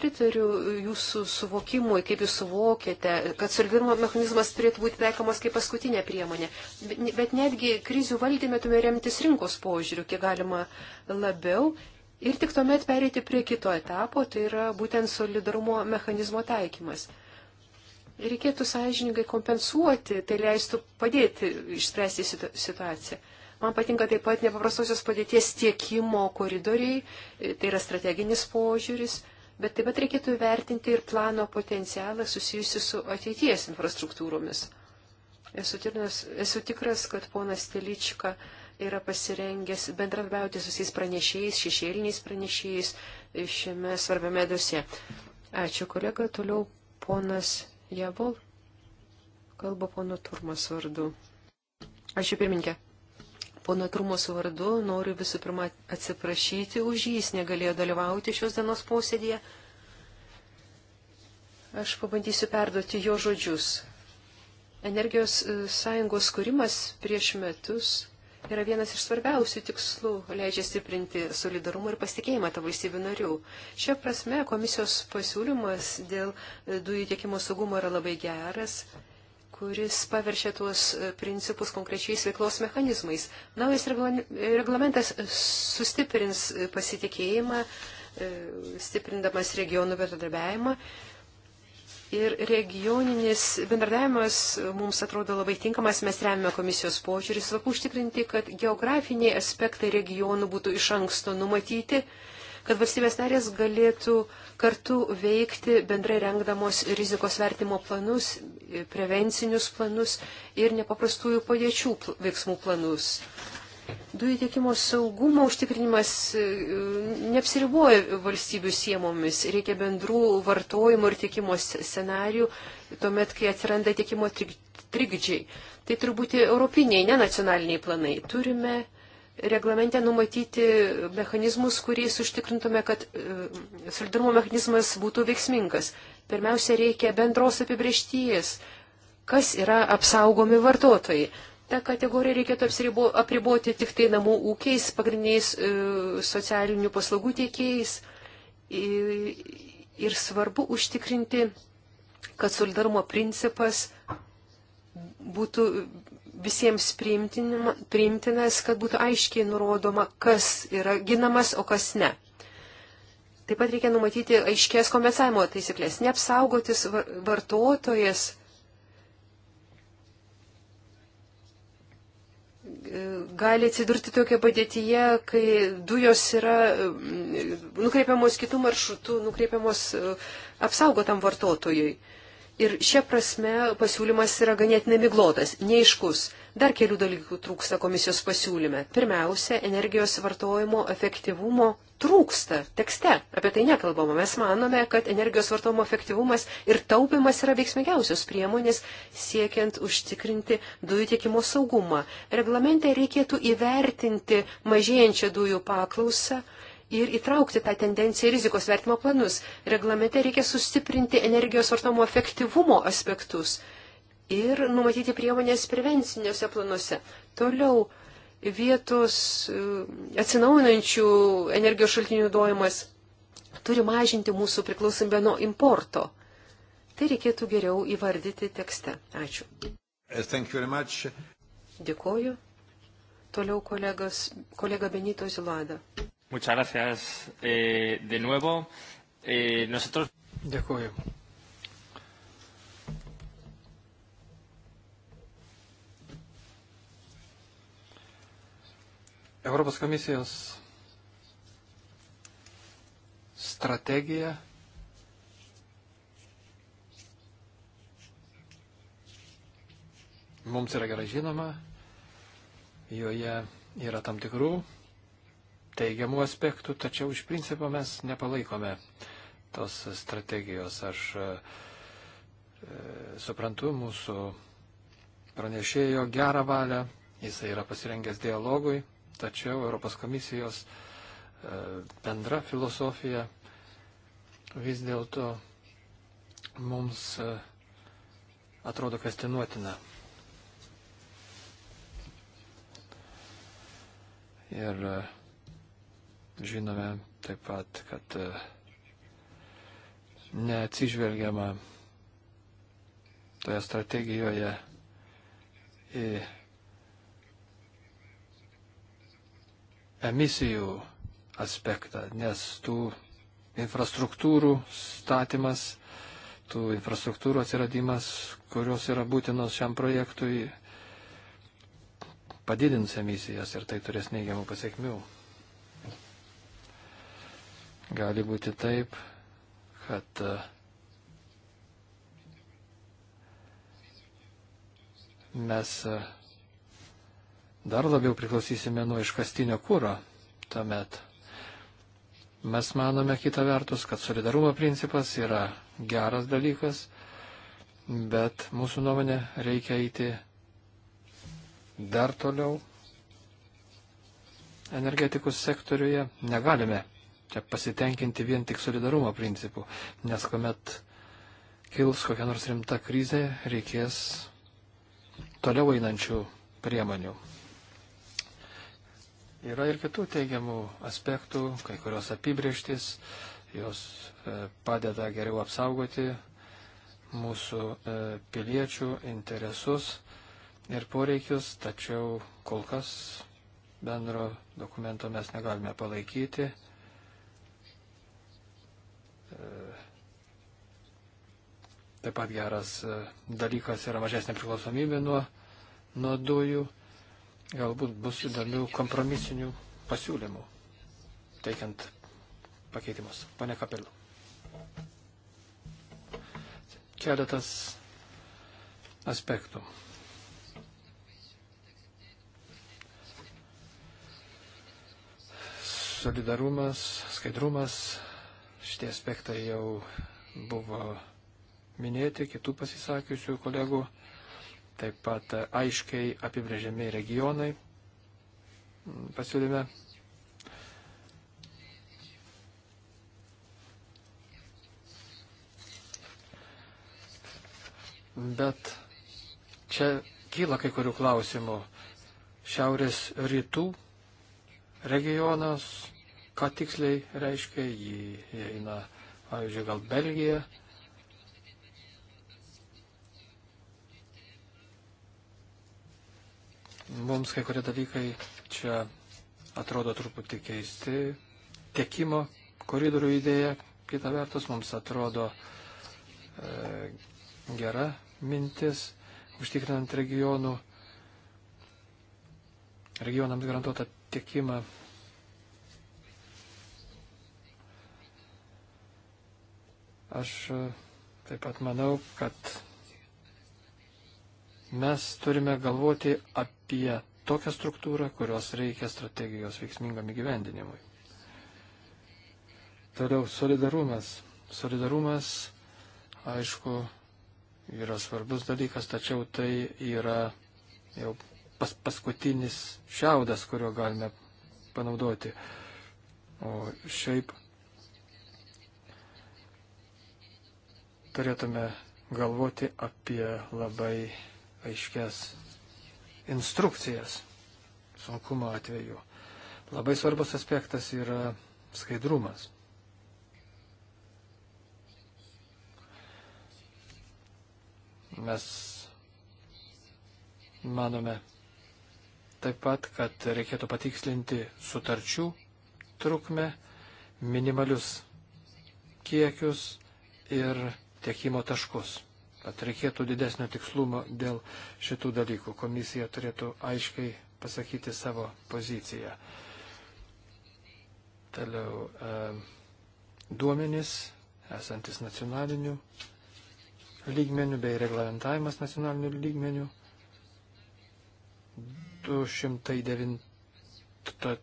Pritariu jūsų suvokimui, kaip jūs suvokėte, kad solidarumo mechanizmas turėtų būti taikomas kaip paskutinė priemonė. Bet netgi krizių valdyme turime remtis rinkos požiūriu, kiek galima labiau. Ir tik tuomet pereiti prie kito etapo, tai yra būtent solidarumo mechanizmo taikymas reikėtų sąžiningai kompensuoti, tai leistų padėti išspręsti situaciją. Man patinka taip pat nepaprastosios padėties tiekimo koridoriai, tai yra strateginis požiūris, bet taip pat reikėtų vertinti ir plano potencialą susijusi su ateities infrastruktūromis. Esu, tirnas, esu tikras, kad ponas Telička yra pasirengęs bendradarbiauti su jais pranešėjais, šešėliniais pranešėjais šiame svarbiame dosė. Ačiū kolega, toliau ponas Javol kalba pono Turmas vardu. Aš jau pirminkė. Pono Turmos vardu noriu visų pirma atsiprašyti už jį, jis negalėjo dalyvauti šios dienos posėdėje. Aš pabandysiu perduoti jo žodžius. Energijos e, sąjungos kūrimas prieš metus yra vienas iš svarbiausių tikslų, leidžia stiprinti solidarumą ir pasitikėjimą tą valstybių narių. Šia prasme, komisijos pasiūlymas dėl e, dujų tiekimo saugumo yra labai geras kuris paveršia tuos e, principus konkrečiais veiklos mechanizmais. Naujas reglamentas sustiprins e, pasitikėjimą, stiprindamas regionų bendradarbiavimą Ir regioninis bendradavimas mums atrodo labai tinkamas, mes remiame komisijos požiūrį, svarbu užtikrinti, kad geografiniai aspektai regionų būtų iš anksto numatyti, kad valstybės narės galėtų kartu veikti bendrai rengdamos rizikos vertimo planus, prevencinius planus ir nepaprastųjų padėčių veiksmų planus. Dujų tiekimo saugumo užtikrinimas e, neapsiriboja valstybių siemomis. Reikia bendrų vartojimo ir tiekimo scenarių, tuomet, kai atsiranda tiekimo trikdžiai. Tai turbūt europiniai, ne nacionaliniai planai. Turime reglamente numatyti mechanizmus, kuriais užtikrintume, kad e, solidarumo mechanizmas būtų veiksmingas. Pirmiausia, reikia bendros apibriešties, kas yra apsaugomi vartotojai tą kategoriją reikėtų apsiribo, apriboti tik tai namų ūkiais, pagrindiniais e, socialinių paslaugų tiekėjais. Ir, ir svarbu užtikrinti, kad solidarumo principas būtų visiems priimtinas, kad būtų aiškiai nurodoma, kas yra ginamas, o kas ne. Taip pat reikia numatyti aiškės kompensavimo taisyklės. Neapsaugotis vartotojas gali atsidurti tokia padėtyje, kai dujos yra mm, nukreipiamos kitų maršrutų, nukreipiamos e, apsaugotam vartotojui. Ir šia prasme pasiūlymas yra ganėtinai miglotas, neiškus. Dar kelių dalykų trūksta komisijos pasiūlyme. Pirmiausia, energijos vartojimo efektyvumo trūksta tekste. Apie tai nekalbama. Mes manome, kad energijos vartojimo efektyvumas ir taupimas yra veiksmingiausios priemonės siekiant užtikrinti dujų tiekimo saugumą. Reglamente reikėtų įvertinti mažėjančią dujų paklausą. Ir įtraukti tą tendenciją į rizikos vertimo planus. Reglamente reikia sustiprinti energijos vartojimo efektyvumo aspektus ir numatyti priemonės prevenciniuose planuose. Toliau vietos e, atsinaujinančių energijos šaltinių naudojimas turi mažinti mūsų priklausomybę nuo importo. Tai reikėtų geriau įvardyti tekste. Ačiū. Uh, Dėkoju. Toliau kolegas, kolega Benito Zilada. Muchas gracias eh, de nuevo. Eh, nosotros... Dėkoju. Europos komisijos strategija mums yra gerai žinoma, joje yra tam tikrų teigiamų aspektų, tačiau iš principo mes nepalaikome tos strategijos. Aš e, suprantu mūsų pranešėjo gerą valią, jisai yra pasirengęs dialogui, Tačiau Europos komisijos e, bendra filosofija vis dėlto mums e, atrodo kvestinuotina. Ir e, žinome taip pat, kad neatsižvelgiama toje strategijoje į emisijų aspektą, nes tų infrastruktūrų statymas, tų infrastruktūrų atsiradimas, kurios yra būtinos šiam projektui, padidins emisijas ir tai turės neigiamų pasiekmių. Gali būti taip, kad e, mes e, dar labiau priklausysime nuo iškastinio kūro tuomet. Mes manome kitą vertus, kad solidarumo principas yra geras dalykas, bet mūsų nuomonė reikia eiti dar toliau energetikos sektoriuje. Negalime čia pasitenkinti vien tik solidarumo principų, nes kuomet kils kokia nors rimta krizė, reikės toliau einančių priemonių. Yra ir kitų teigiamų aspektų, kai kurios apibrieštis, jos e, padeda geriau apsaugoti mūsų e, piliečių interesus ir poreikius, tačiau kol kas bendro dokumento mes negalime palaikyti. E, taip pat geras dalykas yra mažesnė priklausomybė nuo, nuo dujų galbūt bus įdomių kompromisinių pasiūlymų, teikiant pakeitimus. Pane Kapelu. Keletas aspektų. Solidarumas, skaidrumas, šitie aspektai jau buvo minėti kitų pasisakiusių kolegų. Taip pat aiškiai apibrėžiami regionai pasiūlyme. Bet čia kyla kai kurių klausimų. Šiaurės rytų regionas, ką tiksliai reiškia, jį įeina, pavyzdžiui, gal Belgija. Mums kai kurie dalykai čia atrodo truputį keisti. Tiekimo koridorių idėja, kita vertus, mums atrodo e, gera mintis, užtikrinant regionų, regionams garantuotą tiekimą. Aš e, taip pat manau, kad mes turime galvoti apie tokią struktūrą, kurios reikia strategijos veiksmingam įgyvendinimui. Toliau solidarumas. Solidarumas, aišku, yra svarbus dalykas, tačiau tai yra jau pas, paskutinis šiaudas, kurio galime panaudoti. O šiaip turėtume galvoti apie labai aiškias instrukcijas sunkumo atveju. Labai svarbus aspektas yra skaidrumas. Mes manome taip pat, kad reikėtų patikslinti sutarčių trukmę, minimalius kiekius ir tiekimo taškus kad reikėtų didesnio tikslumo dėl šitų dalykų. Komisija turėtų aiškiai pasakyti savo poziciją. Toliau e, duomenys esantis nacionaliniu lygmeniu bei reglamentavimas nacionaliniu lygmeniu. 209 to,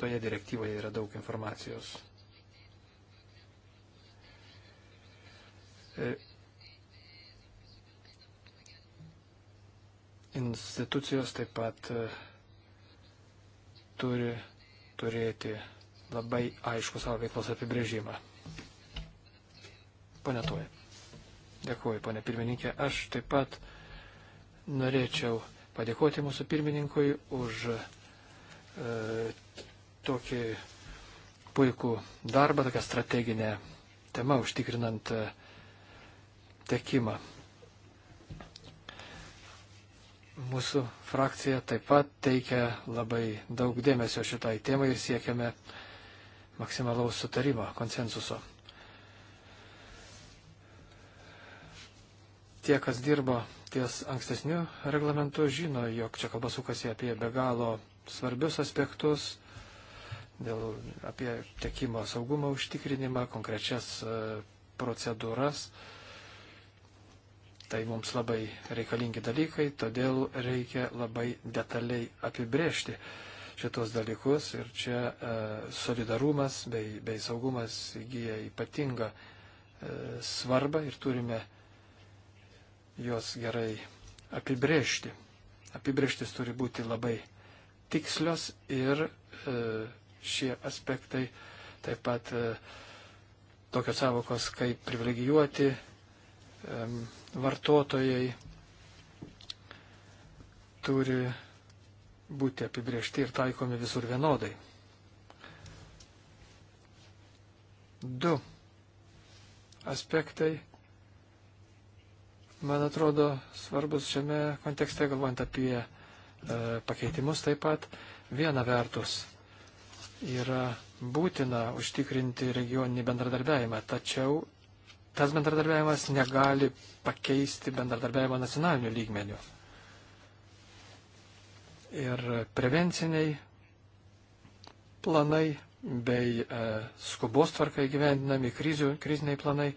toje direktyvoje yra daug informacijos. E, institucijos taip pat e, turi turėti labai aišku savo veiklos apibrėžimą. Pane Tuoja. Dėkuoju, pane pirmininkė. Aš taip pat norėčiau padėkoti mūsų pirmininkui už e, tokį puikų darbą, tokią strateginę temą užtikrinant e, tekimą Mūsų frakcija taip pat teikia labai daug dėmesio šitai temai ir siekiame maksimalaus sutarimo, konsensuso. Tie, kas dirbo ties ankstesniu reglamentu, žino, jog čia kalba sukasi apie be galo svarbius aspektus, dėl, apie tiekimo saugumo užtikrinimą, konkrečias e, procedūras. Uh, Tai mums labai reikalingi dalykai, todėl reikia labai detaliai apibrėžti šitos dalykus ir čia e, solidarumas bei, bei saugumas įgyja ypatingą e, svarbą ir turime juos gerai apibrėžti. Apibrėžtis turi būti labai tikslios ir e, šie aspektai taip pat e, tokios savokos kaip privilegijuoti, e, vartotojai turi būti apibriešti ir taikomi visur vienodai. Du aspektai, man atrodo, svarbus šiame kontekste, galvojant apie e, pakeitimus taip pat. Viena vertus yra būtina užtikrinti regioninį bendradarbiavimą, tačiau tas bendradarbiavimas negali pakeisti bendradarbiavimo nacionaliniu lygmeniu. Ir prevenciniai planai bei e, skubos tvarkai gyvendinami krizių, kriziniai planai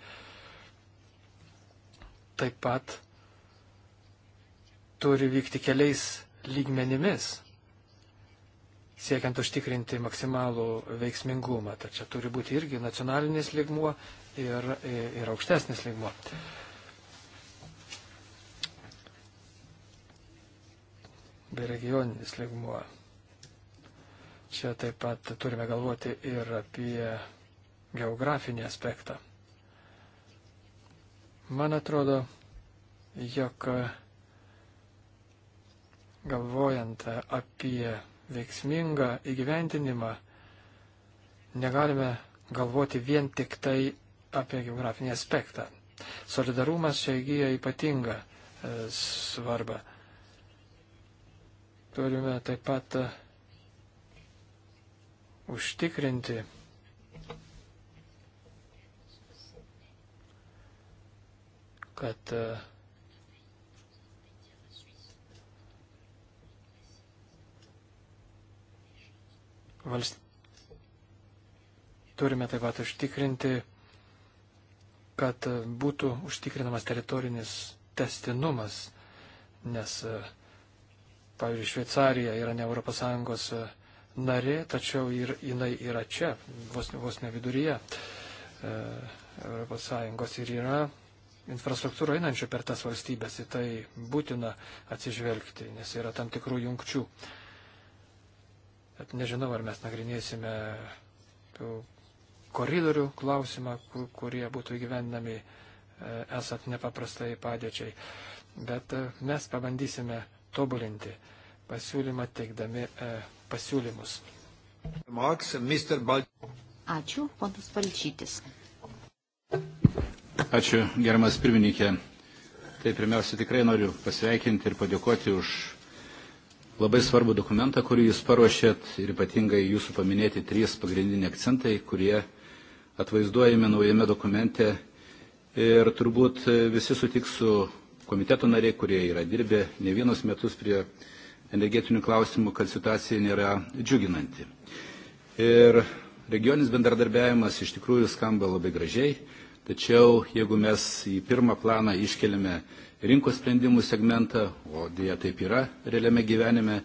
taip pat turi vykti keliais lygmenimis, siekiant užtikrinti maksimalų veiksmingumą. Tačiau turi būti irgi nacionalinis lygmuo ir, ir aukštesnis lygmo. Bei regioninis lygmo. Čia taip pat turime galvoti ir apie geografinį aspektą. Man atrodo, jog galvojant apie veiksmingą įgyvendinimą, negalime galvoti vien tik tai apie geografinį aspektą. Solidarumas čia įgyja ypatingą e, svarbą. Turime taip pat e, užtikrinti kad e, valst... turime taip pat užtikrinti kad būtų užtikrinamas teritorinis testinumas, nes, e, pavyzdžiui, Šveicarija yra ne ES e, narė, tačiau ir jinai yra čia, vos, vos ne viduryje ES ir yra infrastruktūra einančių per tas valstybės, į tai būtina atsižvelgti, nes yra tam tikrų jungčių. Bet nežinau, ar mes nagrinėsime koridorių klausimą, kur, kurie būtų gyvenami esat nepaprastai padėčiai. Bet e, mes pabandysime tobulinti pasiūlymą teikdami e, pasiūlymus. Marks, uh, Mr. Bal... Ačiū, ponas Balčytis. Ačiū, gerbiamas pirmininkė. Tai pirmiausia, tikrai noriu pasveikinti ir padėkoti už labai svarbų dokumentą, kurį jūs paruošėt ir ypatingai jūsų paminėti trys pagrindiniai akcentai, kurie atvaizduojami naujame dokumente. Ir turbūt e, visi sutiks su komiteto nariai, kurie yra dirbę ne vienus metus prie energetinių klausimų, kad situacija nėra džiuginanti. Ir regioninis bendradarbiavimas iš tikrųjų skamba labai gražiai, tačiau jeigu mes į pirmą planą iškeliame rinkos sprendimų segmentą, o dėja taip yra realiame gyvenime,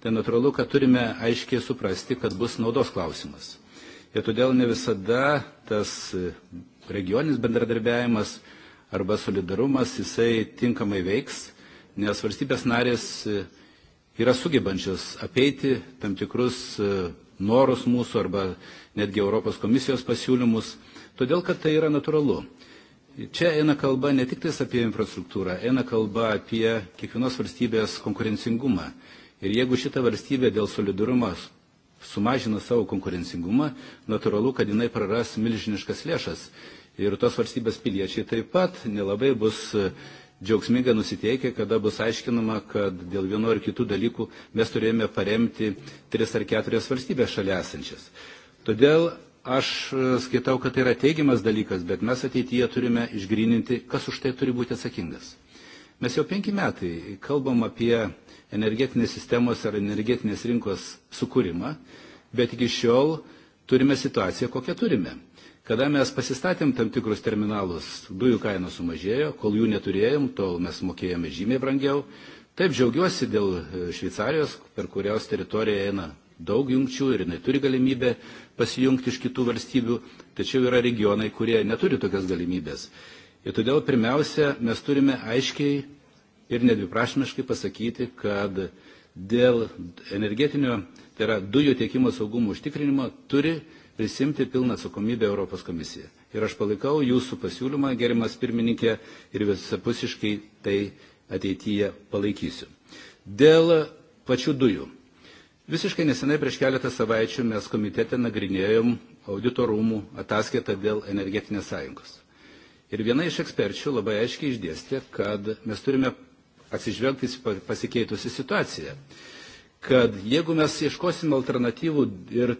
tai natūralu, kad turime aiškiai suprasti, kad bus naudos klausimas ir todėl ne visada tas regioninis bendradarbiavimas arba solidarumas jisai tinkamai veiks, nes valstybės narės e, yra sugebančios apeiti tam tikrus e, norus mūsų arba netgi Europos komisijos pasiūlymus, todėl kad tai yra natūralu. Čia eina kalba ne tik tais apie infrastruktūrą, eina kalba apie kiekvienos valstybės konkurencingumą. Ir jeigu šita valstybė dėl solidarumas sumažina savo konkurencingumą, natūralu, kad jinai praras milžiniškas lėšas. Ir tos valstybės piliečiai taip pat nelabai bus e, džiaugsmingai nusiteikę, kada bus aiškinama, kad dėl vieno ar kitų dalykų mes turėjome paremti tris ar keturias valstybės šalia esančias. Todėl aš e, skaitau, kad tai yra teigiamas dalykas, bet mes ateityje turime išgrininti, kas už tai turi būti atsakingas. Mes jau penki metai kalbam apie energetinės sistemos ar energetinės rinkos sukūrimą, bet iki šiol turime situaciją, kokią turime. Kada mes pasistatėm tam tikrus terminalus, dujų kainos sumažėjo, kol jų neturėjom, tol mes mokėjome žymiai brangiau. Taip džiaugiuosi dėl e, Šveicarijos, per kurios teritoriją eina daug jungčių ir jinai turi galimybę pasijungti iš kitų valstybių, tačiau yra regionai, kurie neturi tokias galimybės. Ir todėl pirmiausia, mes turime aiškiai ir nedviprašmiškai pasakyti, kad dėl energetinio, tai yra dujų tiekimo saugumo užtikrinimo, turi prisimti pilną atsakomybę Europos komisija. Ir aš palaikau jūsų pasiūlymą, gerimas pirmininkė, ir visapusiškai tai ateityje palaikysiu. Dėl pačių dujų. Visiškai nesenai prieš keletą savaičių mes komitete nagrinėjom auditorumų ataskaitą dėl energetinės sąjungos. Ir viena iš eksperčių labai aiškiai išdėstė, kad mes turime atsižvelgti į pasikeitusią situaciją. Kad jeigu mes ieškosime alternatyvų ir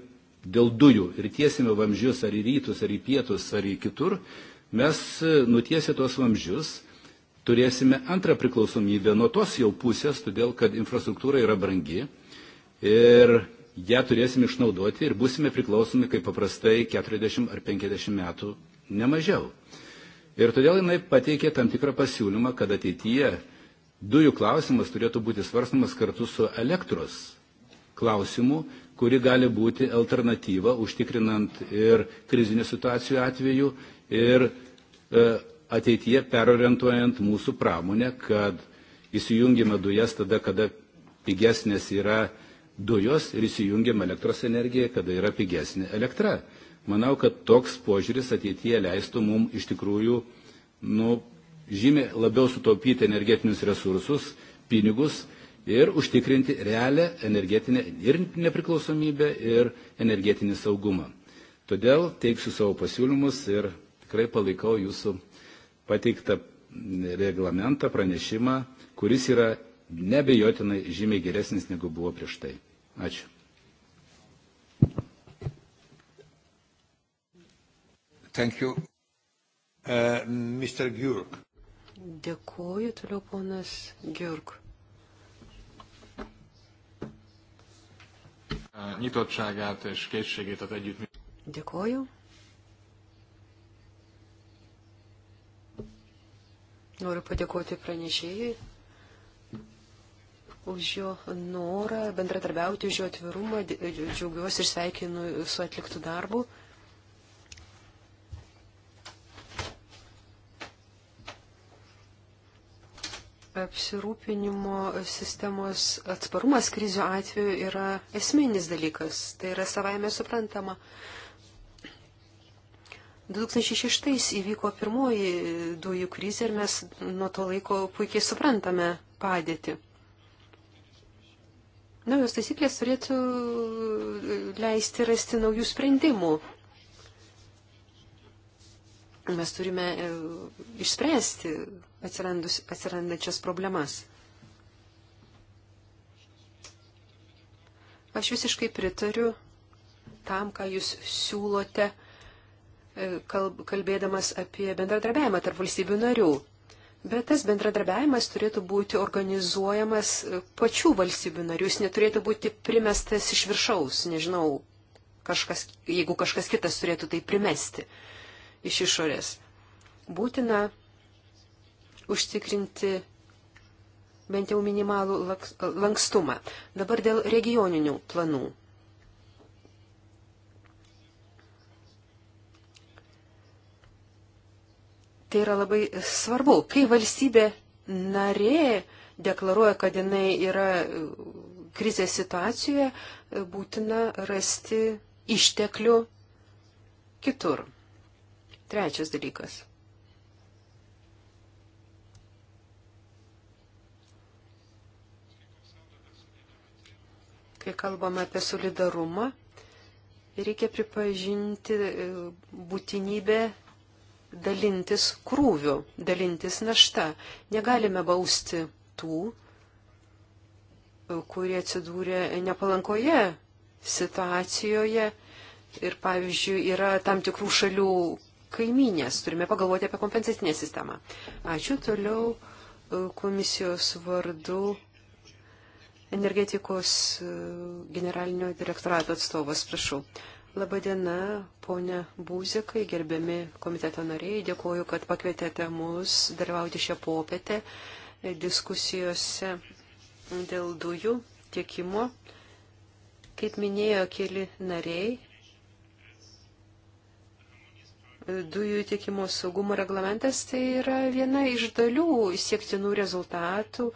dėl dujų ir tiesime vamzdžius ar į rytus, ar į pietus, ar į kitur, mes e, nutiesę tuos vamzdžius turėsime antrą priklausomybę nuo tos jau pusės, todėl kad infrastruktūra yra brangi ir ją turėsime išnaudoti ir būsime priklausomi kaip paprastai 40 ar 50 metų nemažiau. mažiau. Ir todėl jinai pateikė tam tikrą pasiūlymą, kad ateityje dujų klausimas turėtų būti svarstamas kartu su elektros klausimu, kuri gali būti alternatyva, užtikrinant ir krizinių situacijų atveju, ir e, ateityje perorientuojant mūsų pramonę, kad įsijungime dujas tada, kada pigesnės yra dujos ir įsijungiam elektros energiją, kada yra pigesnė elektra. Manau, kad toks požiūris ateityje leistų mums iš tikrųjų nu, žymiai labiau sutaupyti energetinius resursus, pinigus ir užtikrinti realią energetinę ir nepriklausomybę ir energetinį saugumą. Todėl teiksiu savo pasiūlymus ir tikrai palaikau jūsų pateiktą reglamentą, pranešimą, kuris yra nebejotinai žymiai geresnis negu buvo prieš tai. Ačiū. Thank you. Uh, Mr. Gjurk. Dėkuoju toliau ponas Gjurk. nyitottságát és készségét az együttműködésre. Dėkoju. Noriu padėkoti pranešėjai už jo norą bendradarbiauti, už jo atvirumą. Džiaugiuosi ir sveikinu su atliktų darbų. apsirūpinimo sistemos atsparumas krizių atveju yra esminis dalykas. Tai yra savaime suprantama. 2006 įvyko pirmoji dujų krizė ir mes nuo to laiko puikiai suprantame padėtį. Naujos taisyklės turėtų leisti rasti naujų sprendimų mes turime e, išspręsti atsirandančias problemas. Aš visiškai pritariu tam, ką jūs siūlote, e, kalbėdamas apie bendradarbiavimą tarp valstybių narių. Bet tas bendradarbiavimas turėtų būti organizuojamas e, pačių valstybių narių, jis neturėtų būti primestas iš viršaus, nežinau, kažkas, jeigu kažkas kitas turėtų tai primesti. Uh, iš išorės. Būtina užtikrinti bent jau minimalų lankstumą. Dabar dėl regioninių planų. Tai yra labai svarbu, kai valstybė narė deklaruoja, kad jinai yra uh, krizės situacijoje, būtina rasti išteklių kitur. Trečias dalykas. Kai kalbame apie solidarumą, reikia pripažinti e, būtinybę dalintis krūviu, dalintis našta. Negalime bausti tų, e, kurie atsidūrė nepalankoje situacijoje ir, pavyzdžiui, yra tam tikrų šalių, kaiminės. Turime pagalvoti apie kompensacinę sistemą. Ačiū toliau e, komisijos vardu energetikos e, generalinio direktorato atstovas, prašau. Labadiena, ponia Būzikai, gerbiami komiteto nariai, dėkuoju, kad pakvietėte mus dalyvauti šią popietę e, diskusijose dėl dujų tiekimo. Kaip minėjo keli nariai, dujų tiekimo saugumo reglamentas tai yra viena iš dalių siektinų rezultatų,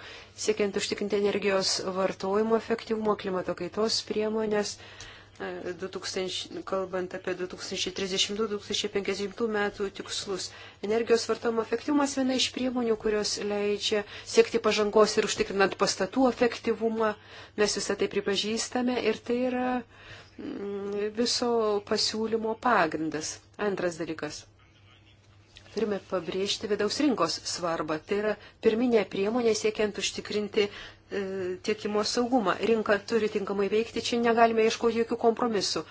siekiant užtikrinti energijos vartojimo efektyvumo, klimato kaitos priemonės, 2000, e, kalbant apie 2030-2050 metų tikslus. Energijos vartojimo efektyvumas viena iš priemonių, kurios leidžia siekti pažangos ir užtikrinant pastatų efektyvumą. Mes visą tai pripažįstame ir tai yra mm, viso pasiūlymo pagrindas. Antras dalykas. Turime pabrėžti vidaus rinkos svarbą. Tai yra pirminė priemonė siekiant užtikrinti e, tiekimo saugumą. Rinka turi tinkamai veikti, čia negalime ieškoti jokių kompromisų.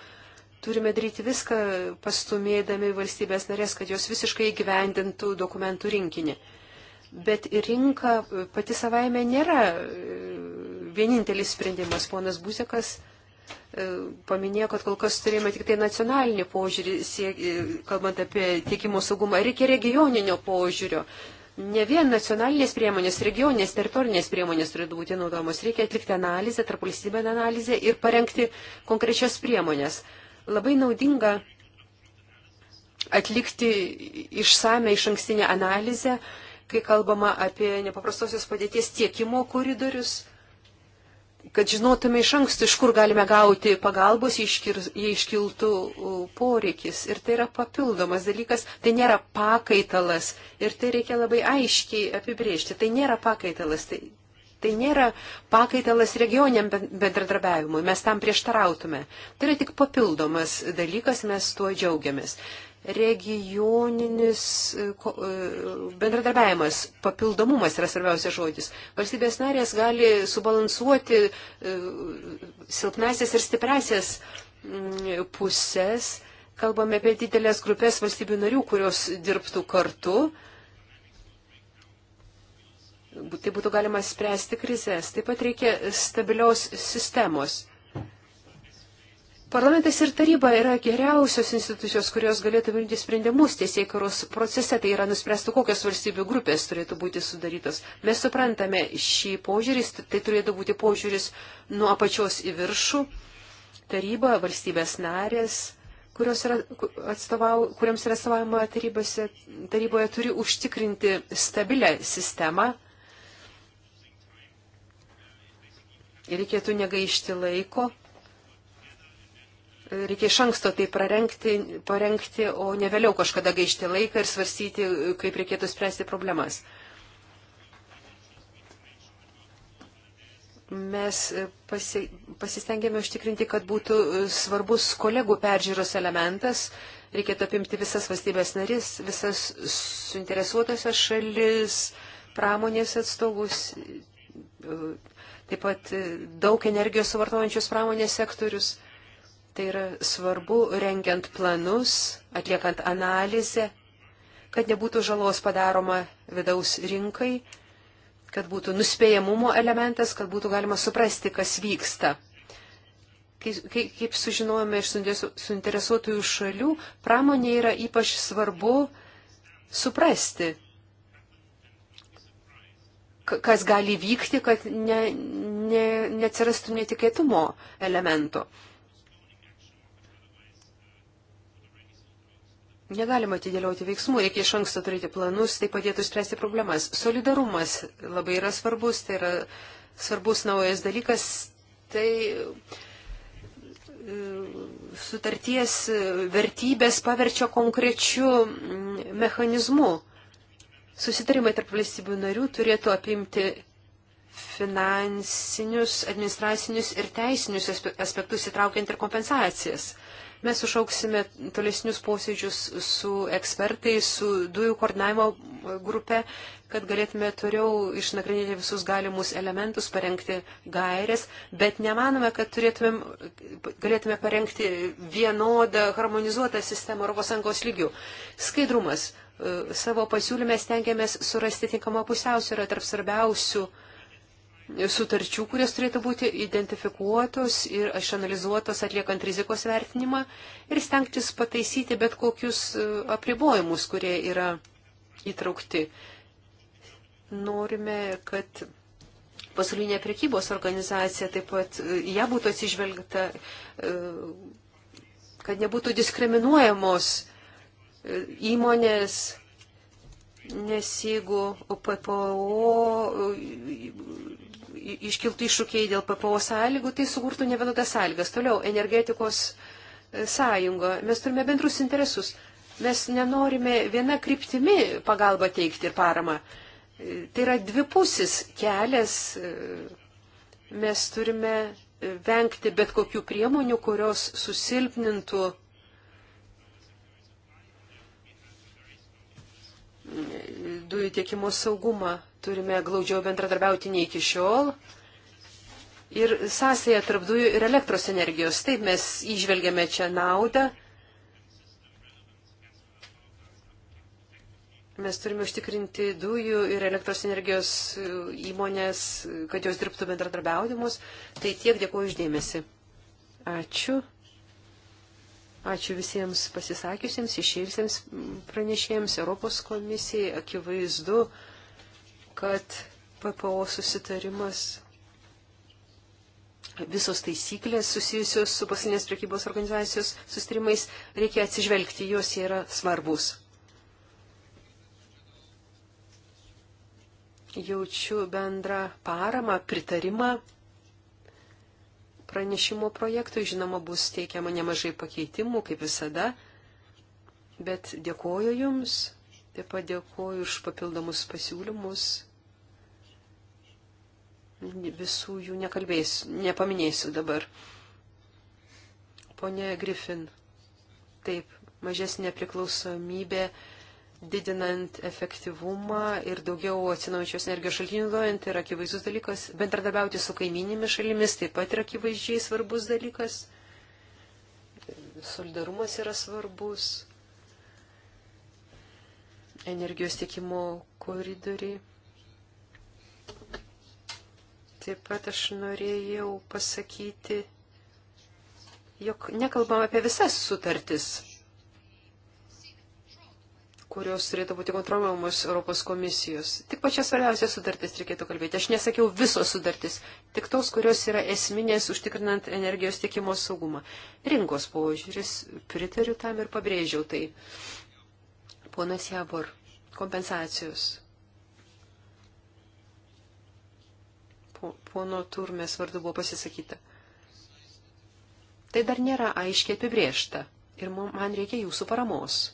Turime daryti viską, pastumėdami valstybės narės, kad jos visiškai įgyvendintų dokumentų rinkinį. Bet rinka pati savaime nėra e, vienintelis sprendimas. Ponas Buzekas E, paminėjo, kad kol kas turėjome tik tai nacionalinį požiūrį, siek, e, kalbant apie tiekimo saugumą. Reikia regioninio požiūrio. Ne vien nacionalinės priemonės, regioninės, teritorinės priemonės turi būti naudojamos. Reikia atlikti analizę, tarpvalstybinę analizę ir parengti konkrečias priemonės. Labai naudinga atlikti išsame iš ankstinę analizę, kai kalbama apie nepaprastosios padėties tiekimo koridorius kad žinotume iš anksto, iš kur galime gauti pagalbos, jei iškiltų poreikis. Ir tai yra papildomas dalykas, tai nėra pakaitalas. Ir tai reikia labai aiškiai apibriežti. Tai nėra pakaitalas. Tai, tai nėra pakaitalas regioniam bendradarbiavimui. Mes tam prieštarautume. Tai yra tik papildomas dalykas, mes tuo džiaugiamės regioninis e, e, bendradarbiavimas, papildomumas yra svarbiausias žodis. Valstybės narės gali subalansuoti e, silpnasias ir stipresias mm, pusės. Kalbame apie didelės grupės valstybių narių, kurios dirbtų kartu. Tai būtų galima spręsti krizės. Taip pat reikia stabilios sistemos Parlamentas ir taryba yra geriausios institucijos, kurios galėtų priimti sprendimus teisėkaros procese, tai yra nuspręstų, kokios valstybių grupės turėtų būti sudarytos. Mes suprantame šį požiūrį, tai turėtų būti požiūris nuo apačios į viršų. Taryba, valstybės narės, yra atstovau, kuriams yra atstovavimo tarybose, taryboje, turi užtikrinti stabilę sistemą. Ir reikėtų negaišti laiko Reikia iš anksto tai prarengti, parengti, o ne vėliau kažkada gaišti laiką ir svarstyti, kaip reikėtų spręsti problemas. Mes pasi, pasistengėme užtikrinti, kad būtų svarbus kolegų peržiūros elementas, reikėtų apimti visas valstybės narys, visas suinteresuotosios šalis, pramonės atstovus, taip pat daug energijos suvartojančius pramonės sektorius. Tai yra svarbu rengiant planus, atliekant analizę, kad nebūtų žalos padaroma vidaus rinkai, kad būtų nuspėjamumo elementas, kad būtų galima suprasti, kas vyksta. Kaip, kaip sužinojome iš suinteresuotųjų šalių, pramonė yra ypač svarbu suprasti, kas gali vykti, kad ne, ne, neatsirastų netikėtumo elemento. Negalima atidėlioti veiksmų, reikia iš anksto turėti planus, tai padėtų spręsti problemas. Solidarumas labai yra svarbus, tai yra svarbus naujas dalykas, tai e, sutarties e, vertybės paverčia konkrečiu mm, mechanizmu. Susitarimai tarp valstybių narių turėtų apimti finansinius, administracinius ir teisinius aspektus įtraukiant ir kompensacijas. Mes užauksime tolesnius posėdžius su ekspertais, su dujų koordinavimo grupė, kad galėtume toliau išnagrinėti visus galimus elementus, parengti gairės, bet nemanome, kad turėtumėm, galėtume parengti vienodą harmonizuotą sistemą ES lygių. Skaidrumas. E, savo pasiūlymę stengiamės surasti tinkamą pusiausvyrą tarp svarbiausių uh, sutarčių, kurios turėtų būti identifikuotos ir išanalizuotos atliekant rizikos vertinimą ir stengtis pataisyti bet kokius e, apribojimus, kurie yra įtraukti. Norime, kad pasaulinė prekybos organizacija taip pat e, ją būtų atsižvelgta, e, kad nebūtų diskriminuojamos įmonės, nes jeigu PPO iškiltų iššūkiai dėl PPO sąlygų, tai sukurtų nevienodas sąlygas. Toliau, energetikos e, sąjunga. Mes turime bendrus interesus. Mes nenorime viena kryptimi pagalbą teikti ir paramą. E, tai yra dvipusis kelias. E, mes turime vengti bet kokių priemonių, kurios susilpnintų dujų tiekimo saugumą. Turime glaudžiau bendradarbiauti nei iki šiol. Ir sąsaja tarp dujų ir elektros energijos. Taip mes išvelgiame čia naudą. Mes turime užtikrinti dujų ir elektros energijos įmonės, kad jos dirbtų bendradarbiaudimus. Tai tiek dėkuoju uždėmesi. Ačiū. Ačiū visiems pasisakiusiems, išėjusiems pranešėjams Europos komisijai. Akivaizdu, kad PPO susitarimas, visos taisyklės susijusios su pasaulinės prekybos organizacijos sustarimais, reikia atsižvelgti, jos yra svarbus. Jaučiu bendrą paramą, pritarimą pranešimo projektui. Žinoma, bus teikiama nemažai pakeitimų, kaip visada, bet dėkoju Jums, taip pat dėkoju už papildomus pasiūlymus. Visų jų nekalbėsiu, nepaminėsiu dabar. Pone Griffin, taip, mažesnė priklausomybė didinant efektyvumą ir daugiau atsinaujančios energijos šaltinių naudojant yra akivaizdus dalykas. Bendradarbiauti su kaiminėmis šalimis taip pat yra akivaizdžiai svarbus dalykas. Solidarumas yra svarbus. Energijos tiekimo koridoriai. Taip pat aš norėjau pasakyti, jog nekalbam apie visas sutartis kurios turėtų būti kontroliuojamos Europos komisijos. Tik pačias svarbiausias sutartis reikėtų kalbėti. Aš nesakiau visos sutartis, tik tos, kurios yra esminės užtikrinant energijos tiekimo saugumą. Rinkos požiūris, pritariu tam ir pabrėžiau tai. Ponas Jabor, kompensacijos. Po, pono Turmės vardu buvo pasisakyta. Tai dar nėra aiškiai apibriešta ir man reikia jūsų paramos.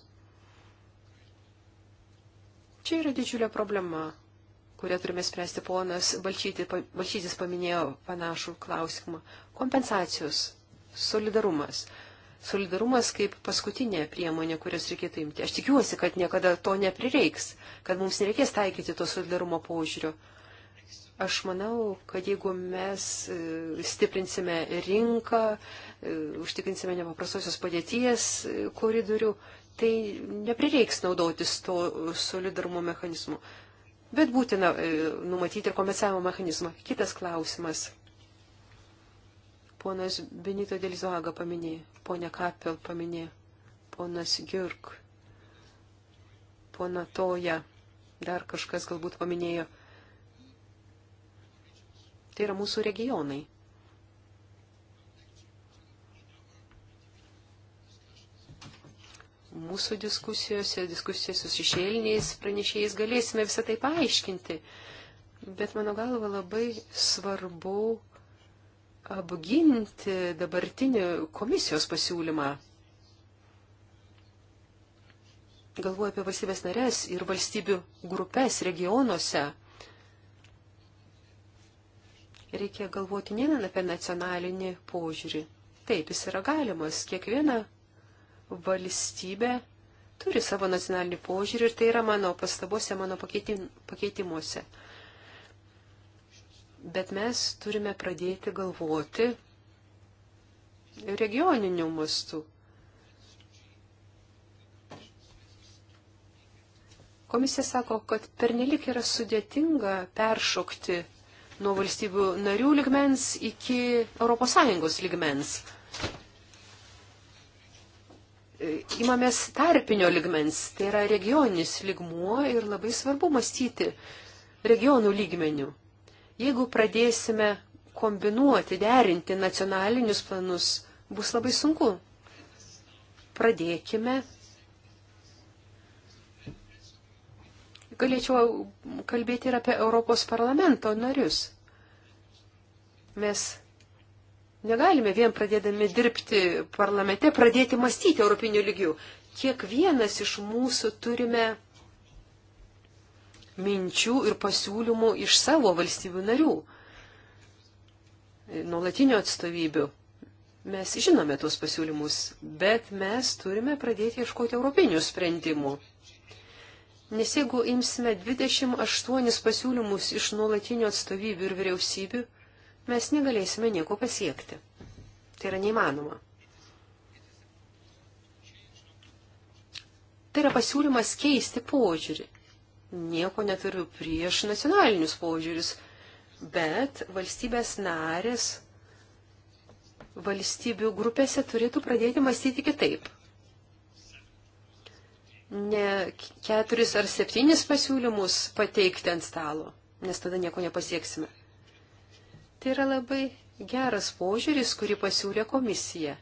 Čia yra didžiulė problema, kurią turime spręsti. Ponas Balčytis paminėjo panašų klausimą. Kompensacijos, solidarumas. Solidarumas kaip paskutinė priemonė, kurias reikėtų imti. Aš tikiuosi, kad niekada to neprireiks, kad mums nereikės taikyti to solidarumo požiūrio. Aš manau, kad jeigu mes e, stiprinsime rinką, e, užtikrinsime nepaprastosios padėties e, koridorių, tai neprireiks naudotis to solidarumo mechanizmu. Bet būtina e, numatyti ir kompensavimo mechanizmą. Kitas klausimas. Ponas Benito Delizoaga paminėjo, ponia Kapel paminėjo, ponas Girk, pona Toja, dar kažkas galbūt paminėjo. Tai yra mūsų regionai. mūsų diskusijose, diskusijose su šešėliniais pranešėjais galėsime visą tai paaiškinti. Bet mano galva labai svarbu apginti dabartinį komisijos pasiūlymą. Galvoju apie valstybės narės ir valstybių grupės regionuose. Reikia galvoti ne vien apie nacionalinį požiūrį. Taip, jis yra galimas. Kiekviena valstybė turi savo nacionalinį požiūrį ir tai yra mano pastabose, mano pakeitimuose. Bet mes turime pradėti galvoti regioniniu mastu. Komisija sako, kad pernelik yra sudėtinga peršokti nuo valstybių narių ligmens iki ES ligmens imamės tarpinio ligmens, tai yra regioninis ligmuo ir labai svarbu mąstyti regionų lygmenių. Jeigu pradėsime kombinuoti, derinti nacionalinius planus, bus labai sunku. Pradėkime. Galėčiau kalbėti ir apie Europos parlamento narius. Mes Negalime vien pradėdami dirbti parlamente pradėti mąstyti europinių lygių. Kiekvienas iš mūsų turime minčių ir pasiūlymų iš savo valstybių narių, nuolatinių atstovybių. Mes žinome tuos pasiūlymus, bet mes turime pradėti ieškoti europinių sprendimų. Nes jeigu imsime 28 pasiūlymus iš nuolatinių atstovybių ir vyriausybių, mes negalėsime nieko pasiekti. Tai yra neįmanoma. Tai yra pasiūlymas keisti požiūrį. Nieko neturiu prieš nacionalinius požiūrius, bet valstybės narės valstybių grupėse turėtų pradėti mąstyti kitaip. Ne keturis ar septynis pasiūlymus pateikti ant stalo, nes tada nieko nepasieksime. Tai yra labai geras požiūris, kurį pasiūlė komisija.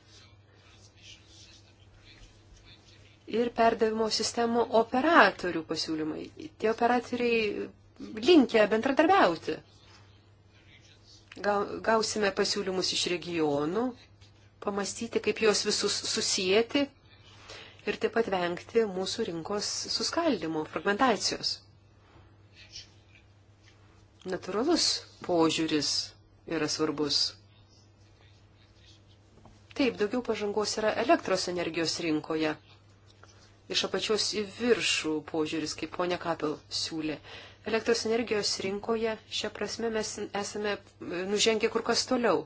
Ir perdavimo sistemų operatorių pasiūlymai. Tie operatoriai linkia bendradarbiauti. Gausime pasiūlymus iš regionų, pamastyti, kaip juos visus susijęti ir taip pat vengti mūsų rinkos suskaldimo, fragmentacijos. Natūralus požiūris yra svarbus. Taip, daugiau pažangos yra elektros energijos rinkoje. Iš apačios į viršų požiūris, kaip ponia Kapel siūlė. Elektros energijos rinkoje šią prasme mes esame e, nužengę kur kas toliau.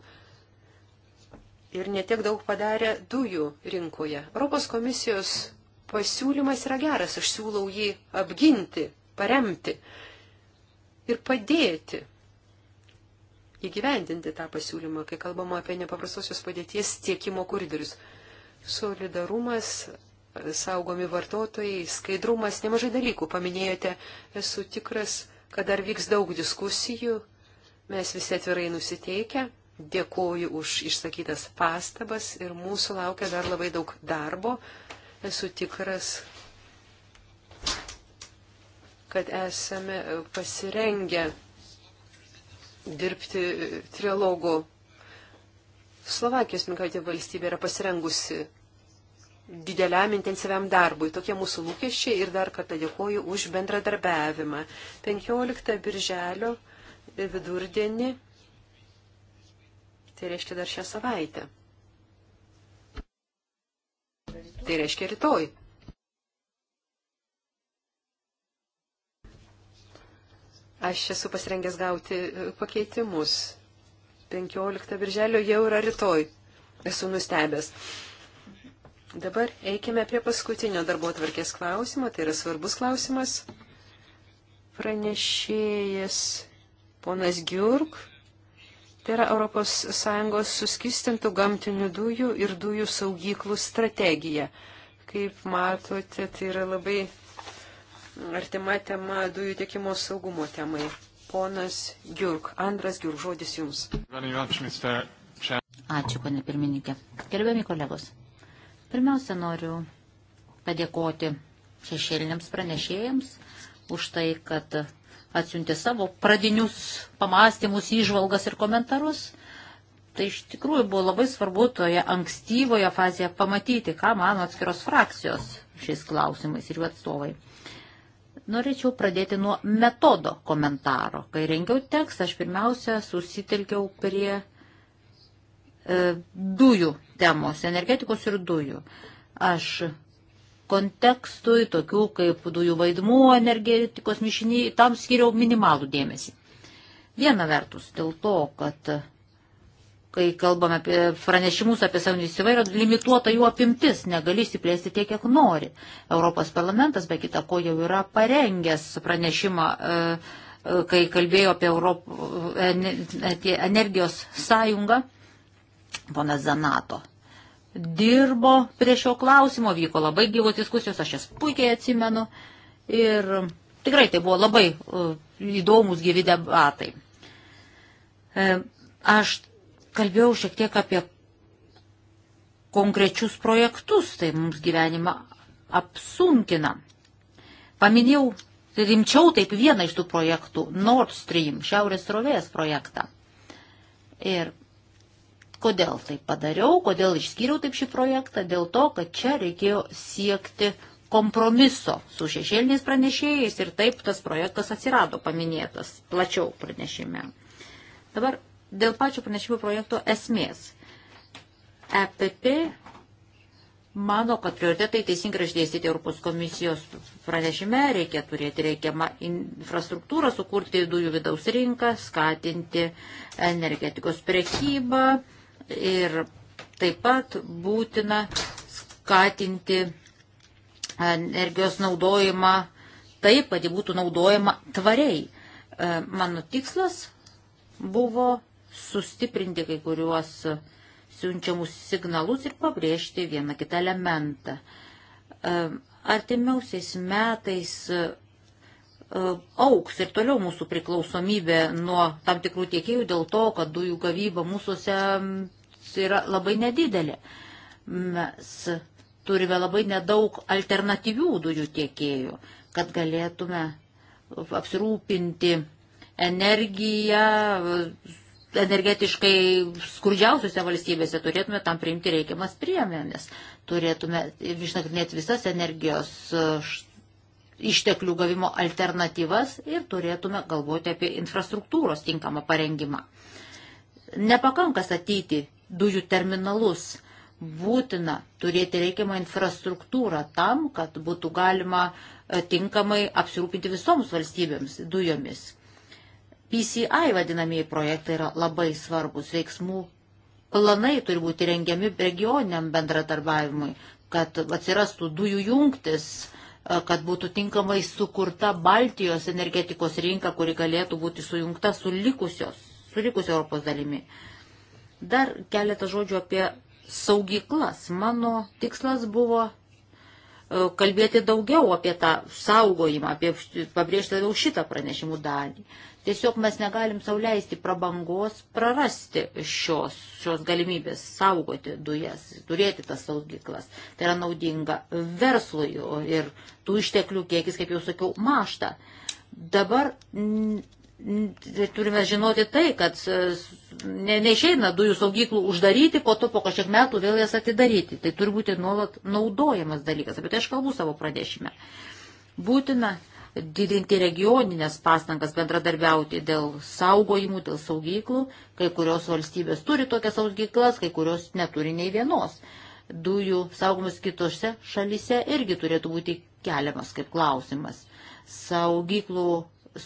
Ir netiek daug padarė dujų rinkoje. Europos komisijos pasiūlymas yra geras, aš siūlau jį apginti, paremti ir padėti įgyvendinti tą pasiūlymą, kai kalbama apie nepaprastosios padėties tiekimo koridorius. Solidarumas, saugomi vartotojai, skaidrumas, nemažai dalykų paminėjote. Esu tikras, kad dar vyks daug diskusijų. Mes visi atvirai nusiteikę. Dėkuoju už išsakytas pastabas ir mūsų laukia dar labai daug darbo. Esu tikras, kad esame pasirengę dirbti trilogų. Slovakijos minkaitė valstybė yra pasirengusi dideliam intensyviam darbui. Tokie mūsų lūkesčiai ir dar kartą dėkoju už bendradarbiavimą. 15 birželio vidurdienį, tai reiškia dar šią savaitę. Tai reiškia rytoj. Aš esu pasirengęs gauti e, pakeitimus. 15 birželio jau yra rytoj. Esu nustebęs. Dabar eikime prie paskutinio darbo tvarkės klausimo. Tai yra svarbus klausimas. Pranešėjas ponas Giurk. Tai yra ES suskistintų gamtinių dujų ir dujų saugyklų strategija. Kaip matote, tai yra labai artima tema dujų tiekimo saugumo temai. Ponas Gjurk, Andras Gjurk, žodis jums. Ačiū, ponė pirmininkė. Gerbiami kolegos, pirmiausia noriu padėkoti šešėliniams pranešėjams už tai, kad atsiuntė savo pradinius pamastymus, įžvalgas ir komentarus. Tai iš tikrųjų buvo labai svarbu toje ankstyvoje fazėje pamatyti, ką mano atskiros frakcijos šiais klausimais ir jų atstovai. Norėčiau pradėti nuo metodo komentaro. Kai rengiau tekstą, aš pirmiausia susitelkiau prie e, dujų temos, energetikos ir dujų. Aš kontekstui, tokių kaip dujų vaidmuo energetikos mišinį, tam skiriau minimalų dėmesį. Viena vertus dėl to, kad kai kalbame apie pranešimus apie savinį įsivairą, limituota jų apimtis, negali įsiplėsti tiek, kiek nori. Europos parlamentas, be kita ko, jau yra parengęs pranešimą, e, e, kai kalbėjo apie Europo, e, energijos sąjungą, ponas Zanato. Dirbo prie šio klausimo, vyko labai gyvos diskusijos, aš jas puikiai atsimenu ir tikrai tai buvo labai įdomus gyvi debatai. Aš Kalbėjau šiek tiek apie konkrečius projektus, tai mums gyvenimą apsunkina. Paminėjau rimčiau taip vieną iš tų projektų - Nord Stream, Šiaurės rovės projektą. Ir kodėl tai padariau, kodėl išskyriau taip šį projektą, dėl to, kad čia reikėjo siekti kompromiso su šešėliniais pranešėjais ir taip tas projektas atsirado paminėtas plačiau pranešime. Dabar dėl pačio pranešimo projekto esmės. EPP mano, kad prioritetai teisingai išdėstyti Europos komisijos pranešime, reikia turėti reikiamą infrastruktūrą, sukurti dujų vidaus rinką, skatinti energetikos prekybą ir taip pat būtina skatinti energijos naudojimą taip, kad ji būtų naudojama tvariai. E, mano tikslas buvo sustiprinti kai kuriuos siunčiamus signalus ir pabrėžti vieną kitą elementą. E, artimiausiais metais e, auks ir toliau mūsų priklausomybė nuo tam tikrų tiekėjų dėl to, kad dujų gavyba mūsųse yra labai nedidelė. Mes turime labai nedaug alternatyvių dujų tiekėjų, kad galėtume apsirūpinti energiją, energetiškai skurdžiausiuose valstybėse turėtume tam priimti reikiamas priemonės. Turėtume išnagrinėti visas energijos e, išteklių gavimo alternatyvas ir turėtume galvoti apie infrastruktūros tinkamą parengimą. Nepakanka statyti dujų terminalus, būtina turėti reikiamą infrastruktūrą tam, kad būtų galima e, tinkamai apsirūpinti visoms valstybėms dujomis. PCI vadinamieji projektai yra labai svarbus veiksmų. Planai turi būti rengiami regioniniam bendradarbiavimui, kad atsirastų dujų jungtis, e, kad būtų tinkamai sukurta Baltijos energetikos rinka, kuri galėtų būti sujungta su likusios, su likusios Europos dalimi. Dar keletą žodžių apie saugyklas. Mano tikslas buvo e, kalbėti daugiau apie tą saugojimą, apie pabrėžti labiau šitą pranešimų dalį. Tiesiog mes negalim sauliaisti prabangos prarasti šios, šios galimybės saugoti dujas, turėti tas saugiklas. Tai yra naudinga verslui ir tų išteklių kiekis, kaip jau sakiau, mašta. Dabar turime žinoti tai, kad ne, neišeina dujų saugyklų uždaryti, po to po kažkiek metų vėl jas atidaryti. Tai turi būti nuolat naudojamas dalykas. Apie tai aš kalbu savo pranešime. Būtina didinti regioninės pastangas bendradarbiauti dėl saugojimų, dėl saugyklų. Kai kurios valstybės turi tokias saugyklas, kai kurios neturi nei vienos. Dujų saugomas kitose šalyse irgi turėtų būti keliamas kaip klausimas. Saugyklų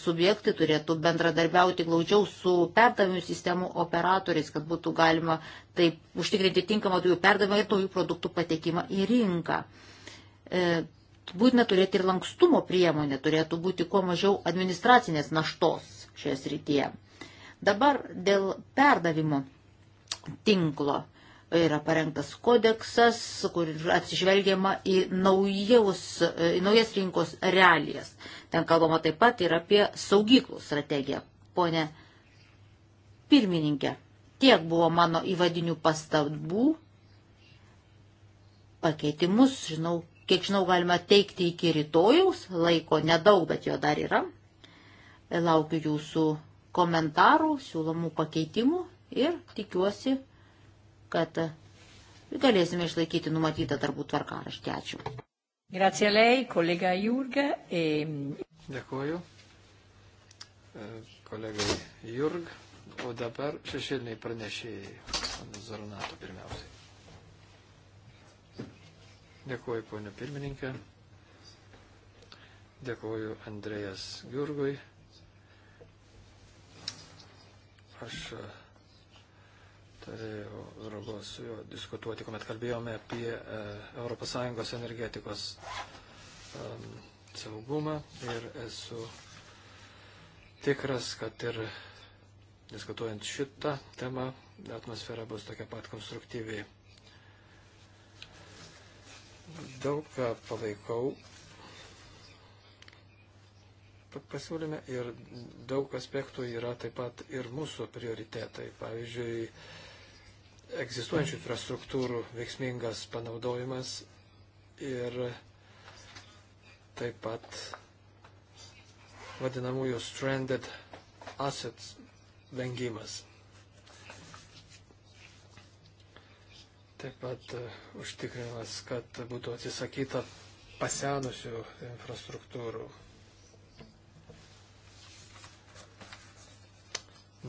subjektai turėtų bendradarbiauti glaudžiau su perdavimų sistemų operatoriais, kad būtų galima taip užtikrinti tinkamą dujų perdavimą ir naujų produktų patekimą į rinką. E, būtina turėti ir lankstumo priemonę, turėtų būti kuo mažiau administracinės naštos šioje srityje. Dabar dėl perdavimo tinklo yra parengtas kodeksas, kur atsižvelgiama į, naujaus, į naujas rinkos realijas. Ten kalbama taip pat ir apie saugyklų strategiją. Pone pirmininkė, tiek buvo mano įvadinių pastabų. Pakeitimus, žinau, kiek žinau, galima teikti iki rytojaus, laiko nedaug, bet jo dar yra. Laukiu jūsų komentarų, siūlomų pakeitimų ir tikiuosi, kad galėsime išlaikyti numatytą darbų tvarkaraštį. Ačiū. Grazie a lei, kolega Jurga. E... Dėkuoju, e, kolegai Jurg. O dabar šešėliniai pranešėjai, Zornato pirmiausiai. Dėkuoju, ponė pirmininkė. Dėkuoju Andrėjas Jurgui. Aš e, turėjau draugus su juo diskutuoti, kuomet kalbėjome apie ES energetikos saugumą ir esu tikras, kad ir diskutuojant šitą temą atmosfera bus tokia pat konstruktyviai daug ką palaikau pasiūlyme ir daug aspektų yra taip pat ir mūsų prioritetai. Pavyzdžiui, egzistuojančių infrastruktūrų veiksmingas panaudojimas ir taip pat vadinamųjų stranded assets vengimas. Taip pat e, užtikrinimas, kad būtų atsisakyta pasenusių infrastruktūrų.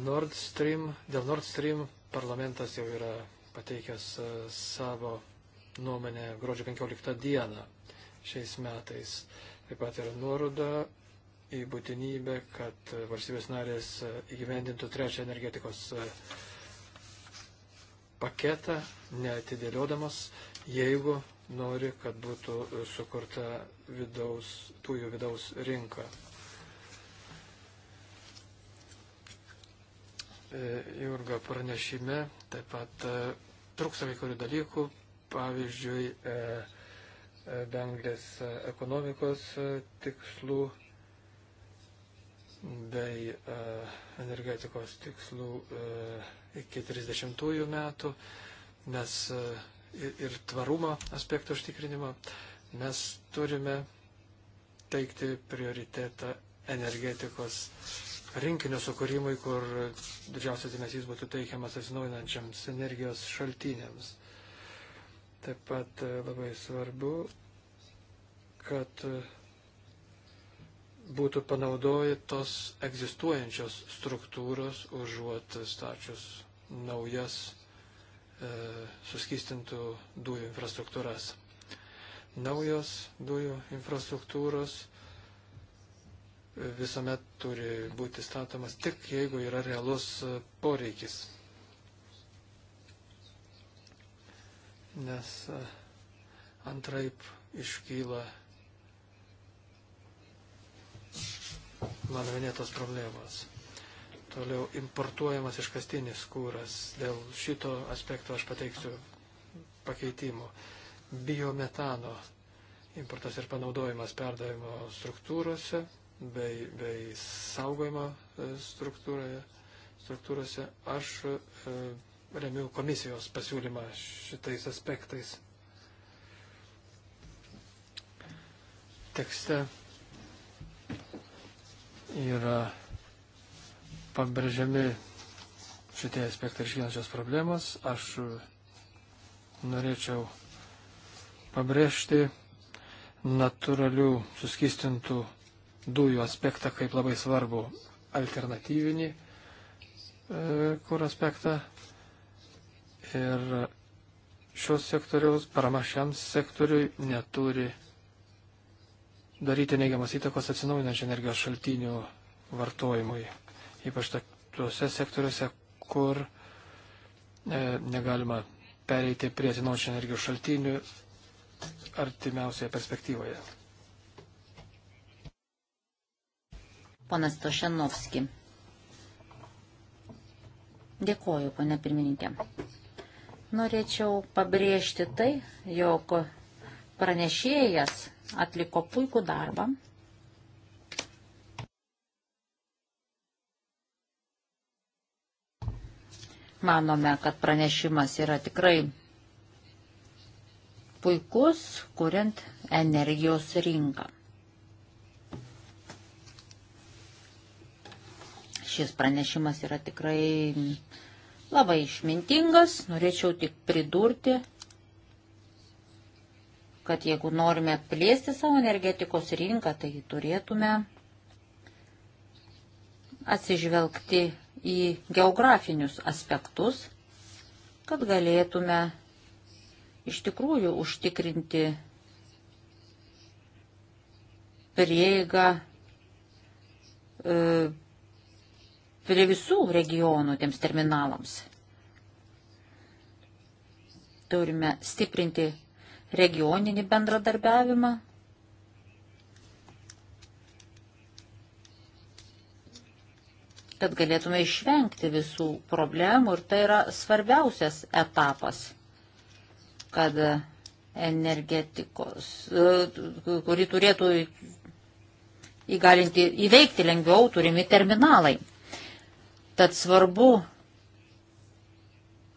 Nord Stream, dėl Nord Stream parlamentas jau yra pateikęs e, savo nuomonę gruodžio 15 dieną šiais metais. Taip pat yra nuoroda į būtinybę, kad valstybės narės e, įgyvendintų trečią energetikos paketą, neatidėliodamas, jeigu nori, kad būtų sukurta vidaus, tujų vidaus rinka. E, Jurga pranešime taip pat e, trūksta kai kurių dalykų, pavyzdžiui, Benglės e, ekonomikos tikslų bei energetikos tikslų iki 30 metų, nes e, ir, ir tvarumo aspektų užtikrinimo mes turime teikti prioritetą energetikos rinkinio sukūrimui, kur didžiausias dėmesys būtų teikiamas atsinaujinančiams energijos šaltiniams. Taip pat e, labai svarbu, kad e, būtų panaudojotos egzistuojančios struktūros, užuot stačius naujas e, suskystintų dujų infrastruktūras. Naujos dujų infrastruktūros visuomet turi būti statomas tik jeigu yra realus poreikis. Nes e, antraip iškyla mano minėtos problemos. Toliau importuojamas iškastinis kūras. Dėl šito aspekto aš pateiksiu pakeitimų. Biometano importas ir panaudojimas perdavimo struktūrose bei, bei saugojimo e, struktūroje, struktūrose. Aš e, remiu komisijos pasiūlymą šitais aspektais. Tekste yra pabrėžiami šitie aspektai iškylančios problemos. Aš norėčiau pabrėžti natūralių suskistintų dujų aspektą kaip labai svarbu alternatyvinį e, kur aspektą. Ir šios sektoriaus parama šiam sektoriui neturi daryti neigiamas įtakos atsinaujinančių energijos šaltinių vartojimui, ypač tuose sektoriuose, kur e, negalima pereiti prie atsinaujinančių energijos šaltinių artimiausioje perspektyvoje. Panas Tošenovski. Dėkoju, pane pirmininkė. Norėčiau pabrėžti tai, jog pranešėjas atliko puikų darbą. Manome, kad pranešimas yra tikrai puikus, kuriant energijos rinką. Šis pranešimas yra tikrai labai išmintingas. Norėčiau tik pridurti, kad jeigu norime plėsti savo energetikos rinką, tai turėtume atsižvelgti į geografinius aspektus, kad galėtume iš tikrųjų užtikrinti prieigą e, prie visų regionų tiems terminalams. Turime stiprinti regioninį bendradarbiavimą. kad galėtume išvengti visų problemų ir tai yra svarbiausias etapas, kad energetikos, e, kuri turėtų įgalinti įveikti lengviau turimi terminalai. Tad svarbu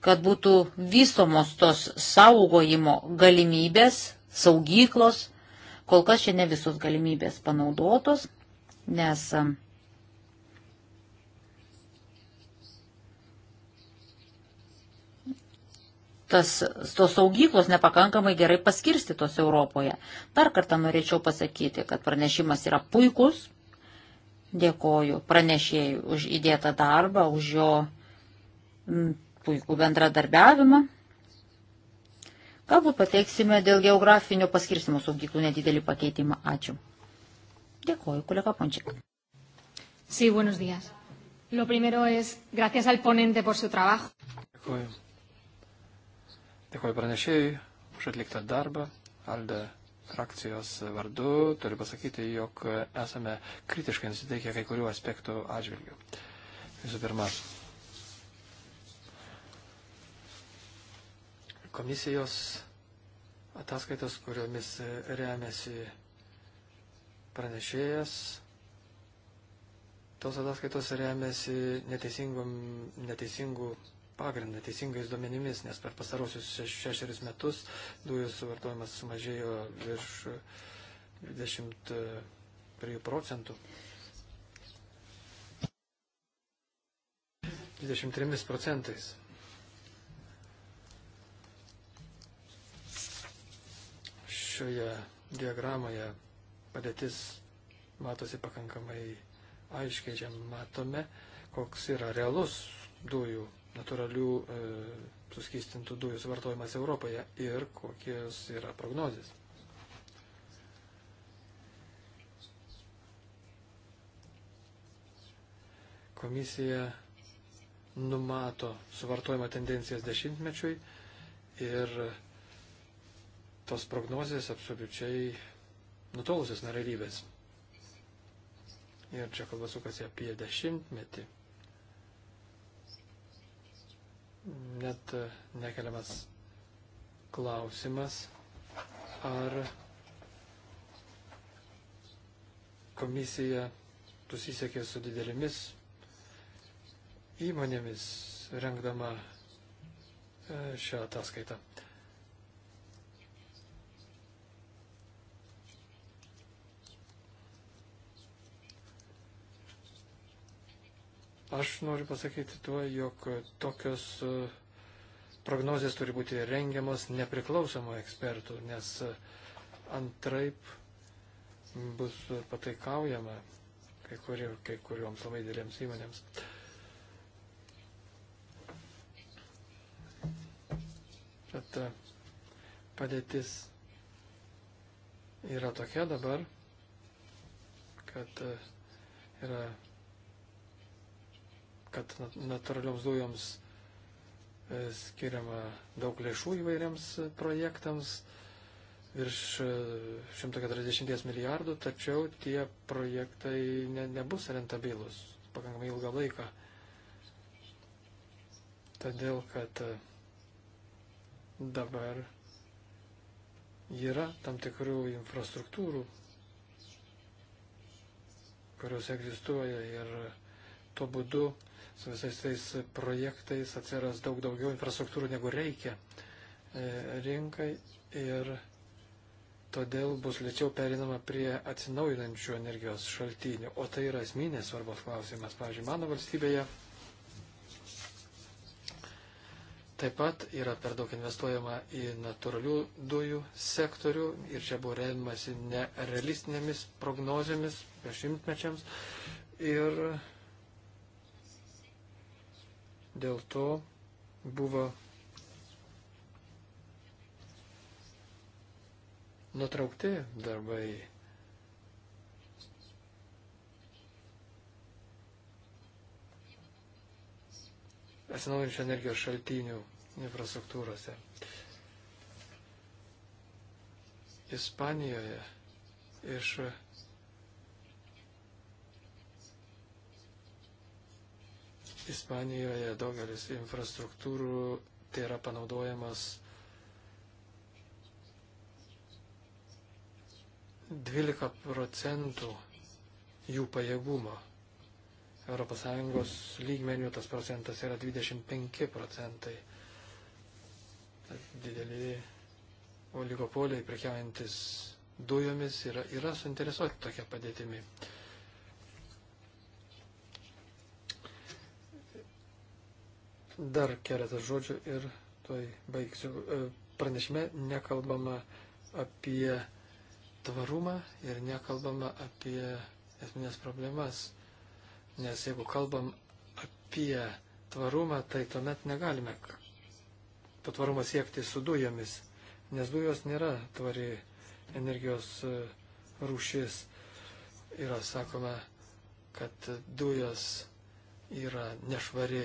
kad būtų vystomos tos saugojimo galimybės, saugyklos. Kol kas čia ne visos galimybės panaudotos, nes um, tas, tos saugyklos nepakankamai gerai paskirstytos Europoje. Dar kartą norėčiau pasakyti, kad pranešimas yra puikus. Dėkoju pranešėjui už įdėtą darbą, už jo puikų bendradarbiavimą. Galbūt pateiksime dėl geografinio paskirstimo saugyklų nedidelį pakeitimą. Ačiū. Dėkoju, kolega Pončiak. Sí, buenos días. Lo primero es gracias al ponente por su trabajo. Dėkoju. Dėkoju pranešėjui už atliktą darbą. Alde frakcijos vardu turiu pasakyti, jog esame kritiškai nusiteikę kai kurių aspektų atžvilgių. Visų pirma, komisijos ataskaitos, kuriomis remiasi pranešėjas. Tos ataskaitos remiasi neteisingų pagrindą, teisingais duomenimis, nes per pastarosius šešerius metus dujų suvartojimas sumažėjo virš 23 e, procentų. 23 procentais. šioje diagramoje padėtis matosi pakankamai aiškiai, čia matome, koks yra realus dujų, natūralių e, suskystintų dujų suvartojimas Europoje ir kokios yra prognozijas. Komisija numato suvartojimo tendencijas dešimtmečiui ir tos prognozijas absoliučiai nutolusios nuo realybės. Ir čia kalba sukasi apie dešimtmetį. Net e, nekeliamas klausimas, ar komisija susisiekė su didelėmis įmonėmis rengdama e, šią ataskaitą. Aš noriu pasakyti tuo, jog tokios e, prognozijas turi būti rengiamos nepriklausomų ekspertų, nes e, antraip bus pataikaujama kai, kuri, kai kurioms labai dėlėms įmonėms. Bet padėtis yra tokia dabar, kad e, yra kad natūralioms dujoms e, skiriama daug lėšų įvairiams e, projektams, virš 140 e, milijardų, tačiau tie projektai ne, nebus rentabilus pakankamai ilgą laiką. Todėl, kad dabar yra tam tikrų infrastruktūrų, kurios egzistuoja ir tuo būdu su visais tais projektais atsiras daug daugiau infrastruktūrų negu reikia e, rinkai ir todėl bus lėčiau perinama prie atsinaujinančių energijos šaltinių. O tai yra esminės svarbos klausimas. Pavyzdžiui, mano valstybėje taip pat yra per daug investuojama į natūralių dujų sektorių ir čia buvo remiamasi nerealistinėmis prognozėmis prieš šimtmečiams. Ir Dėl to buvo nutraukti darbai. Atsinaujinčių energijos šaltinių infrastruktūrose. Ispanijoje iš Ispanijoje daugelis infrastruktūrų tai yra panaudojamas 12 procentų jų pajėgumo. ES lygmenių tas procentas yra 25 procentai. Tad dideli oligopoliai prekiaujantis dujomis yra, yra suinteresuoti tokia padėtimi. Dar keletas žodžių ir toj baigsiu. E, pranešime nekalbama apie tvarumą ir nekalbama apie esminės problemas. Nes jeigu kalbam apie tvarumą, tai tuomet negalime to tvarumo siekti su dujomis, nes dujos nėra tvari energijos e, rūšis. Yra sakoma, kad dujos yra nešvari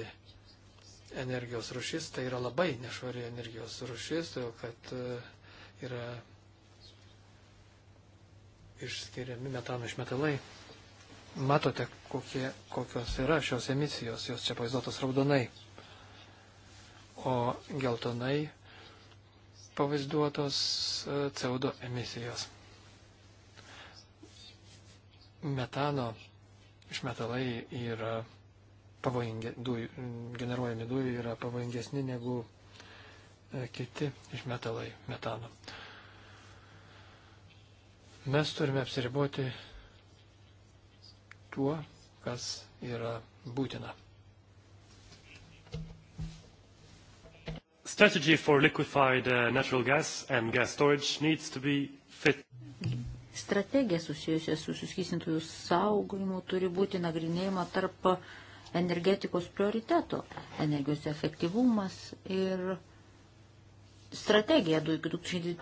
energijos rušis, tai yra labai nešvari energijos rušis, todėl kad e, yra išskiriami metano išmetalai. Matote, kokie, kokios yra šios emisijos, jos čia pavaizduotos raudonai, o geltonai pavaizduotos e, CO2 emisijos. Metano išmetalai yra pavojingi, dujų, generuojami dujų yra pavojingesni negu e, kiti išmetalai metano. Mes turime apsiriboti tuo, kas yra būtina. Strategy for liquefied uh, natural gas and gas storage needs to be fit. Strategija susijusia su suskysintųjų saugojimu turi būti nagrinėjama tarp uh, energetikos prioriteto - energijos efektyvumas ir strategija 2050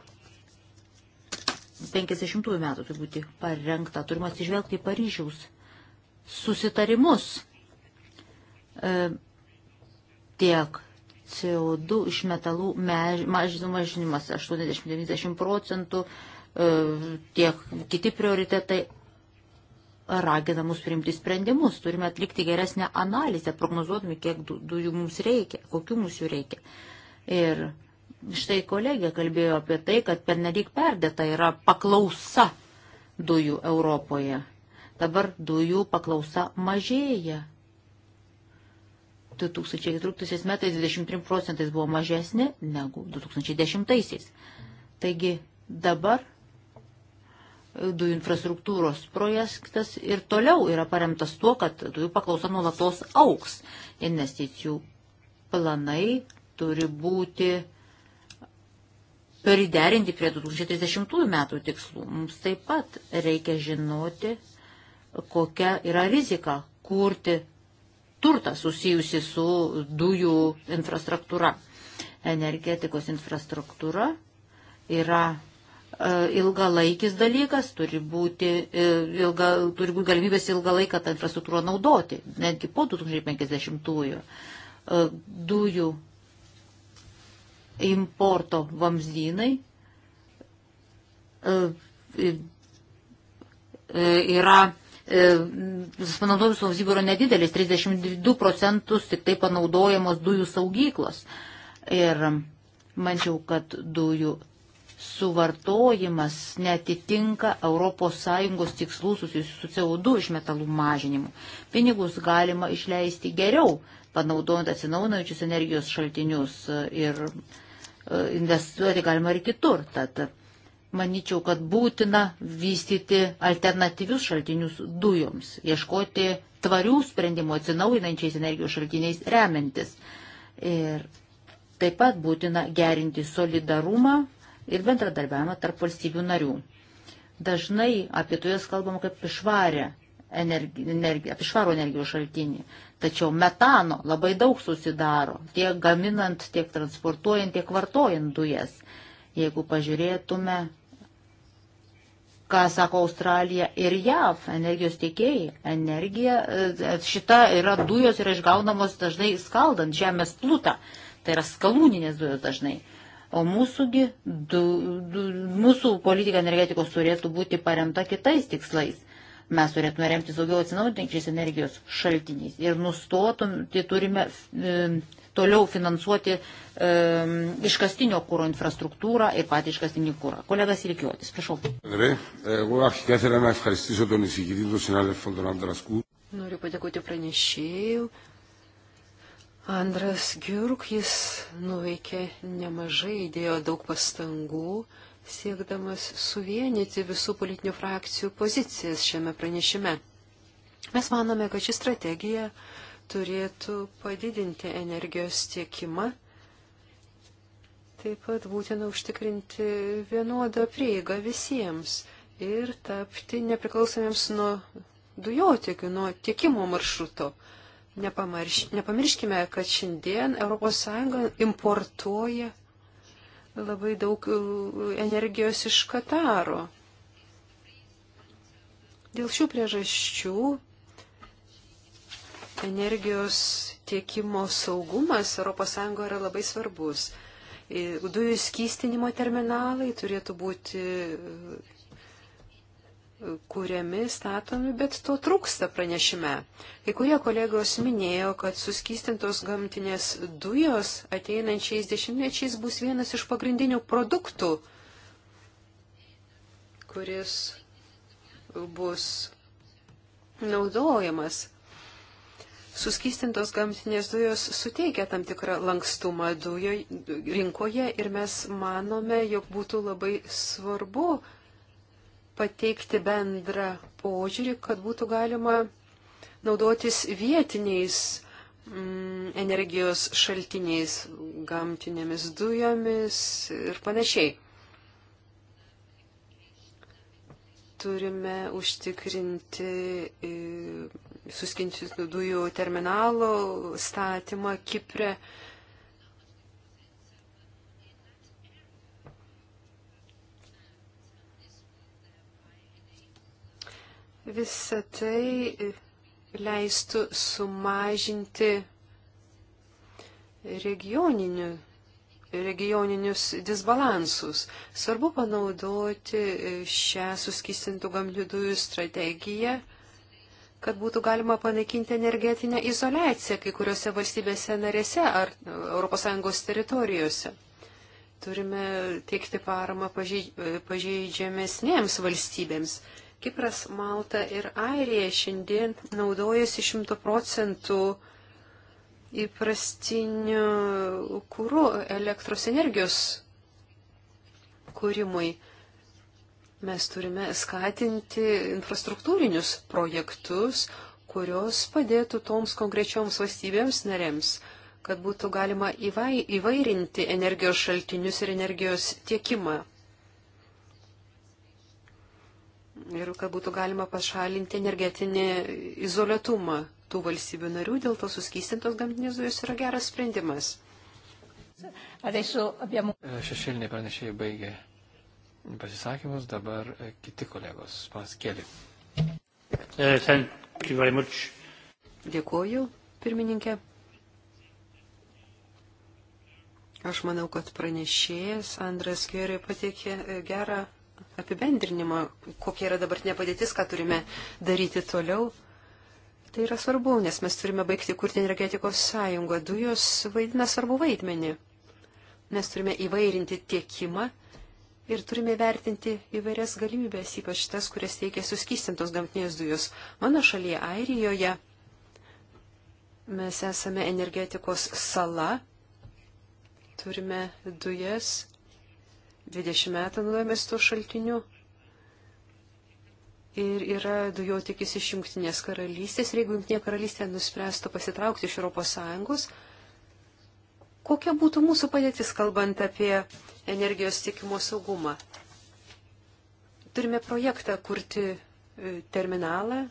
metų turi būti parengta. Turime atsižvelgti į Paryžiaus susitarimus e, tiek CO2 iš metalų mažinimas 80-90 procentų, e, tiek kiti prioritetai ragina mus priimti sprendimus, turime atlikti geresnę analizę, prognozuodami, kiek dujų mums reikia, kokių mums jų reikia. Ir štai kolegė kalbėjo apie tai, kad pernelyg perdėta yra paklausa dujų Europoje. Dabar dujų paklausa mažėja. 2014 metais 23 procentais buvo mažesnė negu 2010. Taigi dabar dujų infrastruktūros projektas ir toliau yra paremtas tuo, kad dujų paklausa nuolatos auks. Investicijų planai turi būti priderinti prie 2030 metų tikslų. Mums taip pat reikia žinoti, kokia yra rizika kurti turtą susijusi su dujų infrastruktūra. Energetikos infrastruktūra yra E, ilgalaikis dalykas, turi būti, e, ilga, turi būti galimybės ilgą laiką tą infrastruktūrą naudoti, netgi po 2050-ųjų e, dujų importo vamzdynai yra panaudojimas vamzdybių yra nedidelis, 32 procentus tik tai panaudojamos dujų saugyklos. Ir mančiau, kad dujų suvartojimas netitinka ES tikslų susijusių su CO2 išmetalų mažinimu. Pinigus galima išleisti geriau, panaudojant atsinaunančius energijos šaltinius e, ir e, investuoti galima ir kitur. Tad manyčiau, kad būtina vystyti alternatyvius šaltinius dujoms, ieškoti tvarių sprendimų atsinaujinančiais energijos šaltiniais remiantis. Ir taip pat būtina gerinti solidarumą ir bendradarbiavimą tarp valstybių narių. Dažnai apie dujas tai kalbama kaip išvarę energi, energi, apie švarų energijos šaltinį. Tačiau metano labai daug susidaro, tiek gaminant, tiek transportuojant, tiek vartojant dujas. Jeigu pažiūrėtume, ką sako Australija ir JAV energijos tiekėjai, energija, e, šita yra dujos yra išgaunamos dažnai skaldant žemės plutą, tai yra skalūninės dujos dažnai. O mūsųgi, du, du, mūsų politika energetikos turėtų būti paremta kitais tikslais. Mes turėtume remtis daugiau atsinaudinčiais energijos šaltiniais ir nustotum, tai turime e, toliau finansuoti e, iškastinio kūro infrastruktūrą ir patį iškastinį kūrą. Kolegas Ilkiuotis, prašau. E, Noriu padėkoti pranešėjų Andras Giurk, jis nuveikė nemažai, įdėjo daug pastangų, siekdamas suvienyti visų politinių frakcijų pozicijas šiame pranešime. Mes manome, kad ši strategija turėtų padidinti energijos tiekimą, taip pat būtina užtikrinti vienodą prieigą visiems ir tapti nepriklausomiems nuo dujotiekių, nuo tiekimo maršruto. Nepamirš, nepamirškime, kad šiandien ES importuoja labai daug e, energijos iš Kataro. Dėl šių priežasčių energijos tiekimo saugumas ES yra labai svarbus. E, dujų skystinimo terminalai turėtų būti kuriami, statomi, bet to trūksta pranešime. Kai kurie kolegos minėjo, kad suskystintos gamtinės dujos ateinančiais dešimtmečiais bus vienas iš pagrindinių produktų, kuris bus naudojamas. Suskystintos gamtinės dujos suteikia tam tikrą lankstumą dujo rinkoje ir mes manome, jog būtų labai svarbu pateikti bendrą požiūrį, kad būtų galima naudotis vietiniais mm, energijos šaltiniais, gamtinėmis dujomis ir panašiai. Turime užtikrinti e, suskinčių dujų terminalo statymą Kipre. E, Visą tai leistų sumažinti regioninių, regioninius disbalansus. Svarbu panaudoti šią suskistintų gamtinių dujų strategiją, kad būtų galima panaikinti energetinę izolaciją kai kuriuose valstybėse narėse ar ES teritorijose. Turime teikti paramą pažeidžiamesnėms valstybėms. Kipras, Malta ir Airija šiandien naudojasi 100 procentų įprastiniu kūru elektros energijos kūrimui. Mes turime skatinti infrastruktūrinius projektus, kurios padėtų toms konkrečioms valstybėms narėms, kad būtų galima įvairinti energijos šaltinius ir energijos tiekimą ir kad būtų galima pašalinti energetinį izoliatumą tų valstybių narių, dėl to suskystintos gamtinės dujos yra geras sprendimas. E, šešėliniai pranešėjai baigė pasisakymus, dabar e, kiti kolegos, pas keli. E, Dėkuoju, pirmininkė. Aš manau, kad pranešėjas Andras Kėrė patikė gerą apibendrinimo, kokia yra dabartinė padėtis, ką turime daryti toliau. Tai yra svarbu, nes mes turime baigti kurti energetikos sąjungą. Dujos vaidina svarbu vaidmenį. Mes turime įvairinti tiekimą ir turime vertinti įvairias galimybės, ypač tas, kurias teikia suskystintos gamtinės dujos. Mano šalyje, Airijoje, mes esame energetikos sala, turime dujas 20 metų naudojamės tuo šaltiniu. Ir yra dujotikis iš Junktinės karalystės. Ir jeigu Junktinė karalystė nuspręstų pasitraukti iš ES, kokia būtų mūsų padėtis, kalbant apie energijos tiekimo saugumą? Turime projektą kurti e, terminalą.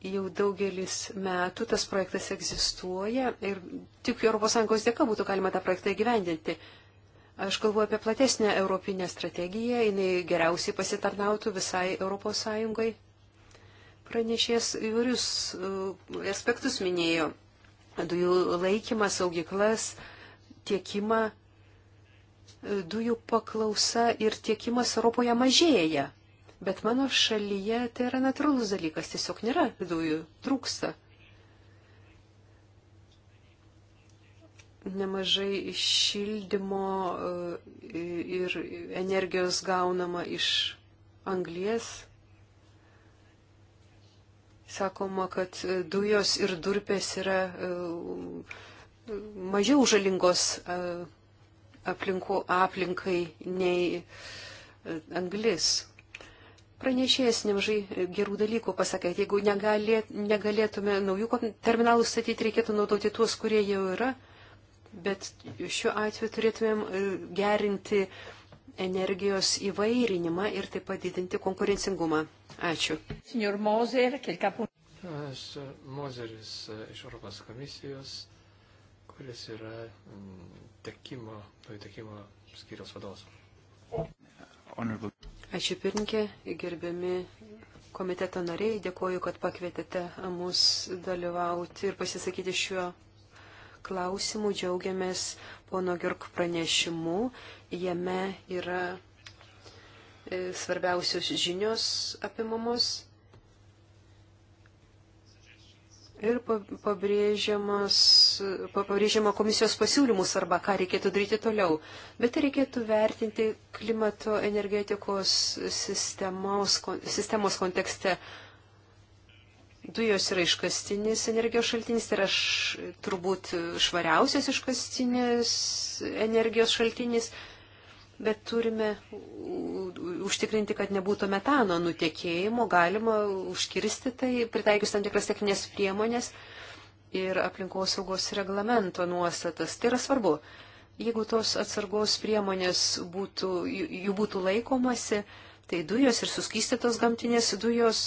Jau daugelis metų tas projektas egzistuoja ir tik ES dėka būtų galima tą projektą įgyvendinti. Aš kalbu apie platesnę europinę strategiją, jinai geriausiai pasitarnautų visai ES. Pranešės įvairius e, aspektus minėjo - dujų laikymą, saugiklas, tiekimą. E, dujų paklausa ir tiekimas Europoje mažėja, bet mano šalyje tai yra natūralus dalykas, tiesiog nėra dujų, trūksta. nemažai šildymo e, ir energijos gaunama iš anglies. Sakoma, kad dujos ir durpės yra e, mažiau žalingos e, aplinkų aplinkai nei anglis. Pranešėjas nemažai gerų dalykų pasakė, jeigu negalėtume naujų terminalų statyti, reikėtų naudoti tuos, kurie jau yra bet šiuo atveju turėtumėm e, gerinti energijos įvairinimą ir taip pat didinti konkurencingumą. Ačiū. Aš e, Mozeris e, iš Europos komisijos, kuris yra mm, tekimo, tekimo skyriaus vadovas. Ačiū pirmininkė, gerbiami komiteto nariai, dėkoju, kad pakvietėte mus dalyvauti ir pasisakyti šiuo klausimų. Džiaugiamės pono Girk pranešimu. Jame yra e, svarbiausios žinios apimamos ir pabrėžiama komisijos pasiūlymus arba ką reikėtų daryti toliau. Bet tai reikėtų vertinti klimato energetikos sistemos, sistemos kontekste Dujos yra iškastinis energijos šaltinis, tai yra š, turbūt švariausias iškastinis energijos šaltinis, bet turime užtikrinti, kad nebūtų metano nutekėjimo, galima užkirsti tai, pritaikius tam tikras techninės priemonės ir aplinkosaugos reglamento nuostatas. Tai yra svarbu. Jeigu tos atsargos priemonės būtų, jų būtų laikomasi, tai dujos ir suskistytos gamtinės dujos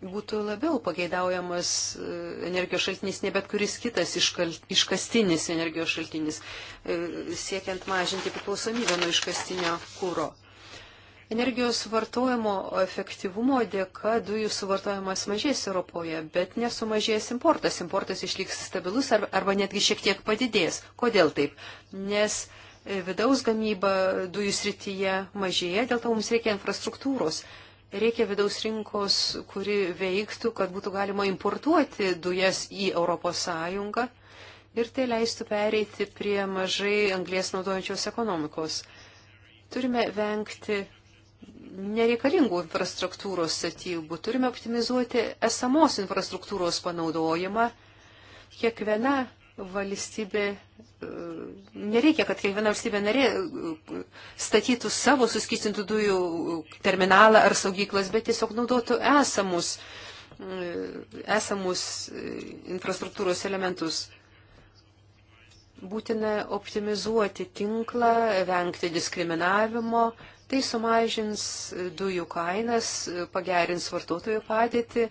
būtų labiau pageidaujamas e, energijos šaltinis, ne bet kuris kitas iškal, iškastinis energijos šaltinis, e, siekiant mažinti priklausomybę nuo iškastinio kūro. Energijos vartojimo efektyvumo dėka dujų suvartojimas mažės Europoje, bet nesumažės importas. Importas išliks stabilus arba netgi šiek tiek padidės. Kodėl taip? Nes e, vidaus gamyba dujų srityje mažėja, dėl to mums reikia infrastruktūros. Reikia vidaus rinkos, kuri veiktų, kad būtų galima importuoti dujas į ES ir tai leistų pereiti prie mažai anglės naudojančios ekonomikos. Turime vengti nereikalingų infrastruktūros statybų, turime optimizuoti esamos infrastruktūros panaudojimą. Kiekviena valstybė, nereikia, kad kiekviena valstybė narė statytų savo suskistintų dujų terminalą ar saugyklas, bet tiesiog naudotų esamus, esamus infrastruktūros elementus. Būtina optimizuoti tinklą, vengti diskriminavimo, tai sumažins dujų kainas, pagerins vartotojų padėtį,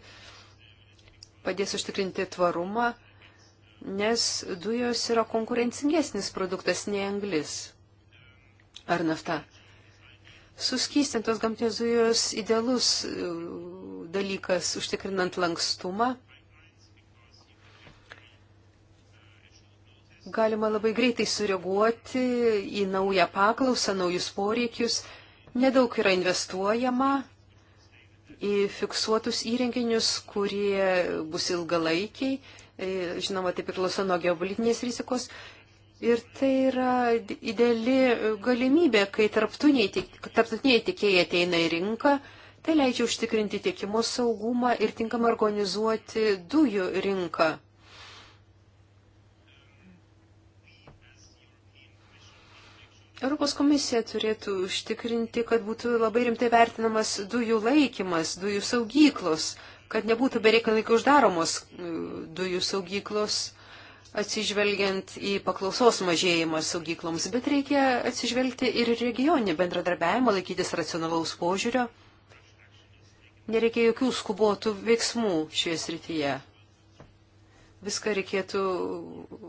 padės užtikrinti tvarumą nes dujos yra konkurencingesnis produktas nei anglis ar nafta. Suskystintos gamtinės dujos idealus e, dalykas užtikrinant lankstumą. Galima labai greitai sureaguoti į naują paklausą, naujus poreikius. Nedaug yra investuojama, į fiksuotus įrenginius, kurie bus ilgalaikiai, E, žinoma, tai priklauso nuo geopolitinės rizikos. Ir tai yra ideali e, galimybė, kai tarptautiniai tiekėjai ateina į rinką, tai leidžia užtikrinti tiekimo saugumą ir tinkamą organizuoti dujų rinką. Europos komisija turėtų užtikrinti, kad būtų labai rimtai vertinamas dujų laikymas, dujų saugyklos kad nebūtų bereikalinkai uždaromos e, dujų saugyklos, atsižvelgiant į paklausos mažėjimą saugykloms, bet reikia atsižvelgti ir regioninį bendradarbiavimą, laikytis racionalaus požiūrio. Nereikia jokių skubotų veiksmų šioje srityje. Viską reikėtų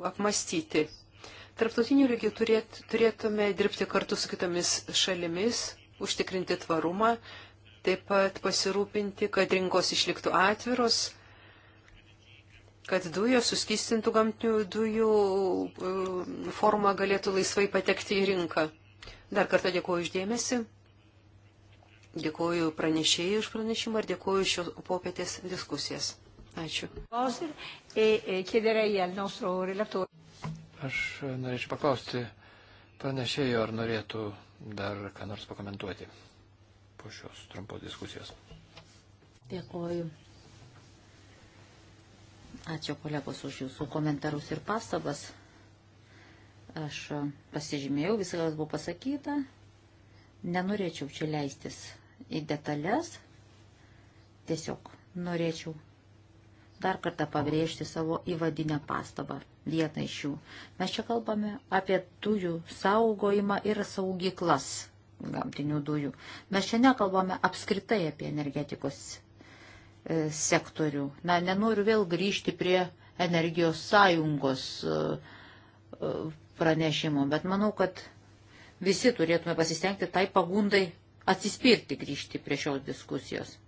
apmastyti. Tarptautinių lygių turėt, turėtume dirbti kartu su kitomis šalimis, užtikrinti tvarumą taip pat pasirūpinti, kad rinkos išliktų atviros kad dujos suskistintų gamtinių dujų e, formą galėtų laisvai patekti į rinką. Dar kartą dėkuoju uždėmesi, dėkuoju pranešėjai už pranešimą ir dėkuoju šios popietės diskusijas. Ačiū. Aš norėčiau paklausti pranešėjų, ar norėtų dar ką nors pakomentuoti po šios trumpos diskusijos. Dėkuoju. Ačiū kolegos už jūsų komentarus ir pastabas. Aš pasižymėjau visą, kas buvo pasakyta. Nenorėčiau čia leistis į detalės. Tiesiog norėčiau dar kartą pabrėžti savo įvadinę pastabą, vieną iš jų. Mes čia kalbame apie dujų saugojimą ir saugyklas gamtinių dujų. Mes čia nekalbame apskritai apie energetikos e, sektorių. Na, nenoriu vėl grįžti prie energijos sąjungos e, e, pranešimo, bet manau, kad visi turėtume pasistengti tai pagundai atsispirti grįžti prie šios diskusijos.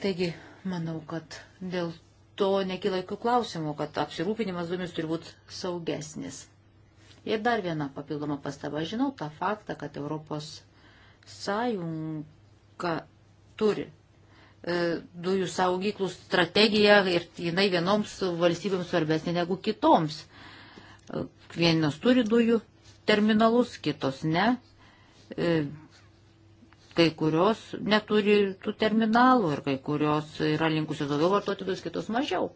Taigi, manau, kad dėl to nekyla jokių klausimų, kad apsirūpinimas duomis turi būti saugesnis. Ir dar viena papildoma pastaba. Žinau tą faktą, kad Europos sąjunga turi e, dujų saugyklų strategiją ir jinai vienoms valstybėms svarbesnė negu kitoms. E, vienos turi dujų terminalus, kitos ne. E, kai kurios neturi tų terminalų ir kai kurios yra linkusios daugiau vartoti dujus, kitos mažiau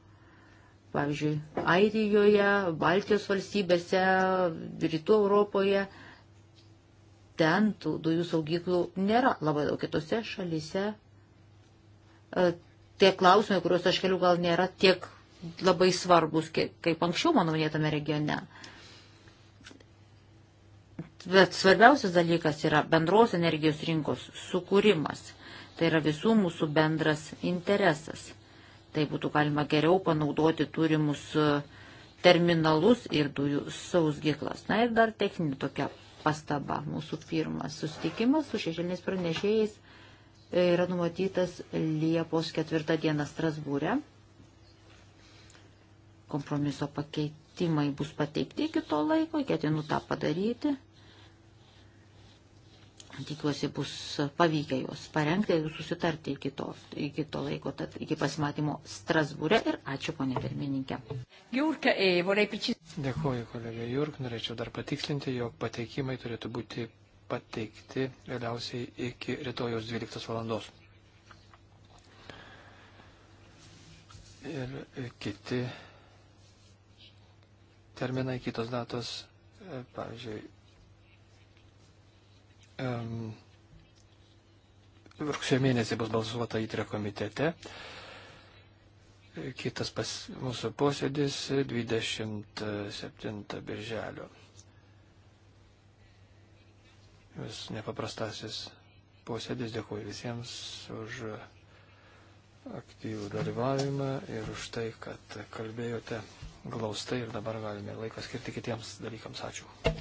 pavyzdžiui, Airijoje, Baltijos valstybėse, Rytų Europoje, ten tų dujų saugyklų nėra labai daug kitose šalise. E, tie klausimai, kuriuos aš keliu, gal nėra tiek labai svarbus, kaip anksčiau, mano minėtame regione. Bet svarbiausias dalykas yra bendros energijos rinkos sukūrimas. Tai yra visų mūsų bendras interesas tai būtų galima geriau panaudoti turimus e, terminalus ir dujų sausgyklas. Na ir dar techninė tokia pastaba. Mūsų pirmas susitikimas su šešėliniais pranešėjais e, yra numatytas Liepos ketvirtą dieną Strasbūrė. Kompromiso pakeitimai bus pateikti iki to laiko, ketinu tą padaryti. Tikiuosi bus pavykę juos parengti ir susitarti iki to, iki to laiko, tad iki pasimatymo Strasbūrė ir ačiū ponė pirmininkė. Jurka, e, vorrei piči. Dėkuoju kolegė Jurk, norėčiau dar patikslinti, jog pateikimai turėtų būti pateikti vėliausiai iki rytojos 12 valandos. Ir kiti terminai, kitos datos, e, pavyzdžiui, Um, rugsėjo mėnesį bus balsuota įtrio komitete. Kitas pas, mūsų posėdis 27 birželio. Vis nepaprastasis posėdis. Dėkuoju visiems už aktyvų dalyvavimą ir už tai, kad kalbėjote glaustai ir dabar galime laiką skirti kitiems dalykams. Ačiū.